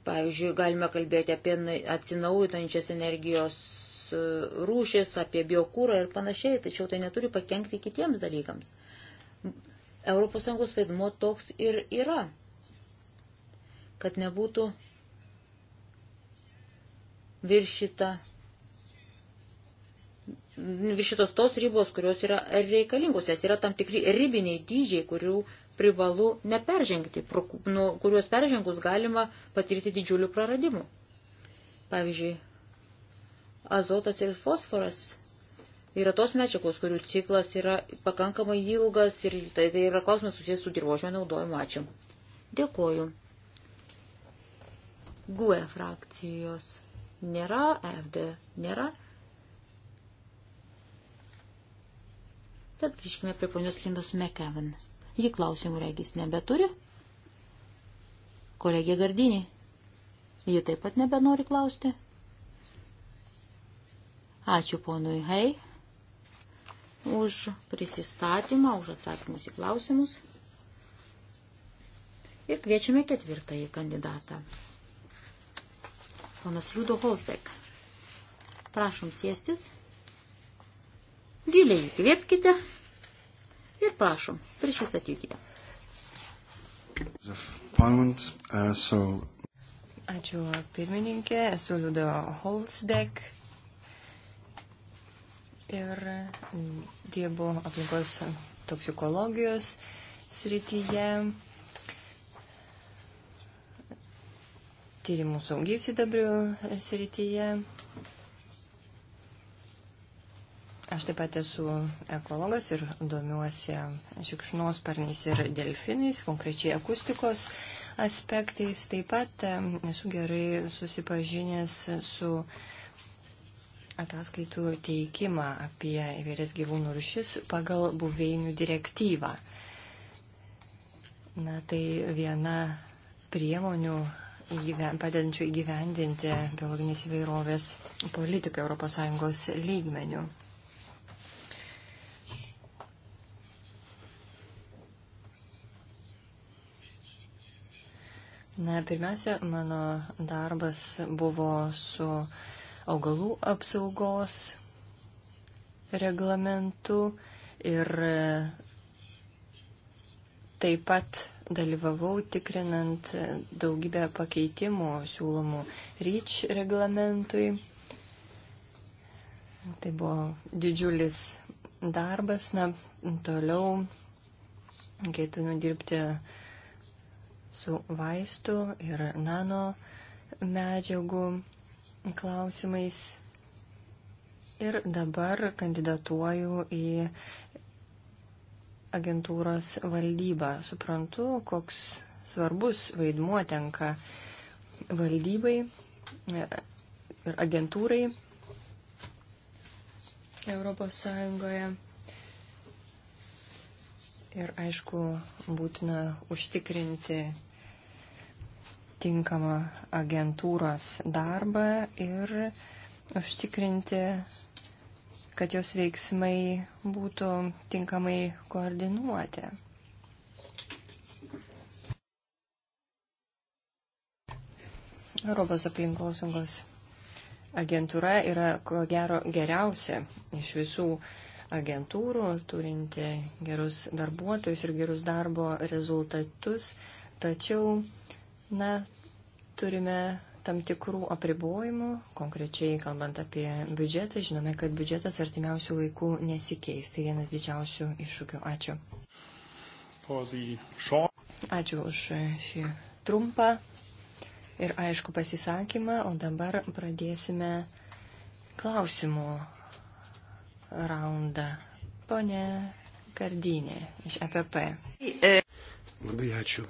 Pavyzdžiui, galime kalbėti apie atsinaujinančias energijos e, rūšis, apie biokūrą ir panašiai, tačiau tai neturi pakengti kitiems dalykams. ES vaidmuo toks ir yra, kad nebūtų viršita viršytos tos ribos, kurios yra reikalingos, nes yra tam tikri ribiniai dydžiai, kurių privalu neperžengti, pro, nu, kuriuos peržengus galima patirti didžiulių praradimų. Pavyzdžiui, azotas ir fosforas yra tos medžiagos, kurių ciklas yra pakankamai ilgas ir tai, tai yra klausimas susijęs su dirbožio naudojimu. Ačiū. Dėkoju. GUE frakcijos nėra, FD nėra. Tad grįžkime prie ponios Lindos McEwen. Ji klausimų regis nebeturi. Kolegė Gardinį. Ji taip pat nebenori klausti. Ačiū ponui Hei už prisistatymą, už atsakymus į klausimus. Ir kviečiame ketvirtąjį kandidatą. Ponas Liudo Holzbek. Prašom sėstis. Giliai įkvėpkite ir prašom, prisistatykite. Uh, Ačiū pirmininkė, esu Liudo Holzbeck ir mm, dirbu aplinkos toksikologijos srityje. Tyrimų saugyvsidabrių srityje Aš taip pat esu ekologas ir domiuosi šikšnosparniais ir delfinais, konkrečiai akustikos aspektais. Taip pat esu gerai susipažinęs su ataskaitų teikimą apie įvairias gyvūnų rušis pagal buveinių direktyvą. Na, tai viena priemonių įgyven, padedančių įgyvendinti biologinės įvairovės politiką ES lygmenių. Na, pirmiausia, mano darbas buvo su augalų apsaugos reglamentu ir taip pat dalyvavau tikrinant daugybę pakeitimų siūlomų ryč reglamentui. Tai buvo didžiulis darbas. Na, toliau ketinu dirbti uh, su vaistų ir nano medžiagų klausimais. Ir dabar kandidatuoju į agentūros valdybą. Suprantu, koks svarbus vaidmuo tenka valdybai ir agentūrai Europos Sąjungoje. Ir aišku, būtina užtikrinti tinkamą agentūros darbą ir užtikrinti, kad jos veiksmai būtų tinkamai koordinuoti. Europos aplinkosaugos agentūra yra ko gero geriausia iš visų uh, agentūrų, turinti gerus darbuotojus ir gerus darbo rezultatus, tačiau, na, turime tam tikrų apribojimų, konkrečiai kalbant apie biudžetą, žinome, kad biudžetas artimiausių laikų nesikeis. Tai vienas didžiausių iššūkių. Ačiū. Ačiū už šį trumpą ir aišku pasisakymą, o dabar pradėsime klausimų raundą. Pone Kardinė iš EPP. Labai ačiū.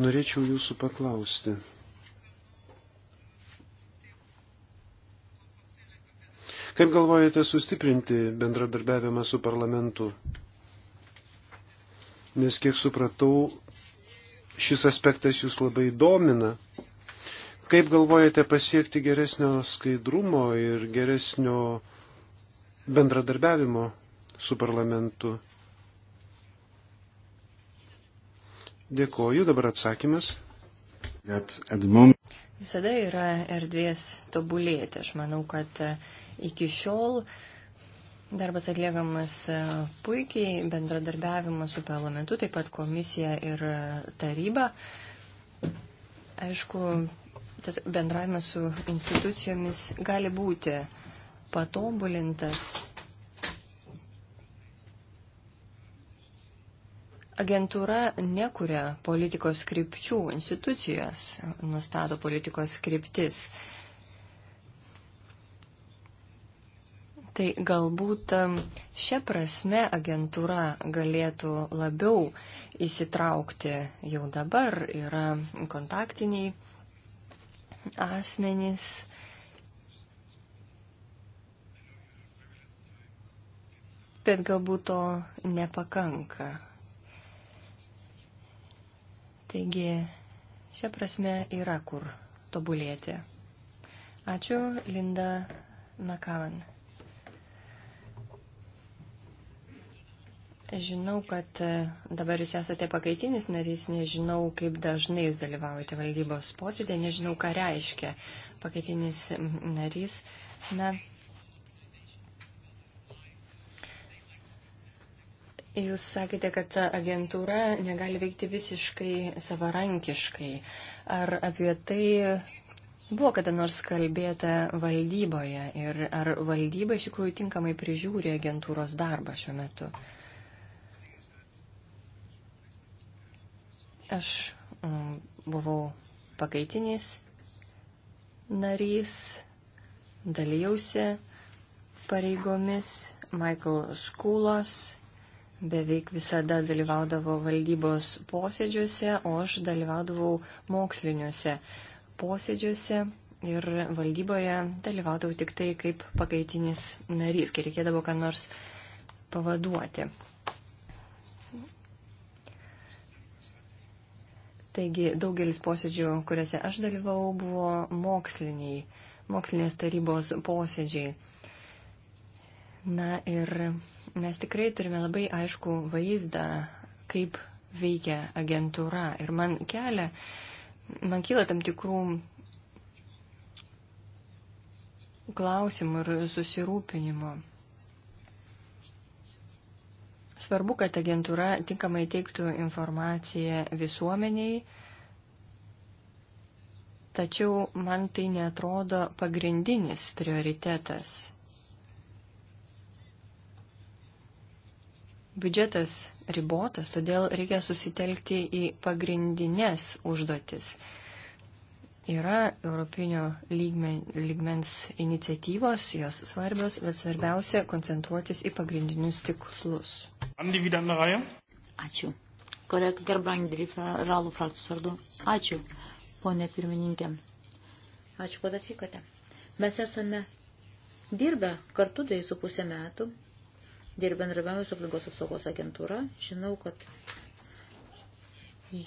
Norėčiau jūsų paklausti. Kaip galvojate sustiprinti bendradarbiavimą su parlamentu? Nes kiek supratau, šis aspektas jūs labai domina. Kaip galvojate pasiekti geresnio skaidrumo ir geresnio bendradarbiavimo su parlamentu? Dėkoju, dabar atsakymas. Visada yra erdvės tobulėti. Aš manau, kad e, iki šiol darbas atliekamas e, puikiai, bendradarbiavimas su parlamentu, taip pat komisija ir e, taryba. Aišku, tas bendravimas su institucijomis gali būti patobulintas. Agentūra nekuria politikos krypčių, institucijos nustato politikos kryptis. Tai galbūt um, šią prasme agentūra galėtų labiau įsitraukti jau dabar. Yra kontaktiniai asmenys bet galbūt to nepakanka. Taigi, šią prasme yra kur tobulėti. Ačiū, Linda Makavan. Žinau, kad e, dabar jūs esate pakaitinis narys, nežinau, kaip dažnai jūs dalyvaujate valdybos posėdė, nežinau, ką reiškia pakaitinis narys. Na, Jūs sakėte, kad agentūra negali veikti visiškai savarankiškai. Ar apie tai buvo kada nors kalbėta valdyboje ir ar valdyba iš tikrųjų tinkamai prižiūri agentūros darbą šiuo metu? Aš mm, buvau pakaitinis narys, dalyjausi pareigomis Michael Škūlos beveik visada dalyvaudavo valdybos posėdžiuose, o aš dalyvaudavau moksliniuose posėdžiuose ir valdyboje dalyvaudavau tik tai kaip pakaitinis narys, kai reikėdavo ką nors pavaduoti. Taigi daugelis posėdžių, kuriuose aš dalyvau, buvo moksliniai, mokslinės tarybos posėdžiai. Na ir mes tikrai turime labai aišku vaizdą, kaip veikia agentūra. Ir man kelia, man kyla tam tikrų klausimų ir susirūpinimo. Svarbu, kad agentūra tinkamai teiktų informaciją visuomeniai, tačiau man tai netrodo pagrindinis prioritetas. Biudžetas ribotas, todėl reikia susitelkti į pagrindinės užduotis yra Europinio lygmen, lygmens iniciatyvos, jos svarbios, bet svarbiausia koncentruotis į pagrindinius tikslus. Andy wieder eine Reihe. Ačiū. Kolega Gerbrandi, Ralų frakcijos vardu. Ačiū, ponė pirmininkė. Ačiū, kad atvykote. Mes esame dirbę kartu dviejų su pusę metų, dirbę bendravėjome su aplinkos apsaugos agentūra. Žinau, kad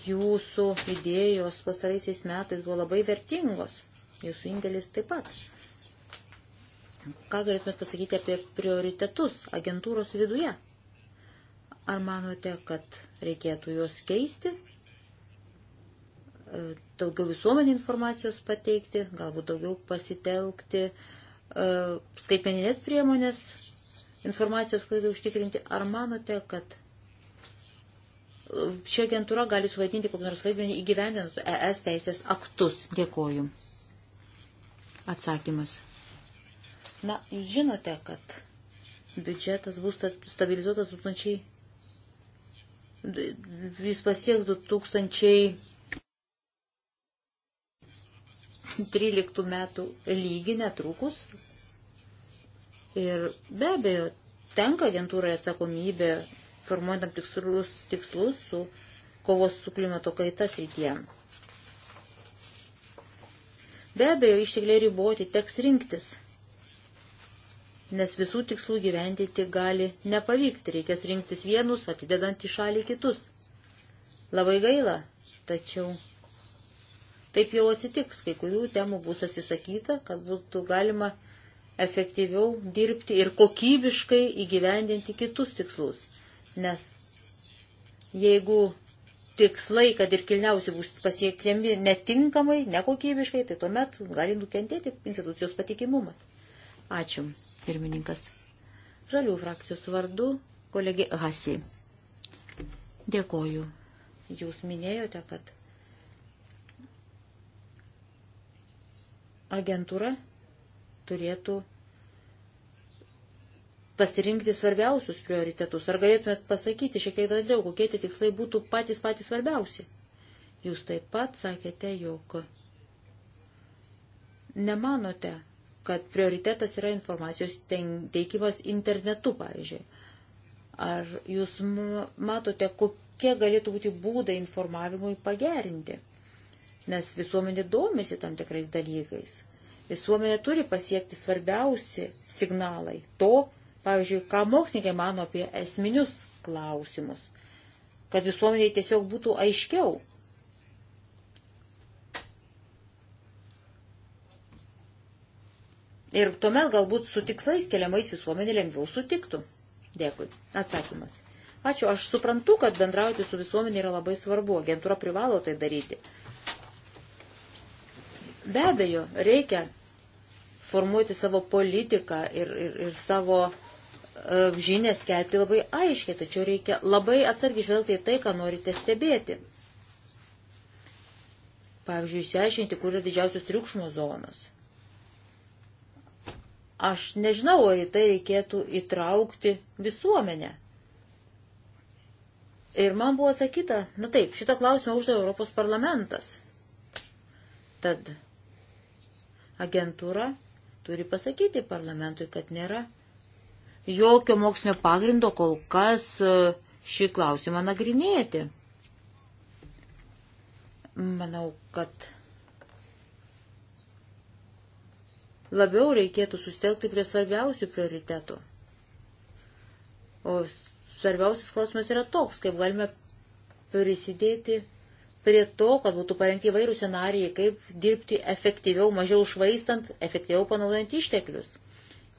jūsų idėjos pastaraisiais metais buvo labai vertingos. Jūsų indėlis taip pat. Ką galėtumėt pasakyti apie prioritetus agentūros viduje? Ar manote, kad reikėtų juos keisti? E, daugiau visuomenį informacijos pateikti, galbūt daugiau pasitelkti e, skaitmeninės priemonės informacijos klaidai užtikrinti. Ar manote, kad e, ši agentūra gali suvaidinti kokį nors vaidmenį įgyvendinant ES teisės aktus. Dėkoju. Atsakymas. Na, jūs žinote, kad biudžetas bus stabilizuotas 2000 jis pasieks 2013 metų lygį netrukus. Ir be abejo, tenka agentūrai atsakomybė formuojant tam tikslus, tikslus su kovos su klimato kaita srityje. Be abejo, ištikliai riboti teks rinktis nes visų tikslų gyvendyti gali nepavykti, reikės rinktis vienus, atidedant į šalį kitus. Labai gaila, tačiau taip jau atsitiks, kai kurių temų bus atsisakyta, kad būtų galima efektyviau dirbti ir kokybiškai įgyvendinti kitus tikslus. Nes jeigu tikslai, kad ir kilniausi bus pasiekiami netinkamai, nekokybiškai, tai tuomet gali nukentėti institucijos patikimumas. Ačiū, pirmininkas. Žalių frakcijos vardu kolegė Hasi. Dėkoju. Jūs minėjote, kad agentūra turėtų pasirinkti svarbiausius prioritetus. Ar galėtumėt pasakyti šiek tiek daugiau, kokie tie tikslai būtų patys patys svarbiausi? Jūs taip pat sakėte, jog nemanote, kad prioritetas yra informacijos teikimas internetu, pavyzdžiui. Ar jūs matote, kokie galėtų būti būdai informavimui pagerinti? Nes visuomenė domisi tam tikrais dalykais. Visuomenė turi pasiekti svarbiausi signalai to, pavyzdžiui, ką mokslininkai mano apie esminius klausimus. Kad visuomeniai tiesiog būtų aiškiau, Ir tuomet galbūt su tikslais keliamais visuomenė lengviau sutiktų. Dėkui. Atsakymas. Ačiū. Aš suprantu, kad bendrauti su visuomenė yra labai svarbu. Agentūra privalo tai daryti. Be abejo, reikia formuoti savo politiką ir, ir, ir savo e, žinias skelbti labai aiškiai, tačiau reikia labai atsargiai žvelgti į tai, ką norite stebėti. Pavyzdžiui, išsiaiškinti, kur yra didžiausios triukšmo zonos. Aš nežinau, ar į tai reikėtų įtraukti visuomenę. Ir man buvo atsakyta, na taip, šitą klausimą uždavė Europos parlamentas. Tad agentūra turi pasakyti parlamentui, kad nėra jokio mokslinio pagrindo kol kas e, šį klausimą nagrinėti. Manau, kad labiau reikėtų sustelkti prie svarbiausių prioritetų. O svarbiausias klausimas yra toks, kaip galime prisidėti prie to, kad būtų parengti įvairių scenarijai, kaip dirbti efektyviau, mažiau švaistant, efektyviau panaudojant išteklius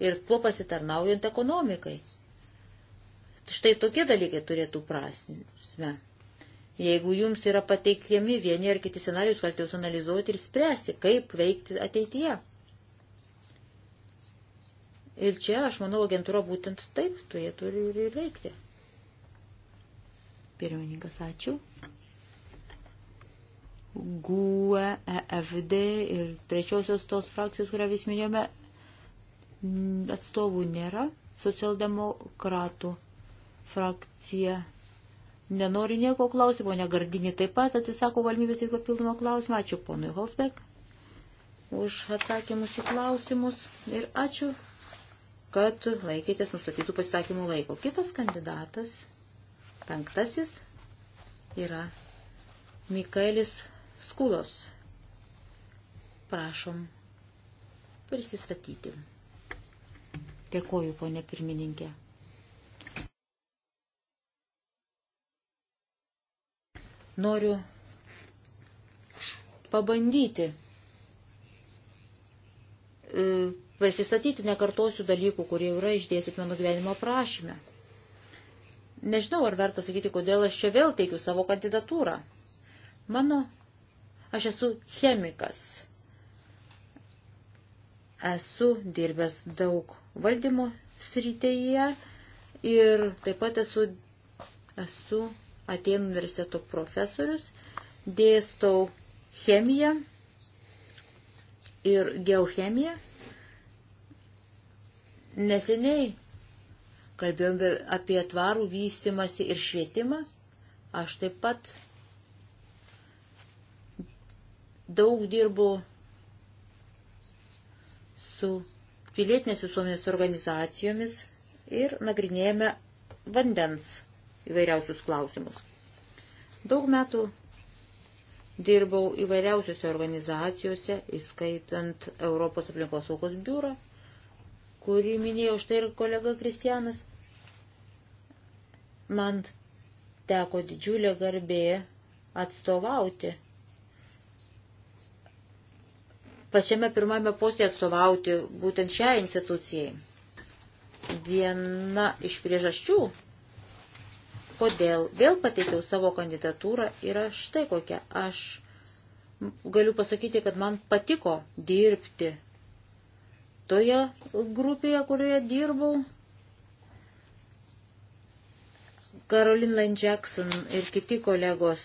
ir tuo pasitarnaujant ekonomikai. Štai tokie dalykai turėtų prasme. Jeigu jums yra pateikiami vieni ar kiti scenarijus, galite jūs analizuoti ir spręsti, kaip veikti ateityje. Ir čia, aš manau, agentūra būtent taip turėtų ir, ir veikti. Pirmininkas, ačiū. GUE, EFD ir trečiosios tos frakcijos, kurią vis minėjome, atstovų nėra. Socialdemokratų frakcija nenori nieko klausimo, negardinį taip pat atsisako valmybės į papildomą klausimą. Ačiū ponui Holsbeck už atsakymus į klausimus ir ačiū kad laikytės nustatytų pasisakymų laiko. Kitas kandidatas, penktasis, yra Mikaelis Skulos. Prašom prisistatyti. Dėkoju, ponė pirmininkė. Noriu pabandyti e, pasistatyti, nekartosiu dalykų, kurie yra išdėsit mano gyvenimo prašymę. Nežinau, ar verta sakyti, kodėl aš čia vėl teikiu savo kandidatūrą. Mano, aš esu chemikas. Esu dirbęs daug valdymo srityje ir taip pat esu, esu Atenų universiteto profesorius, dėstau chemiją ir geochemiją Neseniai kalbėjome apie tvarų vystimąsi ir švietimą. Aš taip pat daug dirbu su pilietinės visuomenės organizacijomis ir nagrinėjame vandens įvairiausius klausimus. Daug metų dirbau įvairiausiose organizacijose, įskaitant Europos aplinkos saugos biurą kurį minėjo štai ir kolega Kristianas. Man teko didžiulė garbė atstovauti. Pačiame pirmame posėje atstovauti būtent šią institucijai. Viena iš priežasčių, kodėl vėl pateikiau savo kandidatūrą, yra štai kokia. Aš galiu pasakyti, kad man patiko dirbti toje grupėje, kurioje dirbau. Karolin Lane Jackson ir kiti kolegos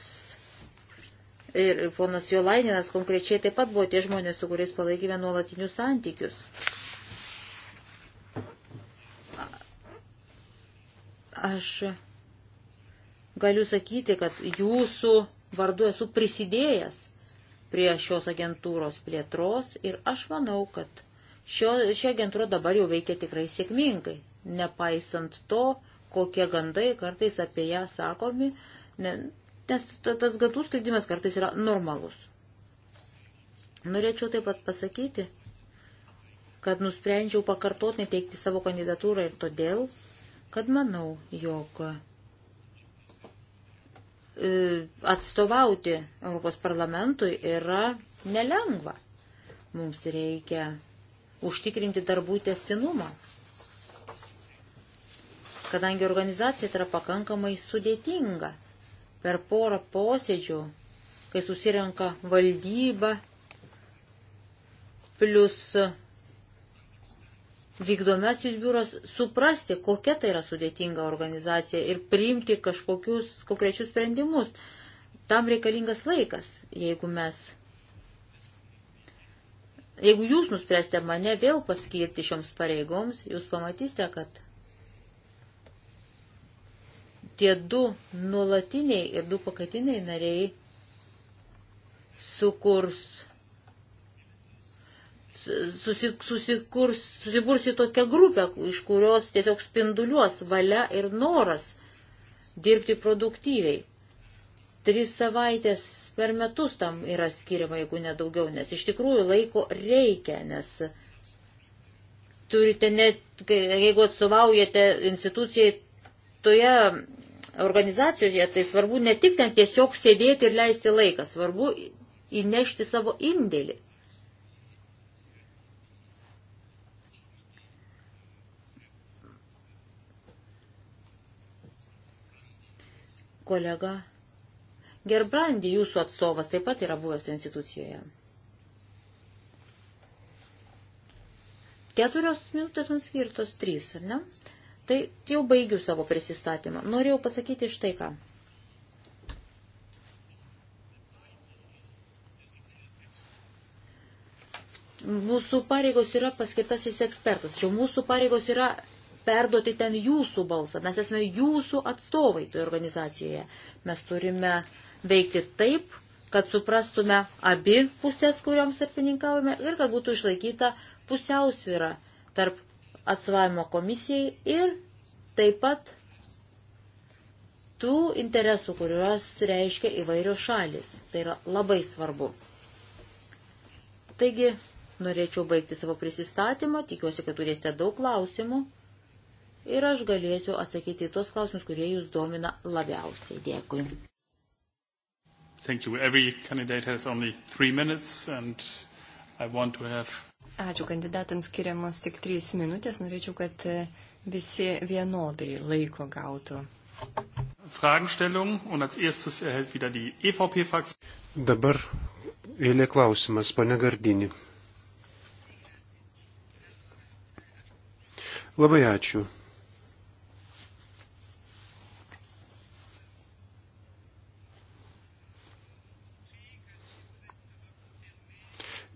ir ponas Jolaininas konkrečiai taip pat buvo tie žmonės, su kuriais palaikėme nuolatinius santykius. Aš galiu sakyti, kad jūsų vardu esu prisidėjęs prie šios agentūros plėtros ir aš manau, kad Šio, ši agentūra dabar jau veikia tikrai sėkmingai, nepaisant to, kokie gandai kartais apie ją sakomi, ne, nes tas gandų skaidimas kartais yra normalus. Norėčiau taip pat pasakyti, kad nusprendžiau pakartotinai teikti savo kandidatūrą ir todėl, kad manau, jog e, atstovauti Europos parlamentui yra nelengva. Mums reikia užtikrinti darbų testinumą, kadangi organizacija tai yra pakankamai sudėtinga. Per porą posėdžių, kai susirenka valdyba, plus vykdomasis biuras suprasti, kokia tai yra sudėtinga organizacija ir priimti kažkokius konkrečius sprendimus. Tam reikalingas laikas, jeigu mes Jeigu jūs nuspręsite mane vėl paskirti šioms pareigoms, jūs pamatysite, kad tie du nuolatiniai ir du pakaitiniai nariai sukurs, susik, susikurs, susibursi tokią grupę, iš kurios tiesiog spinduliuos valia ir noras dirbti produktyviai. Tris savaitės per metus tam yra skiriama, jeigu nedaugiau, nes iš tikrųjų laiko reikia, nes turite net, jeigu atstovaujate institucijai toje organizacijoje, tai svarbu ne tik ten tiesiog sėdėti ir leisti laiką, svarbu įnešti savo indėlį. kolega Gerbrandi, jūsų atstovas taip pat yra buvęs institucijoje. Keturios minutės man skirtos, trys, ar ne? Tai jau baigiu savo prisistatymą. Norėjau pasakyti štai ką. Mūsų pareigos yra paskirtasis ekspertas, tačiau mūsų pareigos yra perduoti ten jūsų balsą. Mes esame jūsų atstovai toje organizacijoje. Mes turime uh, veikti taip, kad suprastume abi pusės, kuriuoms apininkavome ir kad būtų išlaikyta pusiausvyra tarp atstovavimo komisijai ir taip pat tų interesų, kuriuos reiškia įvairios šalis. Tai yra labai svarbu. Taigi, norėčiau baigti savo prisistatymą, tikiuosi, kad turėsite daug klausimų ir aš galėsiu atsakyti į tuos klausimus, kurie jūs domina labiausiai. Dėkui. Thank you. Every candidate has only three minutes and I want to have. Ačiū kandidatams skiriamos tik trys minutės. Norėčiau, kad e, visi vienodai laiko gautų. E Dabar eilė klausimas, pane Gardinį. Labai ačiū.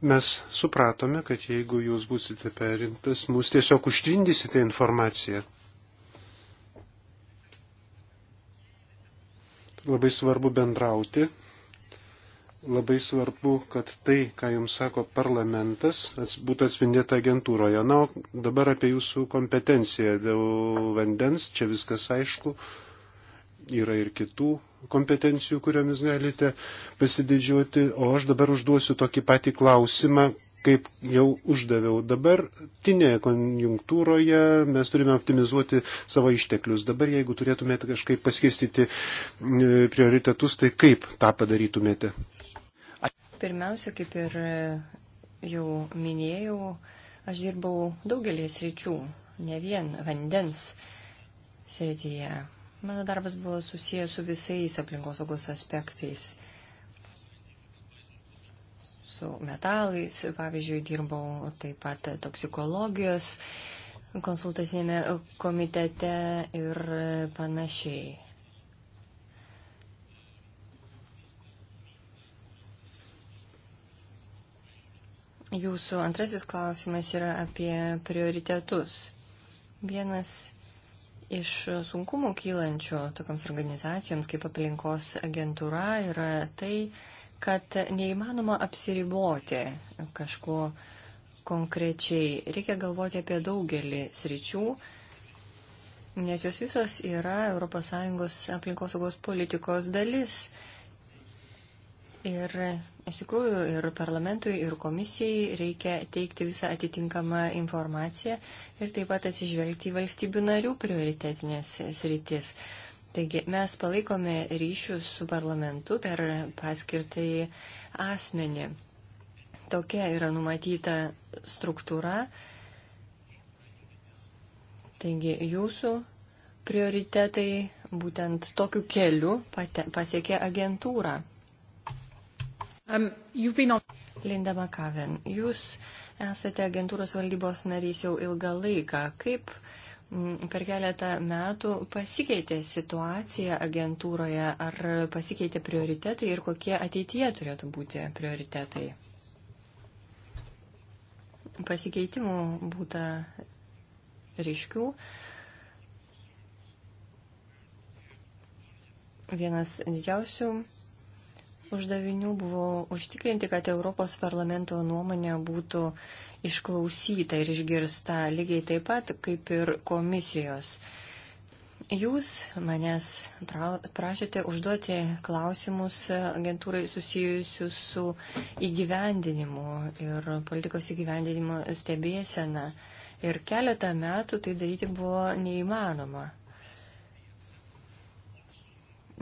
mes supratome, kad jeigu jūs būsite perimtas, mus tiesiog užtvindysite informaciją. Labai svarbu bendrauti, labai svarbu, kad tai, ką jums sako parlamentas, būtų atspindėta agentūroje. Na, o dabar apie jūsų kompetenciją dėl vandens, čia viskas aišku, yra ir kitų kompetencijų, kuriomis galite pasididžiuoti, o aš dabar užduosiu tokį patį klausimą, kaip jau uždaviau. Dabar tinėje konjunktūroje mes turime optimizuoti savo išteklius. Dabar jeigu turėtumėte kažkaip paskirstyti e, prioritetus, tai kaip tą padarytumėte? Pirmiausia, kaip ir e, jau minėjau, aš dirbau daugelį sričių, ne vien vandens srityje. Mano darbas buvo susijęs su visais aplinkosaugos aspektais. Su metalais, pavyzdžiui, dirbau taip pat toksikologijos konsultacinėme komitete ir panašiai. Jūsų antrasis klausimas yra apie prioritetus. Vienas Iš sunkumų kylančių tokiams organizacijoms kaip aplinkos agentūra yra tai, kad neįmanoma apsiriboti kažkuo konkrečiai. Reikia galvoti apie daugelį sričių, nes jos visos yra ES aplinkosaugos politikos dalis. Ir Iš tikrųjų, ir parlamentui, ir komisijai reikia teikti visą atitinkamą informaciją ir taip pat atsižvelgti į valstybių narių prioritetinės sritis. Taigi mes palaikome ryšius su parlamentu per paskirtai asmenį. Tokia yra numatyta struktūra. Taigi jūsų prioritetai būtent tokiu keliu pasiekė agentūrą. Um, on... Linda Makaven, jūs esate agentūros valdybos narys jau ilgą laiką. Kaip mm, per keletą metų pasikeitė situacija agentūroje, ar pasikeitė prioritetai ir kokie ateityje turėtų būti prioritetai? Pasikeitimų būta ryškių. Vienas didžiausių uždavinių buvo užtikrinti, kad Europos parlamento nuomonė būtų išklausyta ir išgirsta lygiai taip pat kaip ir komisijos. Jūs manęs prašėte užduoti klausimus agentūrai susijusius su įgyvendinimu ir politikos įgyvendinimo stebėsena. Ir keletą metų tai daryti buvo neįmanoma.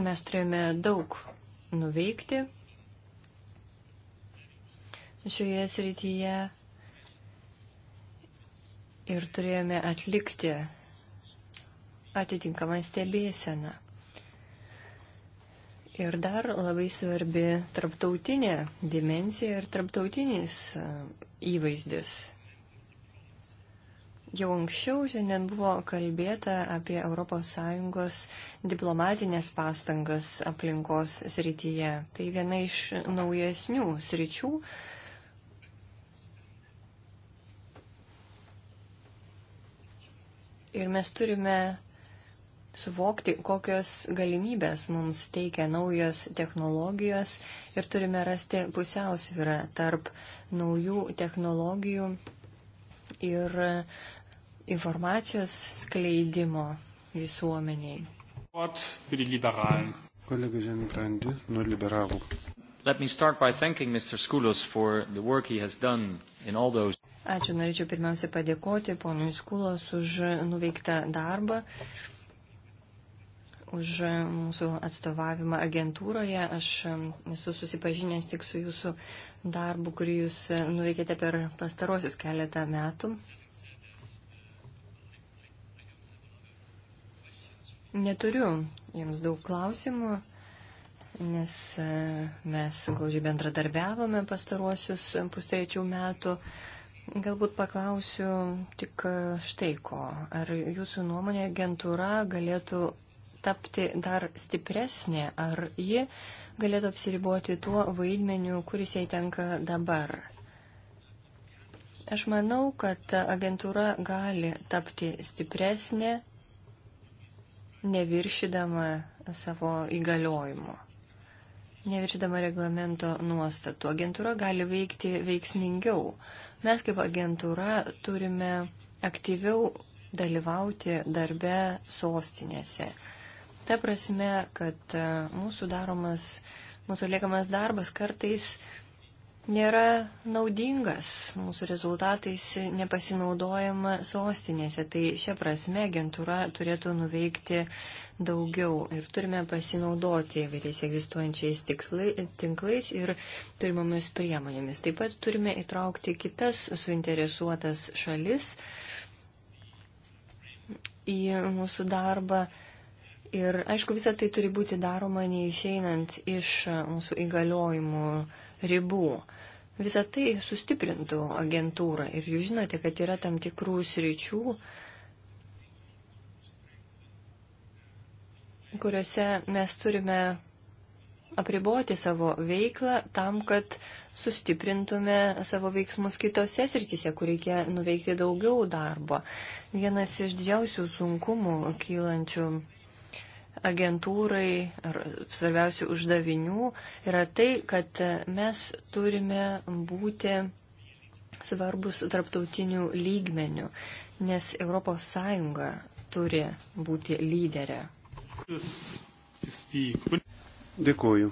Mes turėjome daug nuveikti šioje srityje ir turėjome atlikti atitinkamą stebėseną. Ir dar labai svarbi tarptautinė dimencija ir tarptautinis e, įvaizdis Jau anksčiau šiandien buvo kalbėta apie ES diplomatinės pastangas aplinkos srityje. Tai viena iš naujesnių sričių. Ir mes turime suvokti, kokios galimybės mums teikia naujos technologijos ir turime rasti pusiausvyrą tarp naujų technologijų ir informacijos skleidimo visuomeniai. Kolega Žembrandi, nuo liberalų. Those... Ačiū, norėčiau pirmiausia padėkoti ponui Skulos už nuveiktą darbą, už mūsų atstovavimą agentūroje. Aš esu susipažinęs tik su jūsų darbu, kurį jūs nuveikėte per pastarosius keletą metų. Neturiu jiems daug klausimų, nes e, mes glaudžiai bendradarbiavome pastaruosius pustrečių metų. Galbūt paklausiu tik e, štai ko. Ar jūsų nuomonė agentūra galėtų tapti dar stipresnė, ar ji galėtų apsiriboti tuo vaidmeniu, kuris jai tenka dabar? Aš manau, kad agentūra gali tapti stipresnė, neviršydama savo įgaliojimų. Neviršydama reglamento nuostatų. Agentūra gali veikti veiksmingiau. Mes kaip agentūra turime aktyviau dalyvauti darbe sostinėse. Ta prasme, kad e, mūsų daromas, mūsų liekamas darbas kartais nėra naudingas, mūsų rezultatais nepasinaudojama sostinėse. Tai šia prasme agentūra turėtų nuveikti daugiau ir turime pasinaudoti įvairiais egzistuojančiais tikslai, tinklais ir turimomis priemonėmis. Taip pat turime įtraukti kitas suinteresuotas šalis į mūsų darbą. Ir aišku, visa tai turi būti daroma neišeinant iš mūsų įgaliojimų ribų. Visą tai sustiprintų agentūrą ir jūs žinote, kad yra tam tikrų sričių, kuriuose mes turime apriboti savo veiklą tam, kad sustiprintume savo veiksmus kitose srityse, kur reikia nuveikti daugiau darbo. Vienas iš didžiausių sunkumų kylančių agentūrai ar svarbiausių uždavinių yra tai, kad mes turime būti svarbus tarptautinių lygmenių, nes ES turi būti lyderė. Dėkuoju.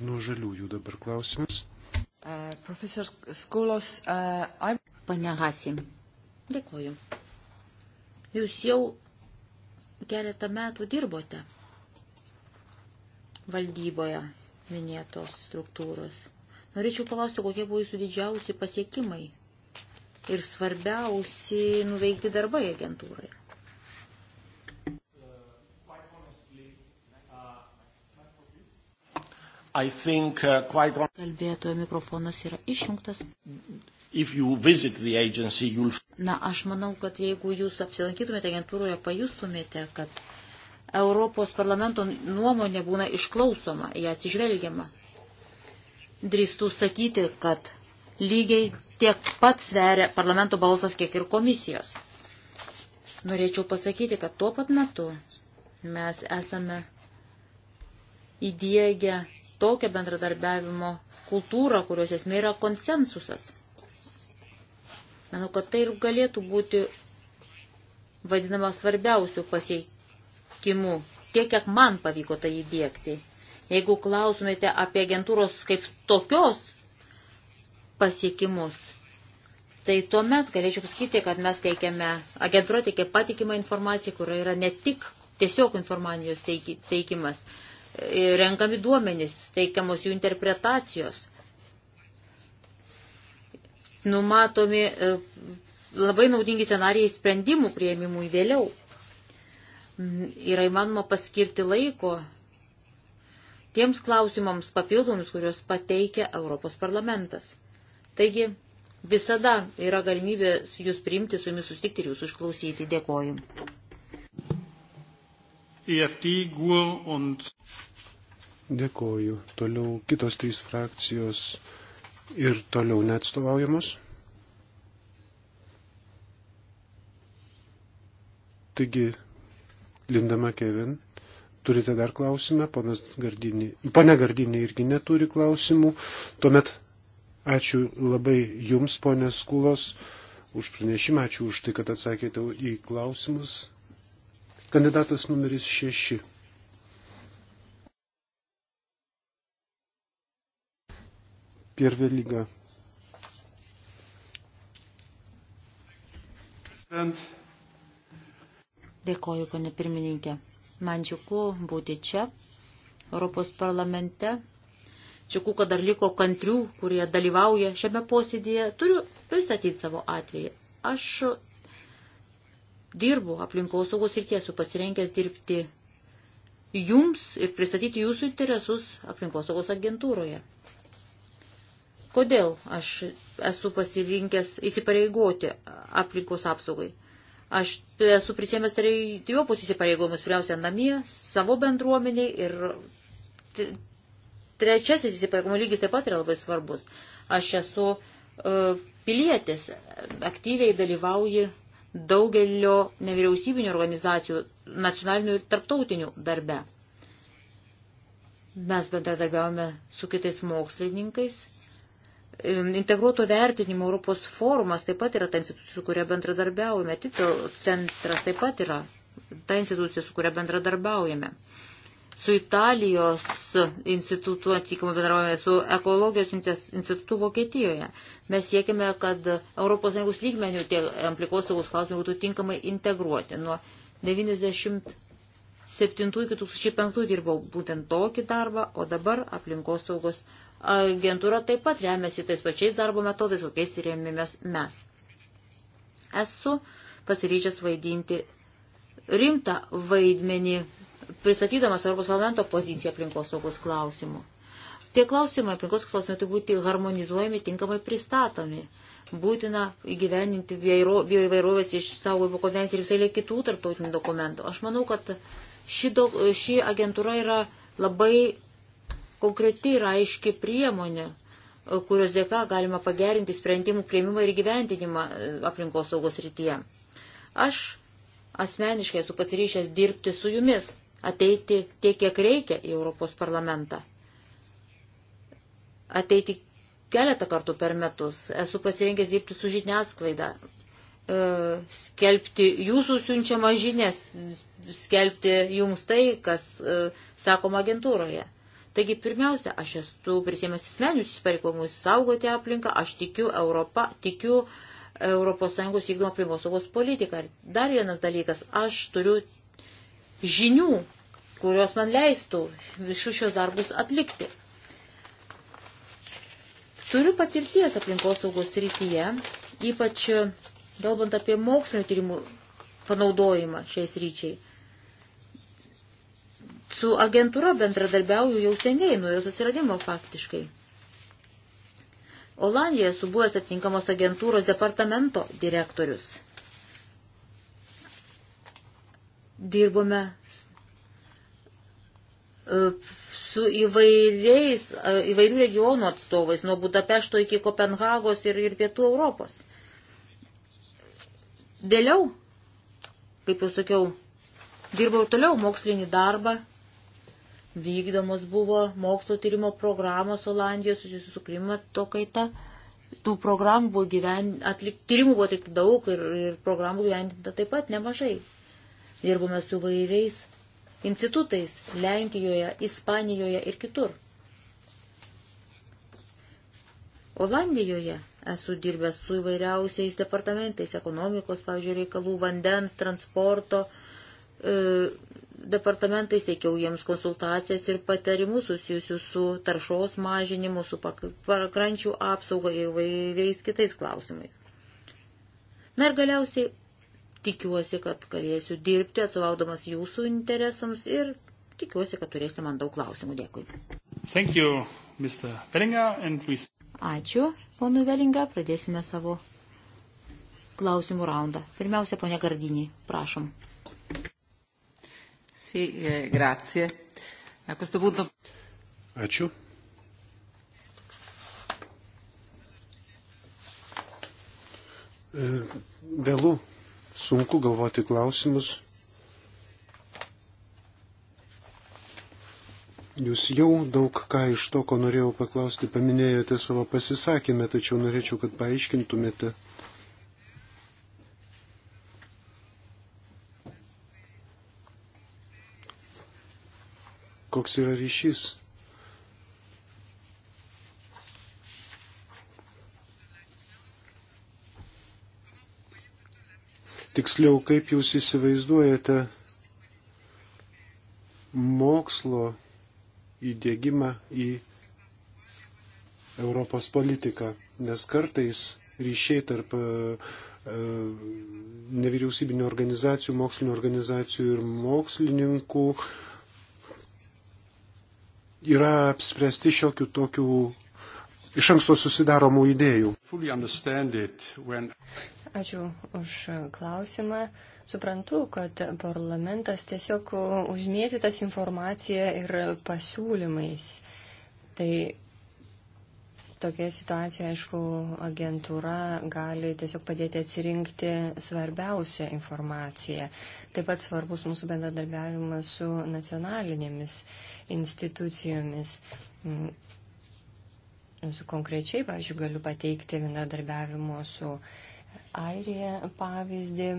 Nuo žaliųjų dabar klausimas. Uh, Profesorius Skulos, uh, I... pane Hasim, dėkuoju. Jūs jau keletą metų dirbote valdyboje minėtos struktūros. Norėčiau paklausti, kokie buvo jūsų didžiausi pasiekimai ir svarbiausi nuveikti darbai agentūroje. Think, uh, quite... Kalbėtojo mikrofonas yra išjungtas. Agency, you'll... Na, aš manau, kad jeigu jūs apsilankytumėte agentūroje, pajustumėte, kad Europos parlamento nuomonė būna išklausoma, ją atsižvelgiama. Drįstų sakyti, kad lygiai tiek pat sveria parlamento balsas, kiek ir komisijos. Norėčiau pasakyti, kad tuo pat metu mes esame įdėgę tokią bendradarbiavimo kultūrą, kurios esmė yra konsensusas. Manau, kad tai ir galėtų būti vadinama svarbiausių pasiekimų, tiek, kiek man pavyko tai įdėkti. Jeigu klausumėte apie agentūros kaip tokios pasiekimus, tai tuomet galėčiau pasakyti, kad mes teikiame, agentūra teikia patikimą informaciją, kuria yra ne tik tiesiog informacijos teikimas, e, renkami duomenys, teikiamos jų interpretacijos numatomi e, labai naudingi scenarijai sprendimų prieimimui vėliau. Mm, yra įmanoma paskirti laiko tiems klausimams papildomus, kuriuos pateikia Europos parlamentas. Taigi, visada yra galimybė jūs priimti, su jumis susitikti ir jūs išklausyti. Dėkoju. EFD, GUR und... Dėkoju. Toliau kitos trys frakcijos ir toliau neatstovaujamos. Taigi, Linda McKevin, turite dar klausimą, ponas Gardinį. Pane Gardinį irgi neturi klausimų. Tuomet ačiū labai jums, ponės Kulos, už pranešimą, ačiū už tai, kad atsakėte į klausimus. Kandidatas numeris šeši. Gervelyga. Dėkoju, pane pirmininkė. Man džiugu būti čia, Europos parlamente. Džiugu, kad dar liko kantrių, kurie dalyvauja šiame posėdėje. Turiu pristatyti savo atvejį. Aš dirbu aplinkosaugos ir tiesu pasirengęs dirbti jums ir pristatyti jūsų interesus aplinkosaugos agentūroje. Kodėl aš esu pasirinkęs įsipareigoti aplinkos apsaugai? Aš esu prisėmęs trejopus įsipareigojimus, pirmiausia, namie, savo bendruomeniai ir trečiasis įsipareigojimų lygis taip pat yra labai svarbus. Aš esu uh, pilietis, aktyviai dalyvauju daugelio nevyriausybinio organizacijų, nacionalinių ir tarptautinių darbe. Mes bendradarbiavome su kitais mokslininkais Integruoto vertinimo Europos forumas taip pat yra ta institucija, su kuria bendradarbiaujame. Titel centras taip pat yra ta institucija, su kuria bendradarbiaujame. Su Italijos institutu atvykimo bendraujame, su ekologijos institutu Vokietijoje. Mes siekime, kad ES lygmenių tie aplikosaugos klausimai būtų tinkamai integruoti. Nuo 90 2007 iki 2005 dirbau būtent tokį darbą, o dabar aplinkosaugos agentūra taip pat remiasi tais pačiais darbo metodais, kokiais remiamės mes. Esu pasiryžęs vaidinti rimtą vaidmenį, pristatydamas Europos parlamento poziciją aplinkosaugos klausimų. Tie klausimai aplinkosaugos klausimai turi būti harmonizuojami, tinkamai pristatomi. Būtina įgyveninti bioįvairovės iš saugojimo konvenciją ir visai kitų tarptautinių dokumentų. Aš manau, kad ši, do, ši agentūra yra labai konkreti ir aiški priemonė, e, kurios dėka galima pagerinti sprendimų prieimimą ir gyventinimą e, aplinkos saugos rytyje. Aš asmeniškai esu pasiryšęs dirbti su jumis, ateiti tiek, kiek reikia į Europos parlamentą. Ateiti keletą kartų per metus. Esu pasirinkęs dirbti su žiniasklaida, e, skelbti jūsų siunčiamas žinias, skelbti jums tai, kas sakoma agentūroje. Taigi, pirmiausia, aš esu prisėmęs asmeninius įsipareigojimus saugoti aplinką, aš tikiu Europą, tikiu ES vykdomą aplinkos saugos politiką. Ir dar vienas dalykas, aš turiu žinių, kurios man leistų visus šios darbus atlikti. Turiu patirties aplinkos saugos rytyje, ypač galbant e, apie mokslinio tyrimų panaudojimą šiais ryčiai su agentūra bendradarbiauju jau seniai, nuo jos atsiradimo faktiškai. Olandijoje su buvęs atinkamos agentūros departamento direktorius. Dirbome e, su įvairiais, e, įvairių regionų atstovais, nuo Budapešto iki Kopenhagos ir, ir Pietų Europos. Vėliau, kaip jau sakiau, dirbau toliau mokslinį darbą vykdomos buvo mokslo tyrimo programos Olandijos susijusių su klimato kaita. Tų programų buvo gyvendinta, atlik, tyrimų buvo atlikta daug ir, ir programų gyvendinta taip pat nemažai. Dirbome su vairiais institutais Lenkijoje, Ispanijoje ir kitur. Olandijoje esu dirbęs su įvairiausiais departamentais ekonomikos, pavyzdžiui, reikalų, vandens, transporto, e, departamentais, teikiau jiems konsultacijas ir patarimus susijusius su taršos mažinimu, su pakrančių apsauga ir vairiais kitais klausimais. Na ir galiausiai tikiuosi, kad galėsiu dirbti atsivaudamas jūsų interesams ir tikiuosi, kad turėsite man daug klausimų. Dėkui. Thank you, Mr. Bellinger, and we... Ačiū, ponui Velinga, pradėsime savo klausimų raundą. Pirmiausia, ponia Gardinį, prašom. Sì, eh, grazie. A questo punto... Ačiū. E, Vėlų, sunku galvoti klausimus. Jūs jau daug ką iš to, ko norėjau paklausti, paminėjote savo pasisakymę, tačiau norėčiau, kad paaiškintumėte koks yra ryšys. Tiksliau, kaip jūs įsivaizduojate mokslo įdėgymą į Europos politiką, nes kartais ryšiai tarp e, e, nevyriausybinio organizacijų, mokslinio organizacijų ir mokslininkų uh, yra apspręsti šiokių tokių iš anksto susidaromų idėjų. Ačiū už klausimą. Suprantu, kad parlamentas tiesiog užmėtytas informacija ir pasiūlymais. Tai Tokia situacija, aišku, agentūra gali tiesiog padėti atsirinkti svarbiausią informaciją. Taip pat svarbus mūsų bendradarbiavimas su nacionalinėmis institucijomis. Jums mm. konkrečiai, pavyzdžiui, galiu pateikti bendradarbiavimo su Airija pavyzdį.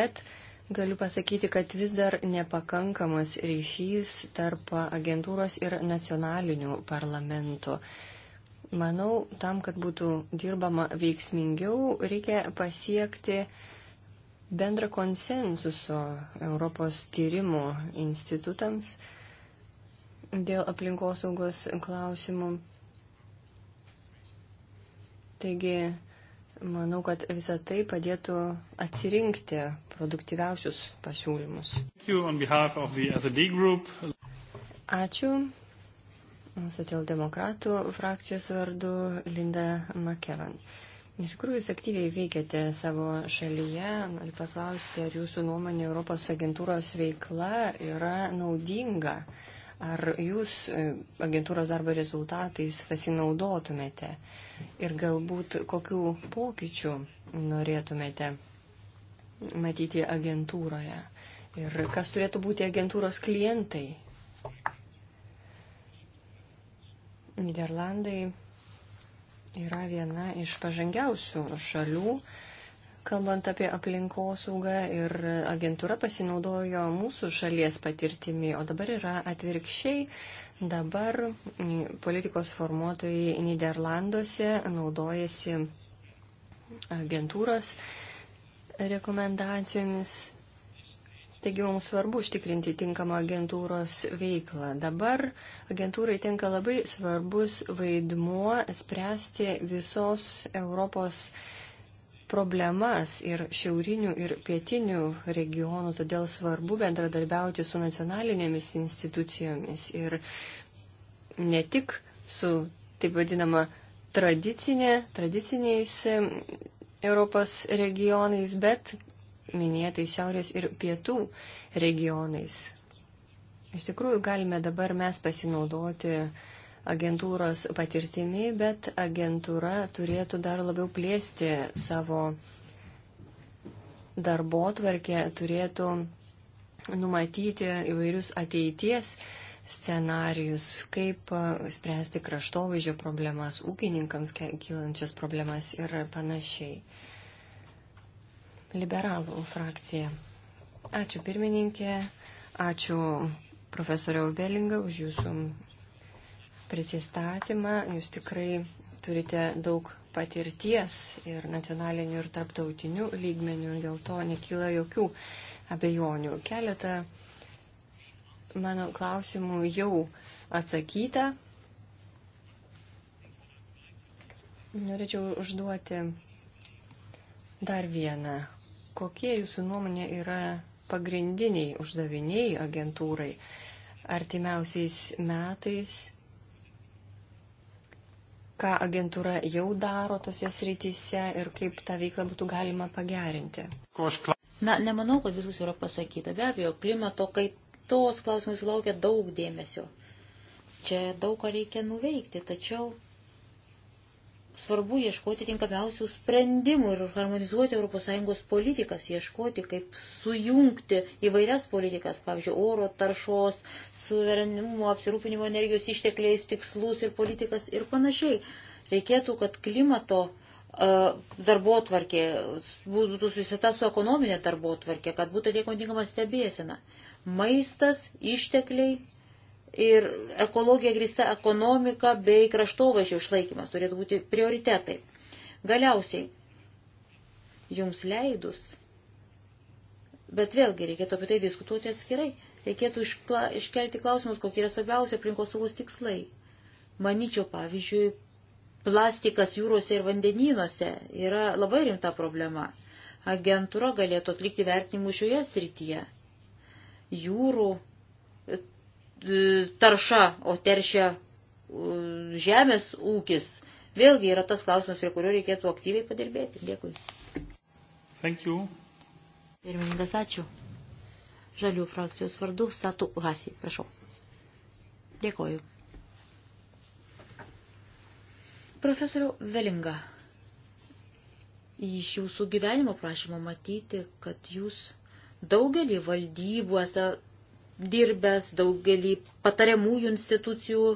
Bet uh, Galiu pasakyti, kad vis dar nepakankamas ryšys tarp agentūros ir nacionalinių parlamentų. Manau, tam, kad būtų dirbama veiksmingiau, reikia pasiekti bendrą konsensuso Europos tyrimų institutams dėl aplinkosaugos klausimų. Taigi, Manau, kad visą tai padėtų atsirinkti produktyviausius pasiūlymus. Ačiū. Socialdemokratų frakcijos vardu Linda Makevan. Iš tikrųjų, jūs aktyviai veikiate savo šalyje. Noriu paklausti, ar jūsų nuomonė Europos agentūros veikla yra naudinga. Uh, Ar jūs e, agentūros darbo rezultatais pasinaudotumėte ir galbūt kokių pokyčių norėtumėte matyti agentūroje ir kas turėtų būti agentūros klientai? Niderlandai yra viena iš pažangiausių šalių Kalbant apie aplinkosaugą ir agentūra pasinaudojo mūsų šalies patirtimi, o dabar yra atvirkščiai. Dabar politikos formuotojai Niderlanduose naudojasi agentūros rekomendacijomis. Taigi mums svarbu užtikrinti tinkamą agentūros veiklą. Dabar agentūrai tenka labai svarbus vaidmuo spręsti visos Europos problemas ir šiaurinių, ir pietinių regionų, todėl svarbu bendradarbiauti su nacionalinėmis institucijomis ir ne tik su taip vadinama tradicinė, tradiciniais Europos regionais, bet minėtais šiaurės ir pietų regionais. Iš tikrųjų, galime dabar mes pasinaudoti uh, agentūros patirtimi, bet agentūra turėtų dar labiau plėsti savo darbo tvarkę, turėtų numatyti įvairius ateities scenarius, kaip spręsti kraštovaizdžio problemas, ūkininkams kylančias problemas ir panašiai. Liberalų frakcija. Ačiū pirmininkė, ačiū profesoriau Velinga už jūsų prisistatymą. Jūs tikrai turite daug patirties ir nacionaliniu, ir tarptautiniu lygmeniu, ir dėl to nekyla jokių abejonių. Keletą mano klausimų jau atsakyta. Norėčiau užduoti dar vieną. Kokie jūsų nuomonė yra pagrindiniai uždaviniai agentūrai artimiausiais metais ką agentūra jau daro tose srityse ir kaip tą veiklą būtų galima pagerinti. Na, nemanau, kad viskas yra pasakyta. Be abejo, klimato kaitos klausimai sulaukia daug dėmesio. Čia daug ką reikia nuveikti, tačiau svarbu ieškoti tinkamiausių sprendimų ir harmonizuoti ES politikas, ieškoti, kaip sujungti įvairias politikas, pavyzdžiui, oro taršos, suverenumo, apsirūpinimo energijos ištekliais, tikslus ir politikas ir panašiai. Reikėtų, kad klimato darbo tvarkė būtų susita su ekonominė darbo tvarkė, kad būtų atliekama tinkama stebėsena. Maistas, ištekliai, ir ekologija grįsta ekonomika bei kraštovaizdžio išlaikymas turėtų būti prioritetai. Galiausiai, jums leidus, bet vėlgi reikėtų apie tai diskutuoti atskirai, reikėtų iškla, iškelti klausimus, kokie yra svarbiausia aplinkos saugos tikslai. Maničiau, pavyzdžiui, plastikas jūrose ir vandenynuose yra labai rimta problema. Agentūra galėtų atlikti vertinimų šioje srityje. Jūrų tarša, o teršia žemės ūkis, vėlgi yra tas klausimas, prie kurio reikėtų aktyviai padirbėti. Dėkui. Thank you. Pirmininkas, ačiū. Žalių frakcijos vardu Satu Hasi, prašau. Dėkoju. Profesoriu Velinga, iš jūsų gyvenimo prašymo matyti, kad jūs daugelį valdybų esate dirbęs, daugelį patariamųjų institucijų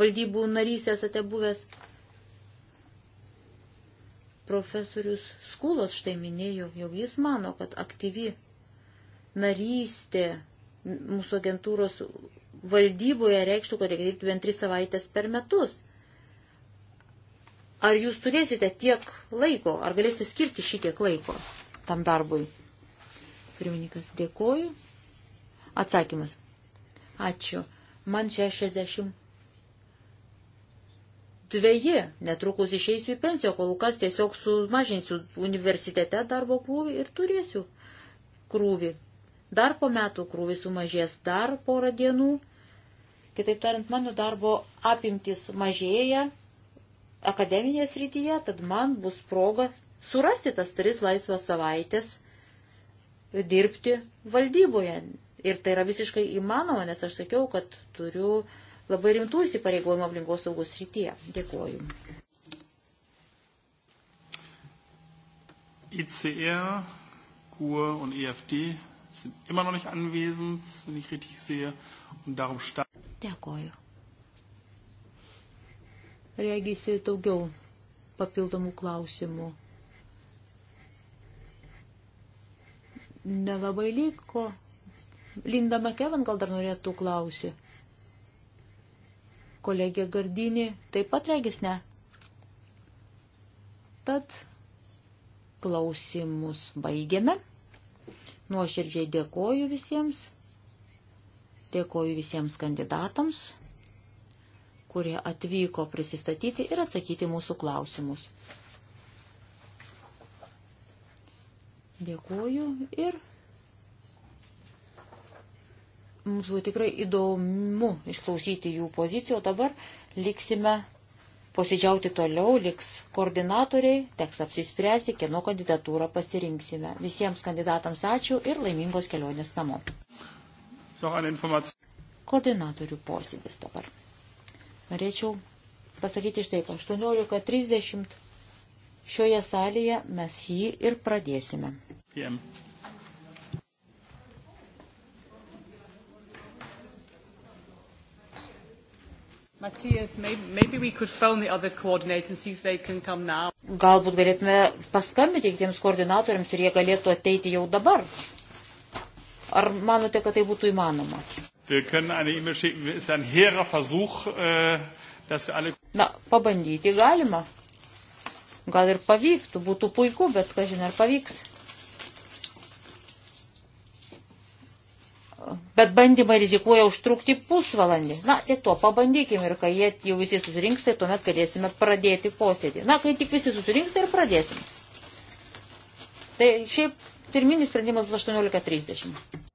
valdybų narys esate buvęs. Profesorius Skulos štai minėjo, jog jis mano, kad aktyvi narystė mūsų agentūros valdyboje reikštų, kad reikia dirbti bent tris savaitės per metus. Ar jūs turėsite tiek laiko, ar galėsite skirti šitiek laiko tam darbui? Pirmininkas, dėkoju. Atsakymas. Ačiū. Man 60. Dveji, netrukus išeisiu į pensiją, kol kas tiesiog sumažinsiu universitete darbo krūvį ir turėsiu krūvį. Dar po metų krūvis sumažės dar porą dienų. Kitaip tariant, mano darbo apimtis mažėja akademinėje srityje, tad man bus proga surasti tas tris laisvas savaitės dirbti valdyboje, Ir tai yra visiškai įmanoma, nes aš sakiau, kad turiu labai rimtų įsipareigojimų aplinkos saugos rytyje. Dėkuoju. ICR, GUR und EFD sind immer noch nicht anwesend, wenn ich richtig sehe. Und darum starten. Dėkoju. Regisi daugiau papildomų klausimų. Nelabai liko Linda McEvan gal dar norėtų klausi. Kolegė Gardinį taip pat regis ne. Tad klausimus baigiame. Nuoširdžiai dėkoju visiems. Dėkoju visiems kandidatams, kurie atvyko prisistatyti ir atsakyti mūsų klausimus. Dėkoju ir Mums buvo tikrai įdomu išklausyti jų pozicijų, o dabar liksime posėdžiauti toliau, liks koordinatoriai, teks apsispręsti, kieno kandidatūrą pasirinksime. Visiems kandidatams ačiū ir laimingos kelionės namo. Koordinatorių posėdis dabar. Norėčiau pasakyti štai, 18.30 šioje salėje mes jį ir pradėsime. PM. Matijas, maybe we could phone the other coordinators and see if they can come now. Galbūt galėtume paskambinti kitiems koordinatoriams ir jie galėtų ateiti jau dabar. Ar manote, kad tai būtų įmanoma? Äh, Na, pabandyti galima. Gal ir pavyktų, būtų puiku, bet kažin ar pavyks. bet bandymai rizikuoja užtrukti pusvalandį. Na, tai to pabandykime ir kai jie jau visi susirinks, tai tuomet galėsime pradėti posėdį. Na, kai tik visi susirinks, tai ir pradėsim. Tai šiaip pirminis sprendimas bus 18.30.